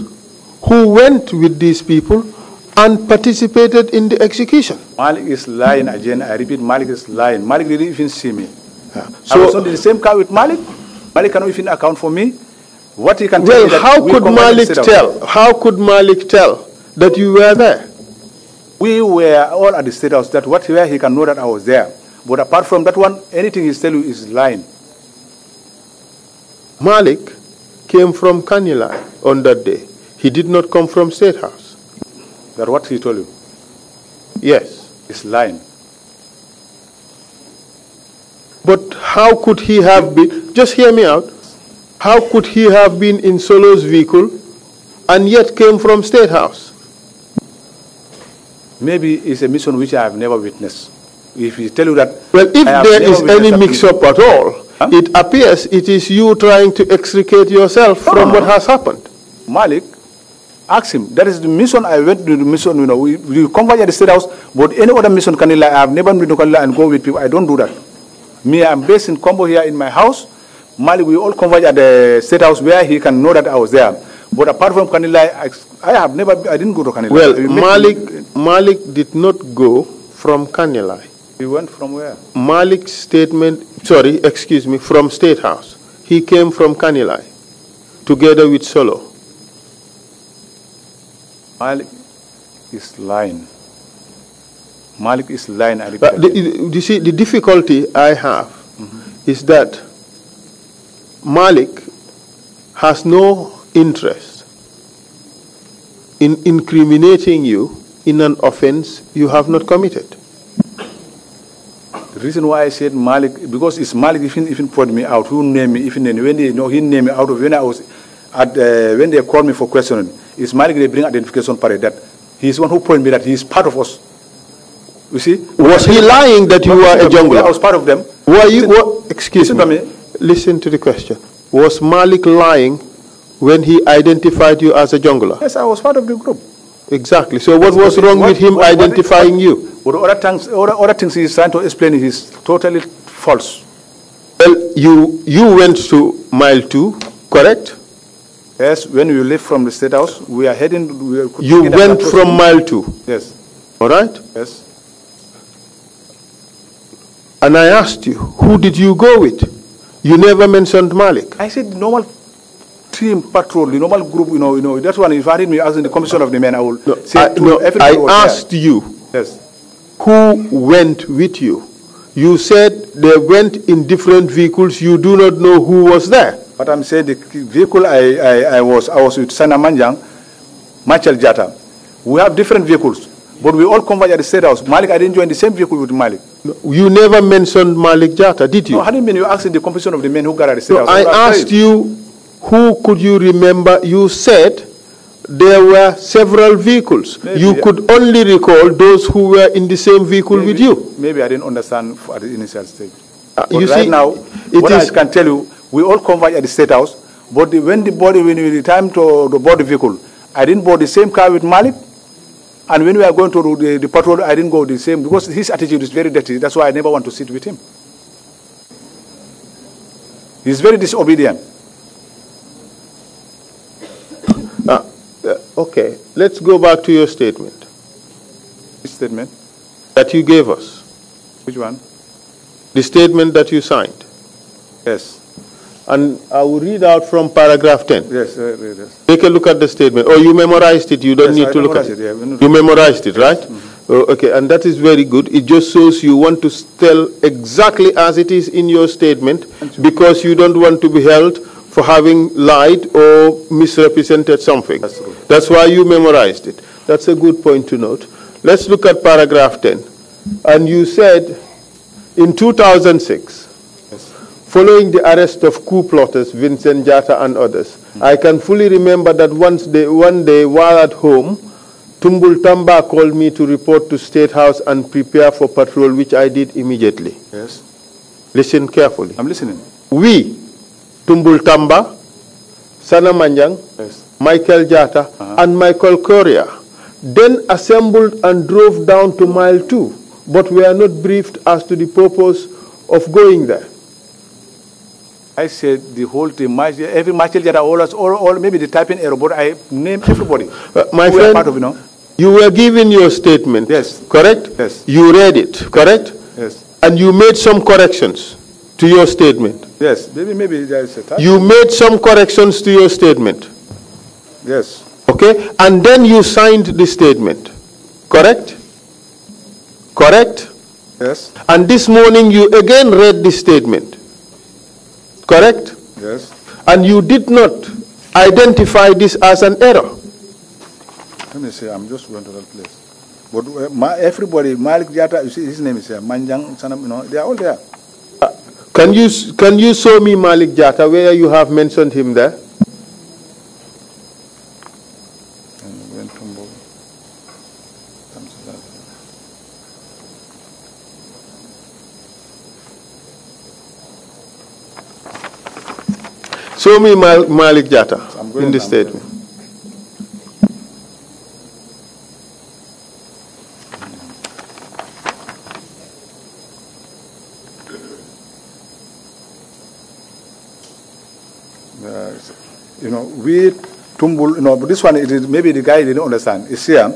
who went with these people and participated in the execution. Malik is lying again. I repeat, Malik is lying. Malik didn't even see me. Yeah. So, I was not in the same car with Malik. Malik cannot even account for me. What he can well, tell how could Malik tell? How could Malik tell that you were there? We were all at the state house. That what where he can know that I was there. But apart from that one, anything he tell you is lying. Malik came from Kanilai on that day. He did not come from State House. That what he told you? Yes. He's lying. But how could he have been, just hear me out, how could he have been in Solo's vehicle and yet came from State House? Maybe it's a mission which I have never witnessed. If he tell you that... Well, if there is any mix-up at all, it appears it is you trying to extricate yourself no, from no. what has happened. Malik, ask him. That is the mission I went to the mission, you know, we, we converge at the State House, but any other mission, Kanila, I have never been to Kanila and go with people. I don't do that. Me, I'm based in Combo here in my house. Malik, we all converge at the State House where he can know that I was there. But apart from Kanila, I, I have never, I didn't go to Kanila. Well, Malik, Malik did not go from Kanila. He went from where? Malik's statement, sorry, excuse me, from State House. He came from Kanilai together with Solo. Malik is lying. Malik is lying. But uh, the, you see, the difficulty I have mm -hmm. is that Malik has no interest in incriminating you in an offense you have not committed. The reason why I said Malik, because it's Malik even, even put me out, who named me, even when they know he named me out of when I was at, uh, when they called me for questioning, it's Malik they bring identification parade that he's one who pointed me that he's part of us. You see? Was he lying that you were a jungler? Yeah, I was part of them. Were you, what, excuse listen me. me. Listen to the question. Was Malik lying when he identified you as a jungler? Yes, I was part of the group. Exactly. So what was wrong what, with him what, identifying what, you? What other things, other, other things he's trying to explain is totally false. Well, you, you went to mile two, correct? Yes, when we left from the State House, we are heading... We are you went from mile two? Yes. All right? Yes. And I asked you, who did you go with? You never mentioned Malik. I said normal team patrol, the normal group, you know, you know, that one, if I as in the commission of the men, I will no, say I, no, I asked there. you yes. who went with you. You said they went in different vehicles. You do not know who was there. But I'm saying the vehicle I, I, I was, I was with Sana Manjang, Michael Jata. We have different vehicles, but we all converge at the state house. Malik, I didn't join the same vehicle with Malik. you never mentioned Malik Jata, did you? No, I didn't mean you asked the composition of the men who got at the state no, house. I, I asked you who could you remember? You said there were several vehicles. Maybe, you could only recall those who were in the same vehicle maybe, with you. Maybe I didn't understand at the initial stage. Uh, you right see, now, what I can tell you, we all converge at the State House, but the, when the body, when we returned to the body vehicle, I didn't board the same car with Malik, and when we are going to the, the patrol, I didn't go the same, because his attitude is very dirty. That's why I never want to sit with him. He's very disobedient. Okay, let's go back to your statement. Which statement? That you gave us. Which one? The statement that you signed. Yes. And I will read out from paragraph 10. Yes, uh, yes. Take a look at the statement. Oh, you memorized it. You don't yes, need I to look at it. it. Yeah, you memorized it, right? Mm -hmm. okay, and that is very good. It just shows you want to tell exactly as it is in your statement because you don't want to be held for having lied or misrepresented something. That's, That's why you memorized it. That's a good point to note. Let's look at paragraph 10. And you said in 2006, yes. following the arrest of coup plotters Vincent Jatta and others, mm -hmm. I can fully remember that once day, one day while at home, Tumbul Tamba called me to report to State House and prepare for patrol, which I did immediately. Yes. Listen carefully. I'm listening. We, Tumbul Tamba, Sana Manjang, yes. Michael Jata, uh -huh. and Michael Correa, then assembled and drove down to mile two, but we are not briefed as to the purpose of going there. I said the whole team, every Michael Jata, all, us, all, all maybe the typing error, but I name everybody. Uh, my who friend, part of, you, know? you were given your statement. Yes. Correct? Yes. You read it, correct? Yes. And you made some corrections to your statement. Yes, maybe, maybe there is a typo. You made some corrections to your statement. Yes. Okay, and then you signed the statement. Correct? Correct? Yes. And this morning you again read the statement. Correct? Yes. And you did not identify this as an error. Let me say, I'm just going to that place. But uh, my, everybody, Malik Jata, you see, his name is here, Manjang, you know, they are all there. Can you, can you show me Malik Jata where you have mentioned him there? Show me Malik Jata in this statement. we Tumbul, no, but this one, it is, maybe the guy didn't understand. It's here.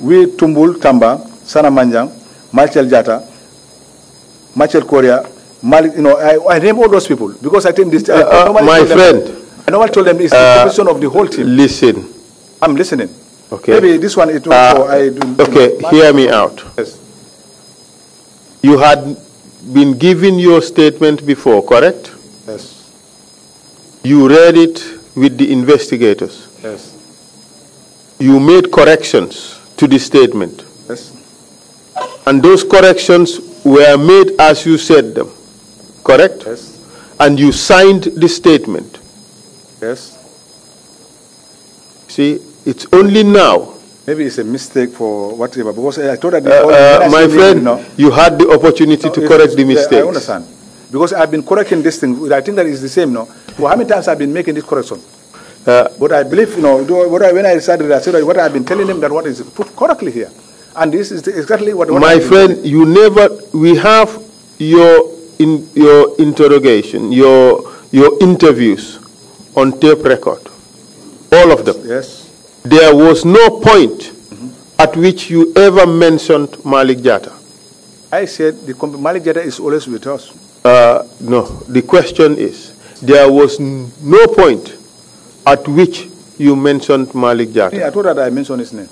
We Tumbul, Tamba, Sanamanjang, Michael Jata, Michael Korea, Malik, you know, I, I name all those people because I think this. Uh, I, I my friend. Them, I normally told them it's uh, the position of the whole team. Listen. I'm listening. Okay. Maybe this one it was. Uh, I do, okay, you know, hear me out. Yes. You had been given your statement before, correct? Yes. You read it with the investigators. Yes. You made corrections to the statement. Yes. And those corrections were made as you said them. Correct? Yes. And you signed the statement. Yes. See, it's only now. Maybe it's a mistake for whatever, because I thought that... Uh, uh, my friend, you, you, had the opportunity no, to correct the mistake. I understand. Because I've been correcting this thing. I think that is the same now. how many times I've been making this correction? Uh, but I believe, you know, when I decided, I said what I've been telling him that what is put correctly here. And this is exactly what. what My I've friend, you never. We have your in your interrogation, your your interviews on tape record, all of them. Yes. There was no point mm-hmm. at which you ever mentioned Malik Jata? I said the Malik Jata is always with us. Uh, no, the question is, there was no point at which you mentioned Malik Jack. Yeah, I thought that I mentioned his name.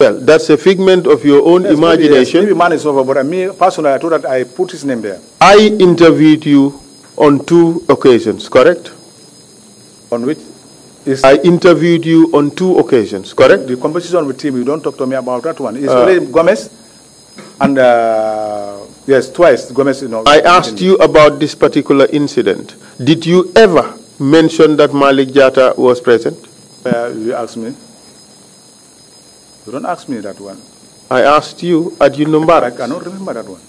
Well, that's a figment of your own yes, imagination. Maybe, yes, maybe man is over, but I, uh, mean personally, I thought that I put his name there. I interviewed you on two occasions, correct? On which? Is I interviewed you on two occasions, correct? The conversation with him, you don't talk to me about that one. Is uh, Gomez? And uh, yes, twice Gomez. You know, I asked you about this particular incident. Did you ever mention that Malik Jata was present? Uh, you asked me. You don't ask me that one. I asked you at Unumbar. I cannot remember that one.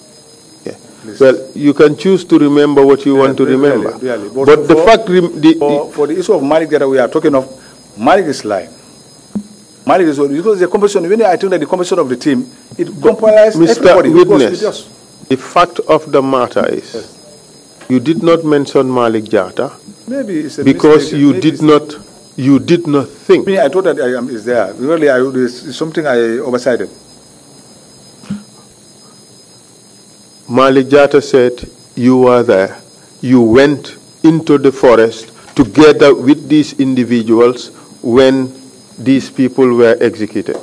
Yeah. Well, you can choose to remember what you yeah, want to really, remember. Really, really. But, but for, the fact, the, for, the, for the issue of Malik Jata, we are talking of Malik is lying. Mali is because the composition, when I think that the composition of the team, it compiles everybody. Witness, the fact of the matter is, yes. you did not mention Malik Jata because mistake. you Maybe did not you did not think. Me, I thought that I am is there. Really, I, it's something I oversighted. Malik Jata said, "You were there. You went into the forest together with these individuals when." these people were executed.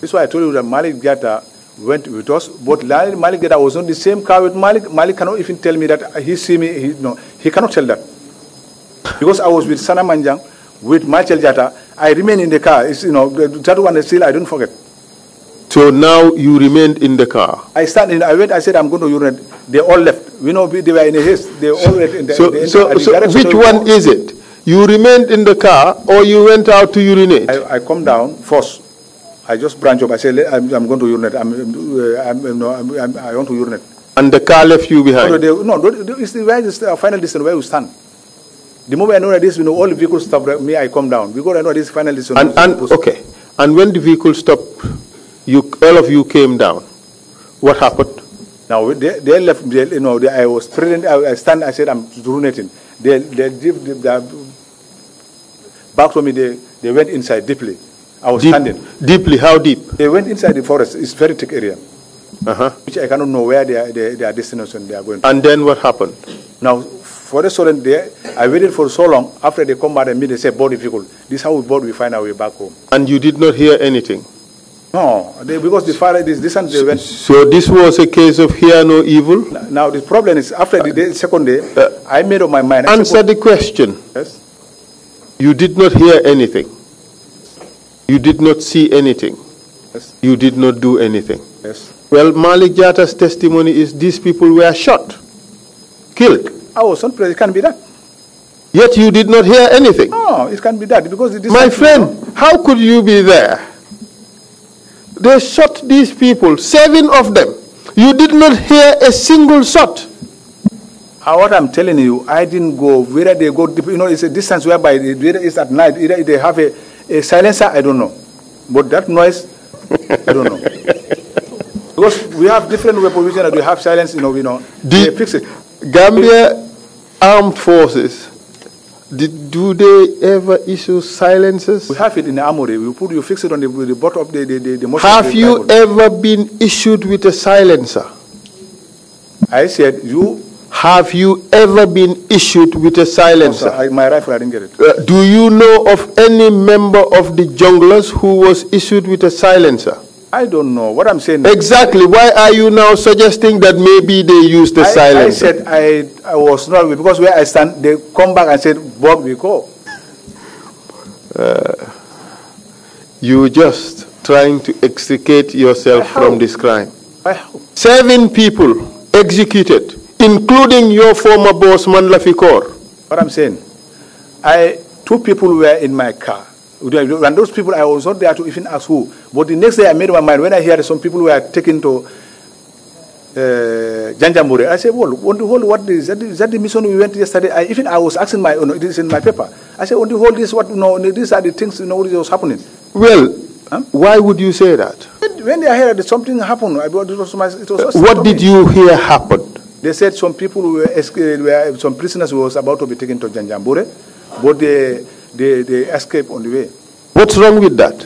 That's why I told you that Malik Gata went with us, but Malik Gata was on the same car with Malik. Malik cannot even tell me that he see me. He, no, he cannot tell that. Because I was with Sana Manjang, with Michael Jata, I remain in the car. It's, you know, that one is still, I don't forget. So now you remained in the car. I stand in. I went. I said, "I'm going to urinate." They all left. We know they were in a haste. They all left in the. So, in the, so, the so which one is it? You remained in the car or you went out to urinate? I, I come down first. I just branch up. I say, I'm, I'm going to urinate. I'm, I'm, uh, no, i want to urinate. And the car left you behind? No, they, no they, it's the, where is the final distance where we stand. The moment I know that this, you know, all the vehicles stop me, I come down. Because I know this final distance. And, and okay. And when the vehicle stopped, you, all of you came down. What happened? Now they, they left. They, you know, they, I was standing. I, I, stand. I said, I'm urinating. They, they, they, they, Back from me, they, they went inside deeply. I was deep, standing. Deeply, how deep? They went inside the forest. It's very thick area, uh-huh. which I cannot know where are, their, their destination they are going. To. And then what happened? Now, for the soldier, they, I waited for so long. After they come back and me, they say, board difficult. This how we board, we find our way back home. And you did not hear anything? No, they, because the fire is this and they went. So this was a case of hear no evil. Now the problem is after the second day, uh, I made up my mind. Answer the question. Yes. You did not hear anything. You did not see anything. Yes. You did not do anything. Yes. Well, Malik Jata's testimony is these people were shot, killed. I was surprised it can be that. Yet you did not hear anything. Oh, it can be that because it is. My friend, how could you be there? They shot these people, seven of them. You did not hear a single shot. Uh, what I'm telling you, I didn't go. Whether they go, you know, it's a distance whereby they, whether it's at night, either they have a, a silencer, I don't know. But that noise, I don't know. [laughs] because we have different weapons, that we have silence, you know, you know. Did they fix it. Gambia armed forces, did, do they ever issue silences? We have it in the armory. We put you fix it on the, the bottom of the the, the, the Have you ever been issued with a silencer? I said you have you ever been issued with a silencer? I, my rifle, I didn't get it. Uh, do you know of any member of the junglers who was issued with a silencer? I don't know. What I'm saying Exactly. Why are you now suggesting that maybe they used the I, silencer? I said I, I was not because where I stand, they come back and said, Bob, we go. Uh, you just trying to extricate yourself from this crime. Seven people executed including your former boss, Manla Fikor. What I'm saying, I two people were in my car. And those people, I was not there to even ask who. But the next day, I made my mind. When I heard some people were taken to uh, I said, well, on the whole, what is that, is that the mission we went yesterday? I, even I was asking my, you know, it is in my paper. I said, on the whole, this what, you know, these are the things, you know, what was happening. Well, huh? why would you say that? When I heard that something happened, it was, my, it was What did you hear happened? They said some people were, some prisoners was about to be taken to Janjambure, but they, they, they escaped on the way. What's wrong with that?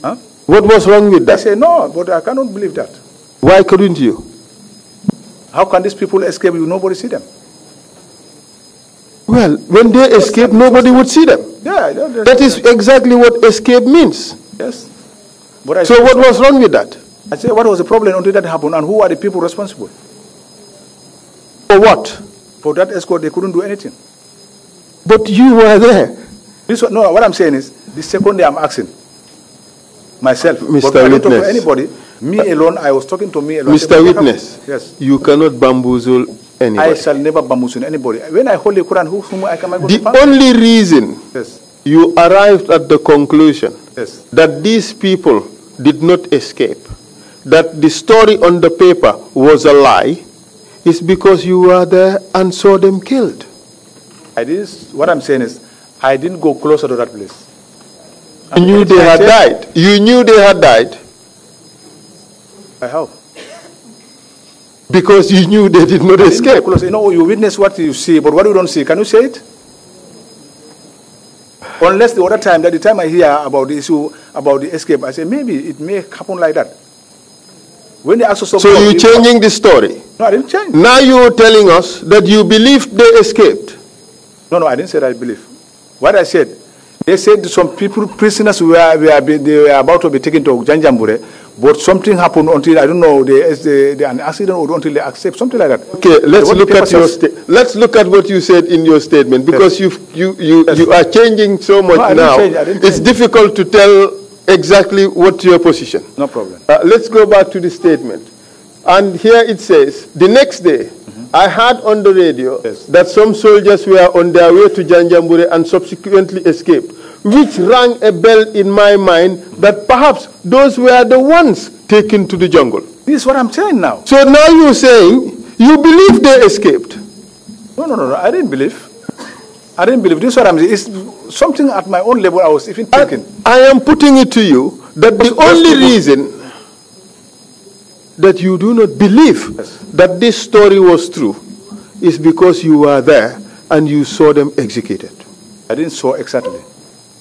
Huh? What was wrong with that? I say, no, but I cannot believe that. Why couldn't you? How can these people escape if nobody see them? Well, when they escape, nobody would see them. Yeah, that is exactly what escape means. Yes. so what was wrong with that? I say, what was the problem until that happened, and who are the people responsible? For what? For that escort, they couldn't do anything. But you were there. This no, what I'm saying is the second day I'm asking myself. Mr. But Witness. I anybody. Me uh, alone, I was talking to me alone. Mr. Witness. Yes. You cannot bamboozle anybody. I shall never bamboozle anybody. When I hold the Quran, who, whom I can I go The only reason yes. you arrived at the conclusion yes. that these people did not escape, that the story on the paper was a lie, it's because you were there and saw them killed. I did what I'm saying is, I didn't go closer to that place. You knew they had died. You knew they had died. I have. Because you knew they did not escape. Closer. You know, you witness what you see, but what you don't see, can you say it? Unless the other time, that the time I hear about the issue, about the escape, I say maybe it may happen like that. When they ask us, so you're changing the story. No, I didn't change. Now you're telling us that you believed they escaped. No, no, I didn't say that I believe. What I said, they said some people, prisoners, were, were, they were about to be taken to Janjambure, but something happened until, I don't know, they, they, they, an accident or until they accept, something like that. Okay, let's look at your let's look at what you said in your statement because yes. you you, you, yes. you are changing so much no, now. Change, it's difficult to tell exactly what your position. No problem. Uh, let's go back to the statement. And here it says, the next day, mm-hmm. I heard on the radio yes. that some soldiers were on their way to Janjambure and subsequently escaped, which rang a bell in my mind that perhaps those were the ones taken to the jungle. This is what I'm saying now. So now you're saying you believe they escaped? No, no, no, no. I didn't believe. I didn't believe this. What I'm saying is something at my own level. I was even thinking. I, I am putting it to you that the only reason that you do not believe yes. that this story was true is because you were there and you saw them executed. I didn't saw exactly.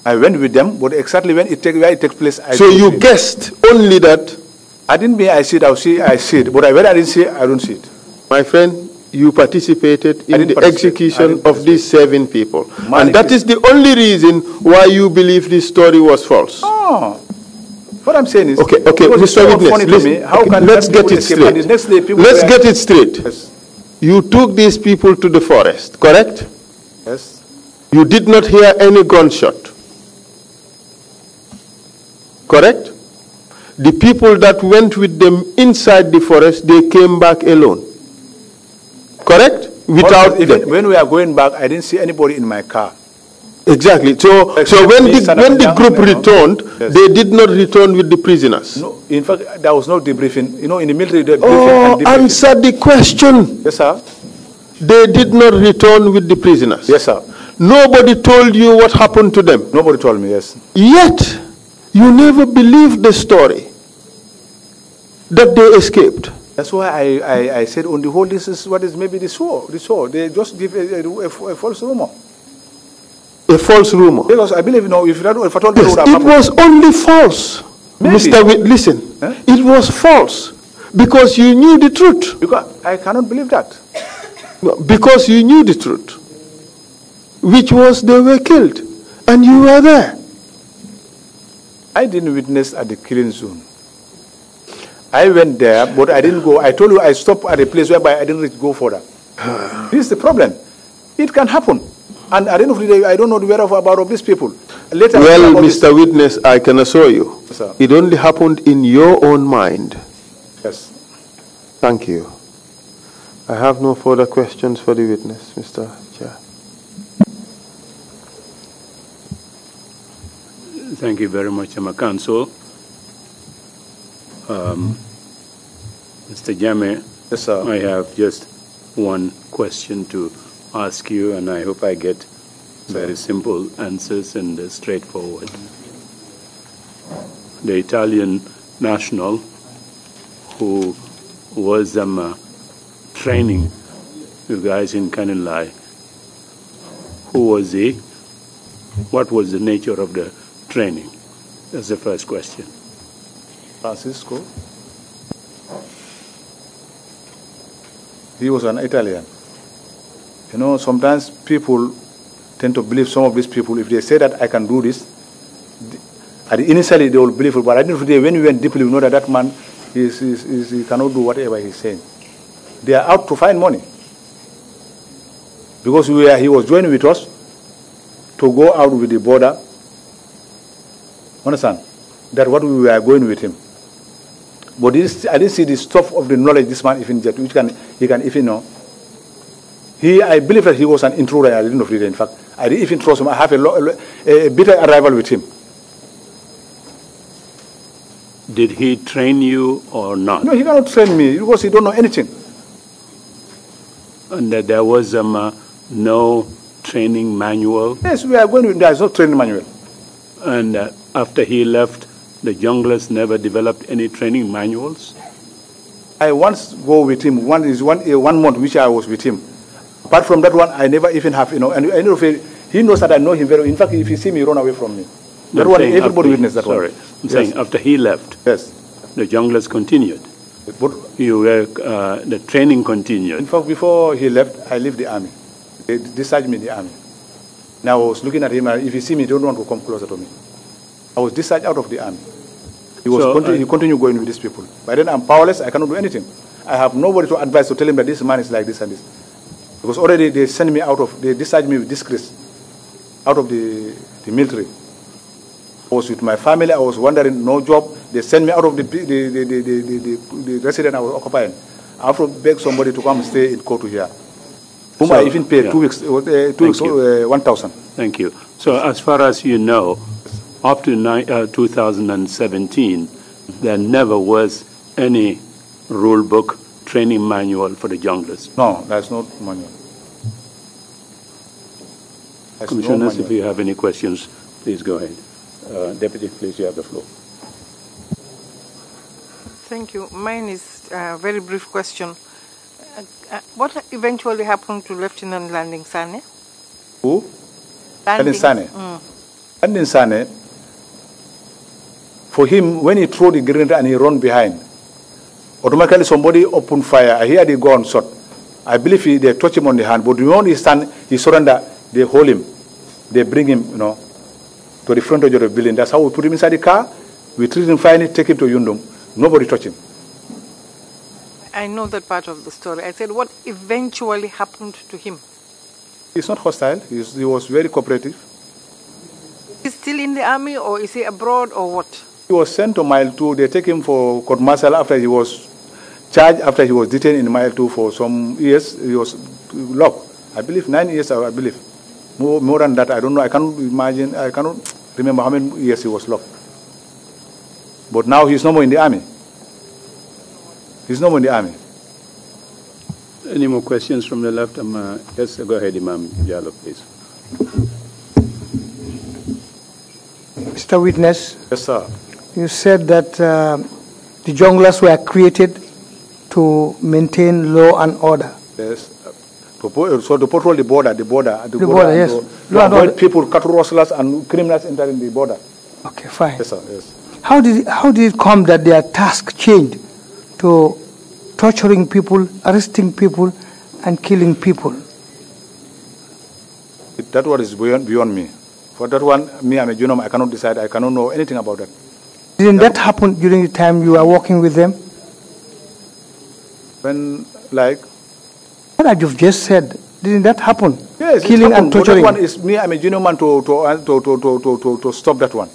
I went with them, but exactly when it take, where it takes place, I so you guessed only that. I didn't mean I see it. I see. I see it, but whether I didn't see, it, I don't see it. My friend, you participated in the execution of these seven people. And that is the only reason why you believe this story was false. Oh. What I'm saying is, okay, okay, Mr. Witness, funny listen, me, how okay, can let's get it straight. let's get it straight. Yes. You took these people to the forest, correct? Yes. You did not hear any gunshot, correct? The people that went with them inside the forest, they came back alone. Correct? Without even, When we are going back, I didn't see anybody in my car. Exactly. So, Except so when the, when the group returned, yes. they did not return with the prisoners. No, in fact, there was no debriefing. You know, in the military, debriefing oh, and debriefing. answer the question. Yes, sir. They did not return with the prisoners. Yes, sir. Nobody told you what happened to them. Nobody told me. Yes. Yet, you never believed the story that they escaped. That's why I, I, I, said, on the whole, this is what is maybe the show. The show. They just give a, a, a, false rumor. A false rumor. Because I believe, you know, if, that, if I told yes, it was only false. Mr. listen. It was false because you knew the truth. Because I cannot believe that. Because you knew the truth, which was they were killed, and you were there. I didn't witness at the killing zone. I went there, but I didn't go. I told you I stopped at a place whereby I didn't go further. [sighs] this is the problem. It can happen. And at the end of the day, I don't know the whereof about of these people. Later well, Mr. This. Witness, I can assure you, Sir. it only happened in your own mind. Yes. Thank you. I have no further questions for the witness, Mr. Chair. Thank you very much, Mr. Counsel. Um, Mr. Jame, yes, sir. I have just one question to ask you, and I hope I get very simple answers and uh, straightforward. The Italian national who was um, uh, training you guys in Kanilai, who was he? What was the nature of the training? That's the first question. Francisco. He was an Italian. You know, sometimes people tend to believe some of these people, if they say that I can do this, initially they will believe it, but at the end of the day, when we went deeply, we know that that man is, is, is, he cannot do whatever he's saying. They are out to find money. Because we are, he was joining with us to go out with the border. Understand? That what we were going with him. But this, I didn't see the stuff of the knowledge this man even did, which can, he can even know. He, I believe that he was an intruder. I didn't know reader. In fact, I didn't even trust him. I have a, lo- a, a bitter arrival with him. Did he train you or not? No, he cannot train me because he don't know anything. And that there was um, uh, no training manual. Yes, we are going. There is no training manual. And uh, after he left, the junglers never developed any training manuals. I once go with him. One is one uh, one month which I was with him. Apart from that one, I never even have you know. And I know he, knows that I know him very. well. In fact, if he see me run away from me, that I'm one everybody witnessed that sorry, one. I'm yes. saying after he left, yes, the junglers continued. But you were, uh, the training continued. In fact, before he left, I left the army. They discharged me the army. Now I was looking at him. If you see me, don't want to come closer to me. I was discharged out of the army. He was so, continu uh, continued going with these people. By then, I'm powerless. I cannot do anything. I have nobody to advise to tell him that this man is like this and this. Because already they sent me out of, they discharged me with disgrace out of the, the military. I was with my family. I was wondering, no job. They sent me out of the, the, the, the, the, the, the I was occupying. I have to beg somebody to come stay in court here, whom so, I even paid yeah. two weeks, uh, two weeks, uh, 1,000. Thank you. So as far as you know, up to ni- uh, 2017, there never was any rule book training manual for the junglers. No, that's not manual. Commissioners, no if you have any questions, please go ahead. Uh, Deputy, please, you have the floor. Thank you. Mine is a very brief question. uh, uh what eventually happened to Lieutenant Landing Sane? Who? Landing, Landing Sane. Mm. Landing Sane for him, when he threw the grenade and he ran behind, automatically somebody opened fire. I hear the gun shot. I believe he, they touch him on the hand, but the moment he stand, he surrender, they hold him. They bring him, you know, to the front of the building. That's how we put him inside the car. We treat him fine. take him to Yundum. Nobody touch him. I know that part of the story. I said, what eventually happened to him? He's not hostile. He's, he was very cooperative. He's still in the army or is he abroad or what? He was sent to mile two. They take him for court martial after he was charged, after he was detained in mile two for some years. He was locked, I believe, nine years, I believe. More, more than that, I don't know. I cannot imagine, I cannot remember how many years he was locked. But now he's no more in the army. He's no more in the army. Any more questions from the left? uh, yes, go ahead, Imam Diallo, please. Mr. Witness. Yes, sir you said that uh, the junglers were created to maintain law and order. Yes. So to patrol the border, the border, the, the border, border yes. To, to avoid people, cattle rustlers, and criminals entering the border. Okay, fine. Yes, sir. Yes. How did it, how did it come that their task changed to torturing people, arresting people, and killing people? It, that one is beyond, beyond me. For that one, me, I'm a genome. I cannot decide. I cannot know anything about that. Didn't that happen during the time you were working with them? When, like? What I have just said, didn't that happen? Yes, Killing and torturing. But that one is me, I'm a junior man to, uh, to, to, to, to, to, to stop that one.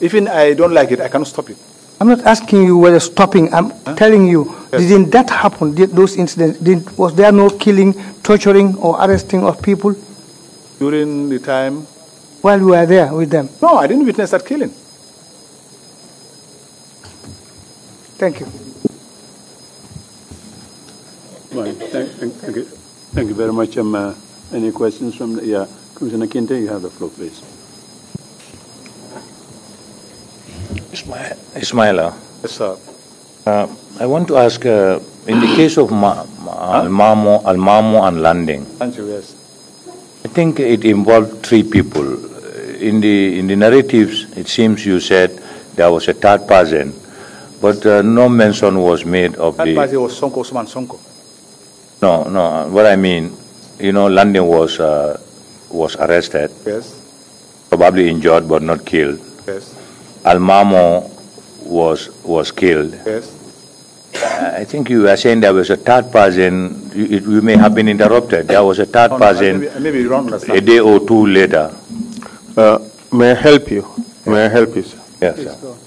Even I don't like it, I cannot stop it. I'm not asking you whether stopping. I'm huh? telling you, yes. didn't that happen? Did those incidents? Did, was there no killing, torturing, or arresting of people during the time while you were there with them? No, I didn't witness that killing. Thank you. Well, thank, thank, you. thank you very much. Um, uh, any questions from the, yeah, Commissioner Kinte, you have the floor, please. Ismail, Ismaila. Uh, yes, sir. Uh, I want to ask, uh, in the case of Ma, Ma, huh? Almamo, Almamo and Landing, yes. I think it involved three people. In the in the narratives, it seems you said there was a third person but uh, no mention was made of the. That was Sonko, Osman Sonko. No, no. What I mean, you know, London was uh, was arrested. Yes. Probably injured, but not killed. Yes. Almamo was was killed. Yes. I think you were saying there was a third person. You, you may have been interrupted. There was a third oh, person. No, maybe, maybe wrong. A day or two later. Uh, may I help you? May I help you, sir? Yes,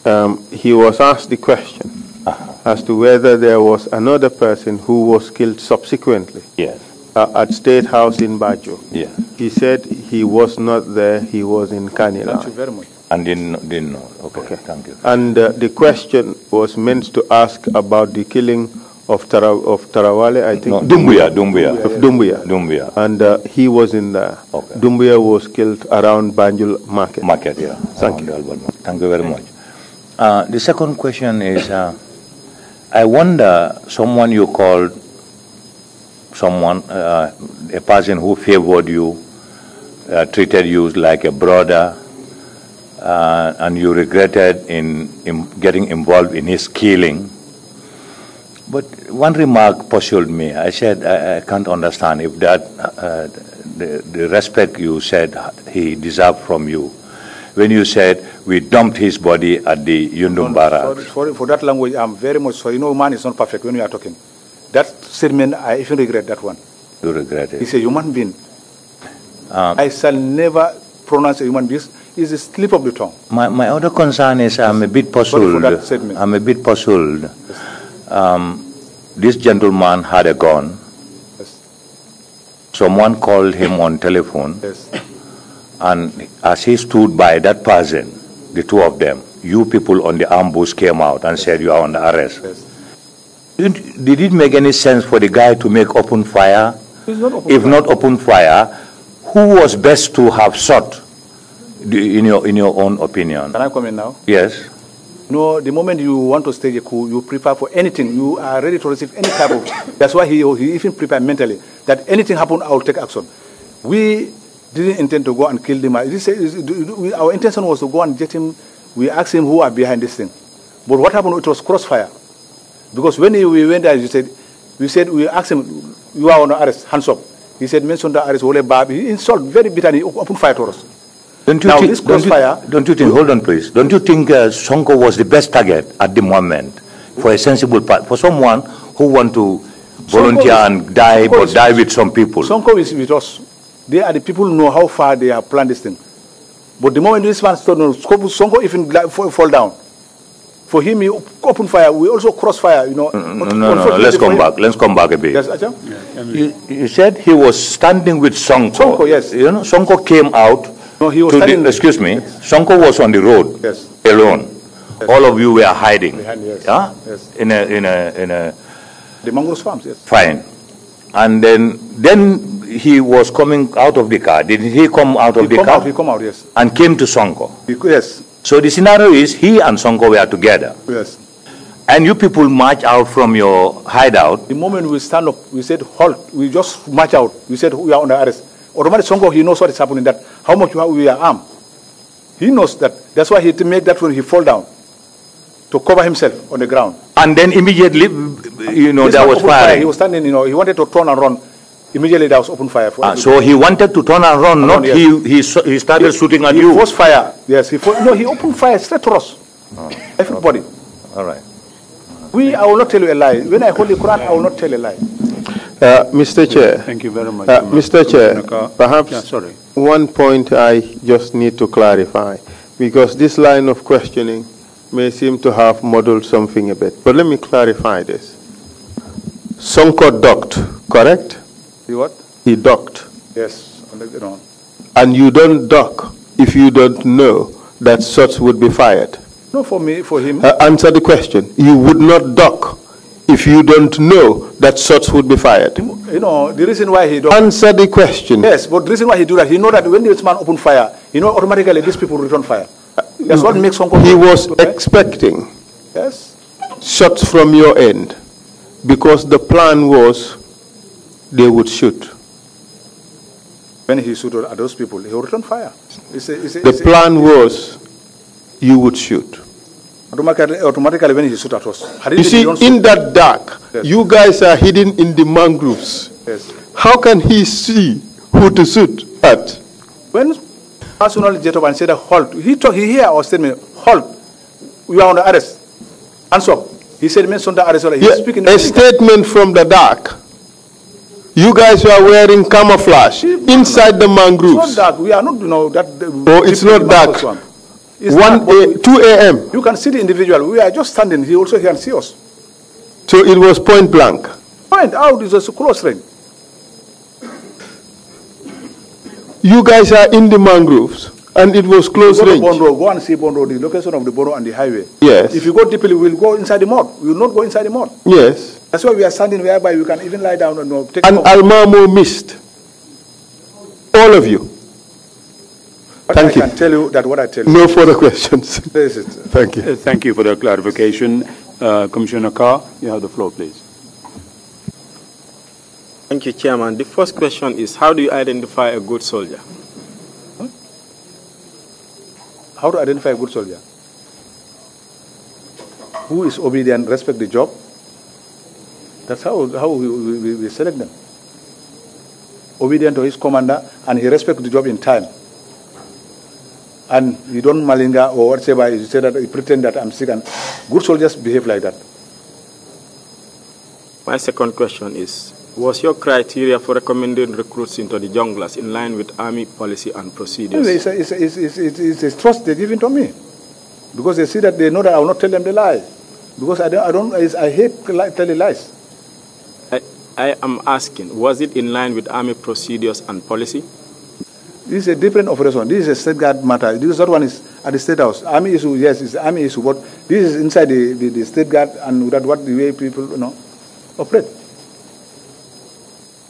sir. Um, he was asked the question uh-huh. as to whether there was another person who was killed subsequently. Yes. Uh, at State House in Bajo. Yes. He said he was not there, he was in Kanila. Thank you very much. And didn't, didn't know. Okay, okay. thank you. And uh, the question was meant to ask about the killing of, Tara, of Tarawale, I think. No, Dumbuya, Dumbuya. Dumbuya. Dumbuya. And uh, he was in there. Okay. Dumbuya was killed around Banjul Market. Market, yeah. Thank you. Thank you very much. Uh, the second question is uh, I wonder, someone you called, someone, uh, a person who favored you, uh, treated you like a brother, uh, and you regretted in, in getting involved in his killing but one remark puzzled me. I said, I, I can't understand if that, uh, the, the respect you said he deserved from you. When you said, we dumped his body at the Yundum Sorry, sorry, for that language, I'm very much sorry. You know, man is not perfect when you are talking. That statement, I even regret that one. You regret it? He's a human being. Um, I shall never pronounce a human being It's a slip of the tongue. My, my other concern is I'm a bit puzzled. I'm a bit puzzled. Yes. Um, this gentleman had a gun. Yes. Someone called him on telephone. Yes. And as he stood by that person, the two of them, you people on the ambush came out and yes. said you are under arrest. Did, did it make any sense for the guy to make open fire? Not open if fire. not open fire, who was best to have shot? in your in your own opinion. Can I come in now? Yes. No, the moment you want to stage a coup, you prepare for anything. You are ready to receive any type of. [coughs] That's why he, he even prepared mentally that anything happen, I will take action. We didn't intend to go and kill him. our intention was to go and get him. We asked him who are behind this thing. But what happened? It was crossfire. Because when we went there, you said, we said, we asked him, you are on arrest, hands up. He said, mention the arrest, He insulted very bitterly, opened fire to us. Don't you now, think, this Don't, don't you, think, hold on, please. Don't you think uh, Sonko was the best target at the moment for a sensible part, for someone who want to volunteer and die, Sonko but is, die with some people? Sonko is with us. They are the people who know how far they have planned this thing. But the moment this man stood on, Sonko even fall down. For him, he open fire. We also cross fire, you know. Mm, no, no, no, no. let's come him. back. Let's come back a bit. Yes, Yeah, you, you, said he was standing with Sonko. Sonko, yes. You know, Sonko came out no, he was to the, excuse me, Shanko was on the road yes. alone. Yes. All of you were hiding. Behind, yes. Yeah? Yes. In a in a in a the mangrove farms, yes. Fine. And then then he was coming out of the car. Did he come out of he the car? Out, he come out, yes. And came to Sonko. yes. So the scenario is he and Sonko were together. Yes. And you people march out from your hideout. The moment we stand up, we said halt. We just march out. We said we are under arrest. Oromani Songo, he knows what is happening, that how much we are armed. He knows that. That's why he made that when he fall down to cover himself on the ground. And then immediately, you know, there was fire. He was standing, you know, he wanted to turn and run. Immediately there was open fire. Ah, so he wanted to turn and run, and not run, yes. he, he, he started he, shooting at he you. He forced fire. Yes, he forced, no, he opened fire straight to us. Oh, Everybody. Okay. All right. We, I will not tell you a lie. When I hold the Quran, I will not tell a lie. Uh, Mr. Chair. Thank you very much. Uh, Mr. Chair, perhaps yeah, sorry. one point I just need to clarify, because this line of questioning may seem to have modeled something a bit. But let me clarify this. Sonko docked, correct? He what? He docked. Yes, on the ground. And you don't dock if you don't know that shots would be fired. No, for me, for him. Uh, answer the question. You would not dock if you don't know that shots would be fired? You know, the reason why he don't... Answer the question. Yes, but the reason why he do that, he know that when this man open fire, you know automatically these people return fire. That's what makes Hong Kong... He was expecting yes. shots from your end because the plan was they would shoot. When he shoot at those people, he would return fire. It's a, it's a, the plan was you would shoot automatically, when he shoot at us. You see, in that dark, yes. you guys are hidden in the mangroves. Yes. How can he see who to shoot at? When up and said halt, he talk, he hear our me halt, we are on the arrest. And so he said mention the arrest. He's yeah, speaking a statement from the dark. You guys are wearing camouflage inside the mangroves. It's not dark. We are not, you know, that. Oh, it's not dark. One. It's 1 a, 2 a.m. You can see the individual. We are just standing. He also can see us. So it was point blank. Point out is a close range. You guys are in the mangroves, and it was close range. Bond Road, go and see Bond Road, the location of the Bond and the highway. Yes. If you go deeply, we will go inside the mud. We will not go inside the mud. Yes. That's why we are standing whereby we can even lie down and uh, take. And Almamo missed all of you. But Thank I you. can tell you that what I tell you. No further questions. [laughs] Thank you. Uh, thank you for the clarification. Uh, Commissioner Carr, you have the floor, please. Thank you, Chairman. The first question is how do you identify a good soldier? Huh? How to identify a good soldier? Who is obedient, respect the job? That's how, how we, we, we select them. Obedient to his commander, and he respects the job in time and you don't malinga or whatever, you say that you pretend that I'm sick, and good soldiers behave like that. My second question is Was your criteria for recommending recruits into the junglers in line with army policy and procedures? It's a, it's a, it's, it's, it's, trust they're giving to me because they see that they know that I will not tell them the lie because I don't, I don't I hate telling lies. I, I am asking, was it in line with army procedures and policy? This is a different operation. This is a state guard matter. This other one is at the state house. Army issue, yes, it's army issue, but this is inside the, the, the state guard and that what the way people you know operate.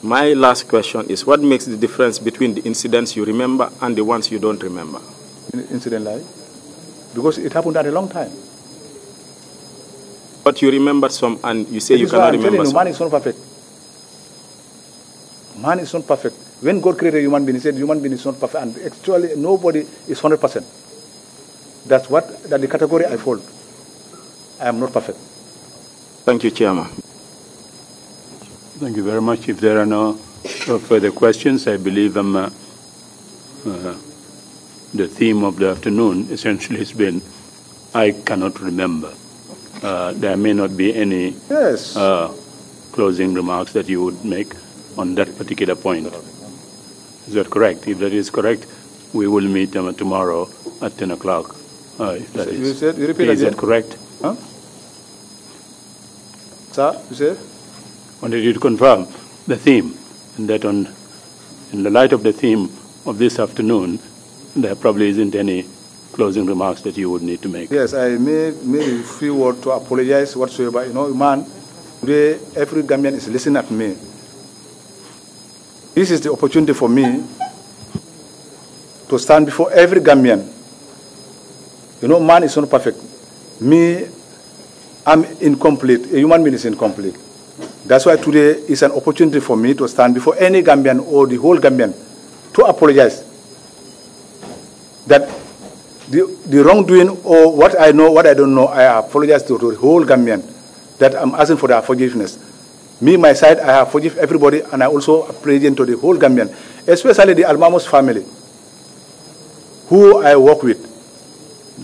My last question is what makes the difference between the incidents you remember and the ones you don't remember? Incident like? Because it happened at a long time. But you remember some and you say it you cannot remember you, some. Man is not perfect. Man is not perfect. When God created human being, He said human being is not perfect, and actually nobody is 100%. That's what that the category I fall. I am not perfect. Thank you, Chairman. Thank you very much. If there are no further questions, I believe uh, uh, the theme of the afternoon essentially has been I cannot remember. Uh, there may not be any yes. Uh, closing remarks that you would make on that particular point. Is that correct? If that is correct, we will meet them tomorrow at 10 o'clock. Uh, if that you is, said, you repeat is again. that correct? Huh? Sir, you said? Wanted you to confirm the theme, and that on, in the light of the theme of this afternoon, there probably isn't any closing remarks that you would need to make. Yes, I may made a few words to apologize whatsoever. You know, man, today every Gambian is listening at me. This is the opportunity for me to stand before every Gambian. You know, man is not perfect. Me, I'm incomplete. A human being is incomplete. That's why today is an opportunity for me to stand before any Gambian or the whole Gambian to apologize that the, the wrongdoing or what I know, what I don't know, I apologize to, to the whole Gambian that I'm asking for their forgiveness. Me, my side, I have forgive everybody, and I also pray to the whole Gambian, especially the Almamos family, who I work with,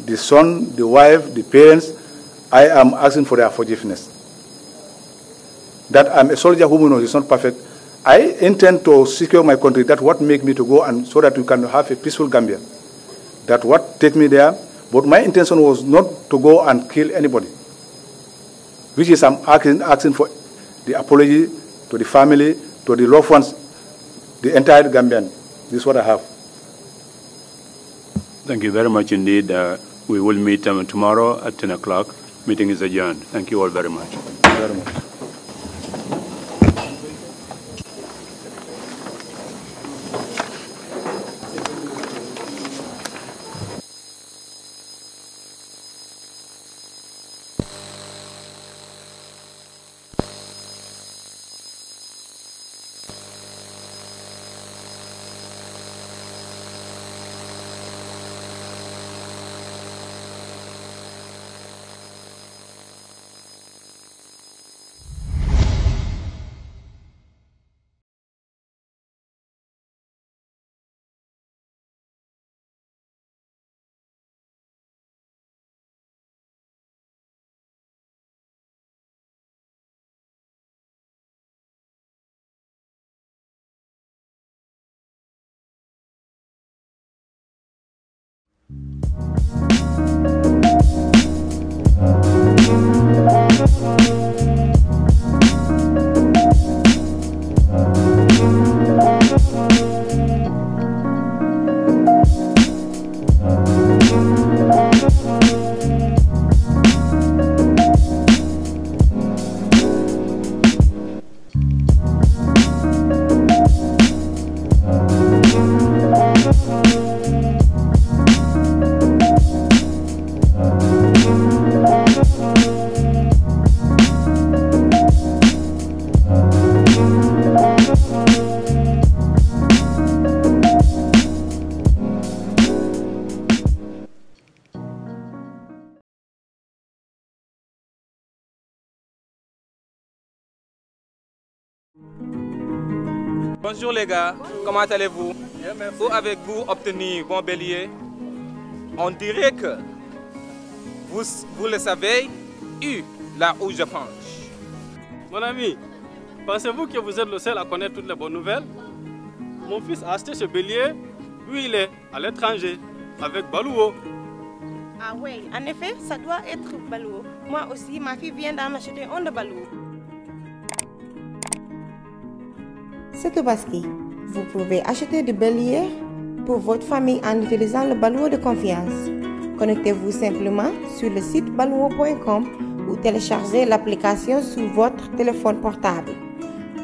the son, the wife, the parents. I am asking for their forgiveness. That I'm a soldier who knows it's not perfect. I intend to secure my country. That what make me to go, and so that we can have a peaceful Gambia. That what take me there. But my intention was not to go and kill anybody, which is I'm asking, asking for the apology to the family, to the loved ones, the entire Gambian. This is what I have. Thank you very much indeed. Uh, we will meet um, tomorrow at 10 o'clock. Meeting is adjourned. Thank you all very much. Thank you very much. Bonjour les gars, comment allez-vous Où avez-vous obtenu bon bélier On dirait que, vous, le savez, U, là où je penche. Mon ami, pensez-vous que vous êtes le seul à connaître toutes les bonnes nouvelles Mon fils a acheté ce bélier, lui il est à l'étranger, avec Balouo. Ah oui, en effet, ça doit être Balouo. Moi aussi, ma fille vient d'en acheter un de Balouo. c'est Tobaski. Vous pouvez acheter de belles pour votre famille en utilisant le balou de confiance. Connectez-vous simplement sur le site balouo.com ou téléchargez l'application sur votre téléphone portable.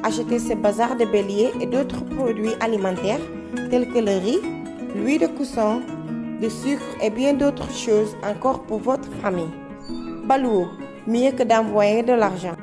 Achetez ce bazar de bélier et d'autres produits alimentaires tels que le riz, l'huile de cousson, le sucre et bien d'autres choses encore pour votre famille. Balouo, mieux que d'envoyer de l'argent.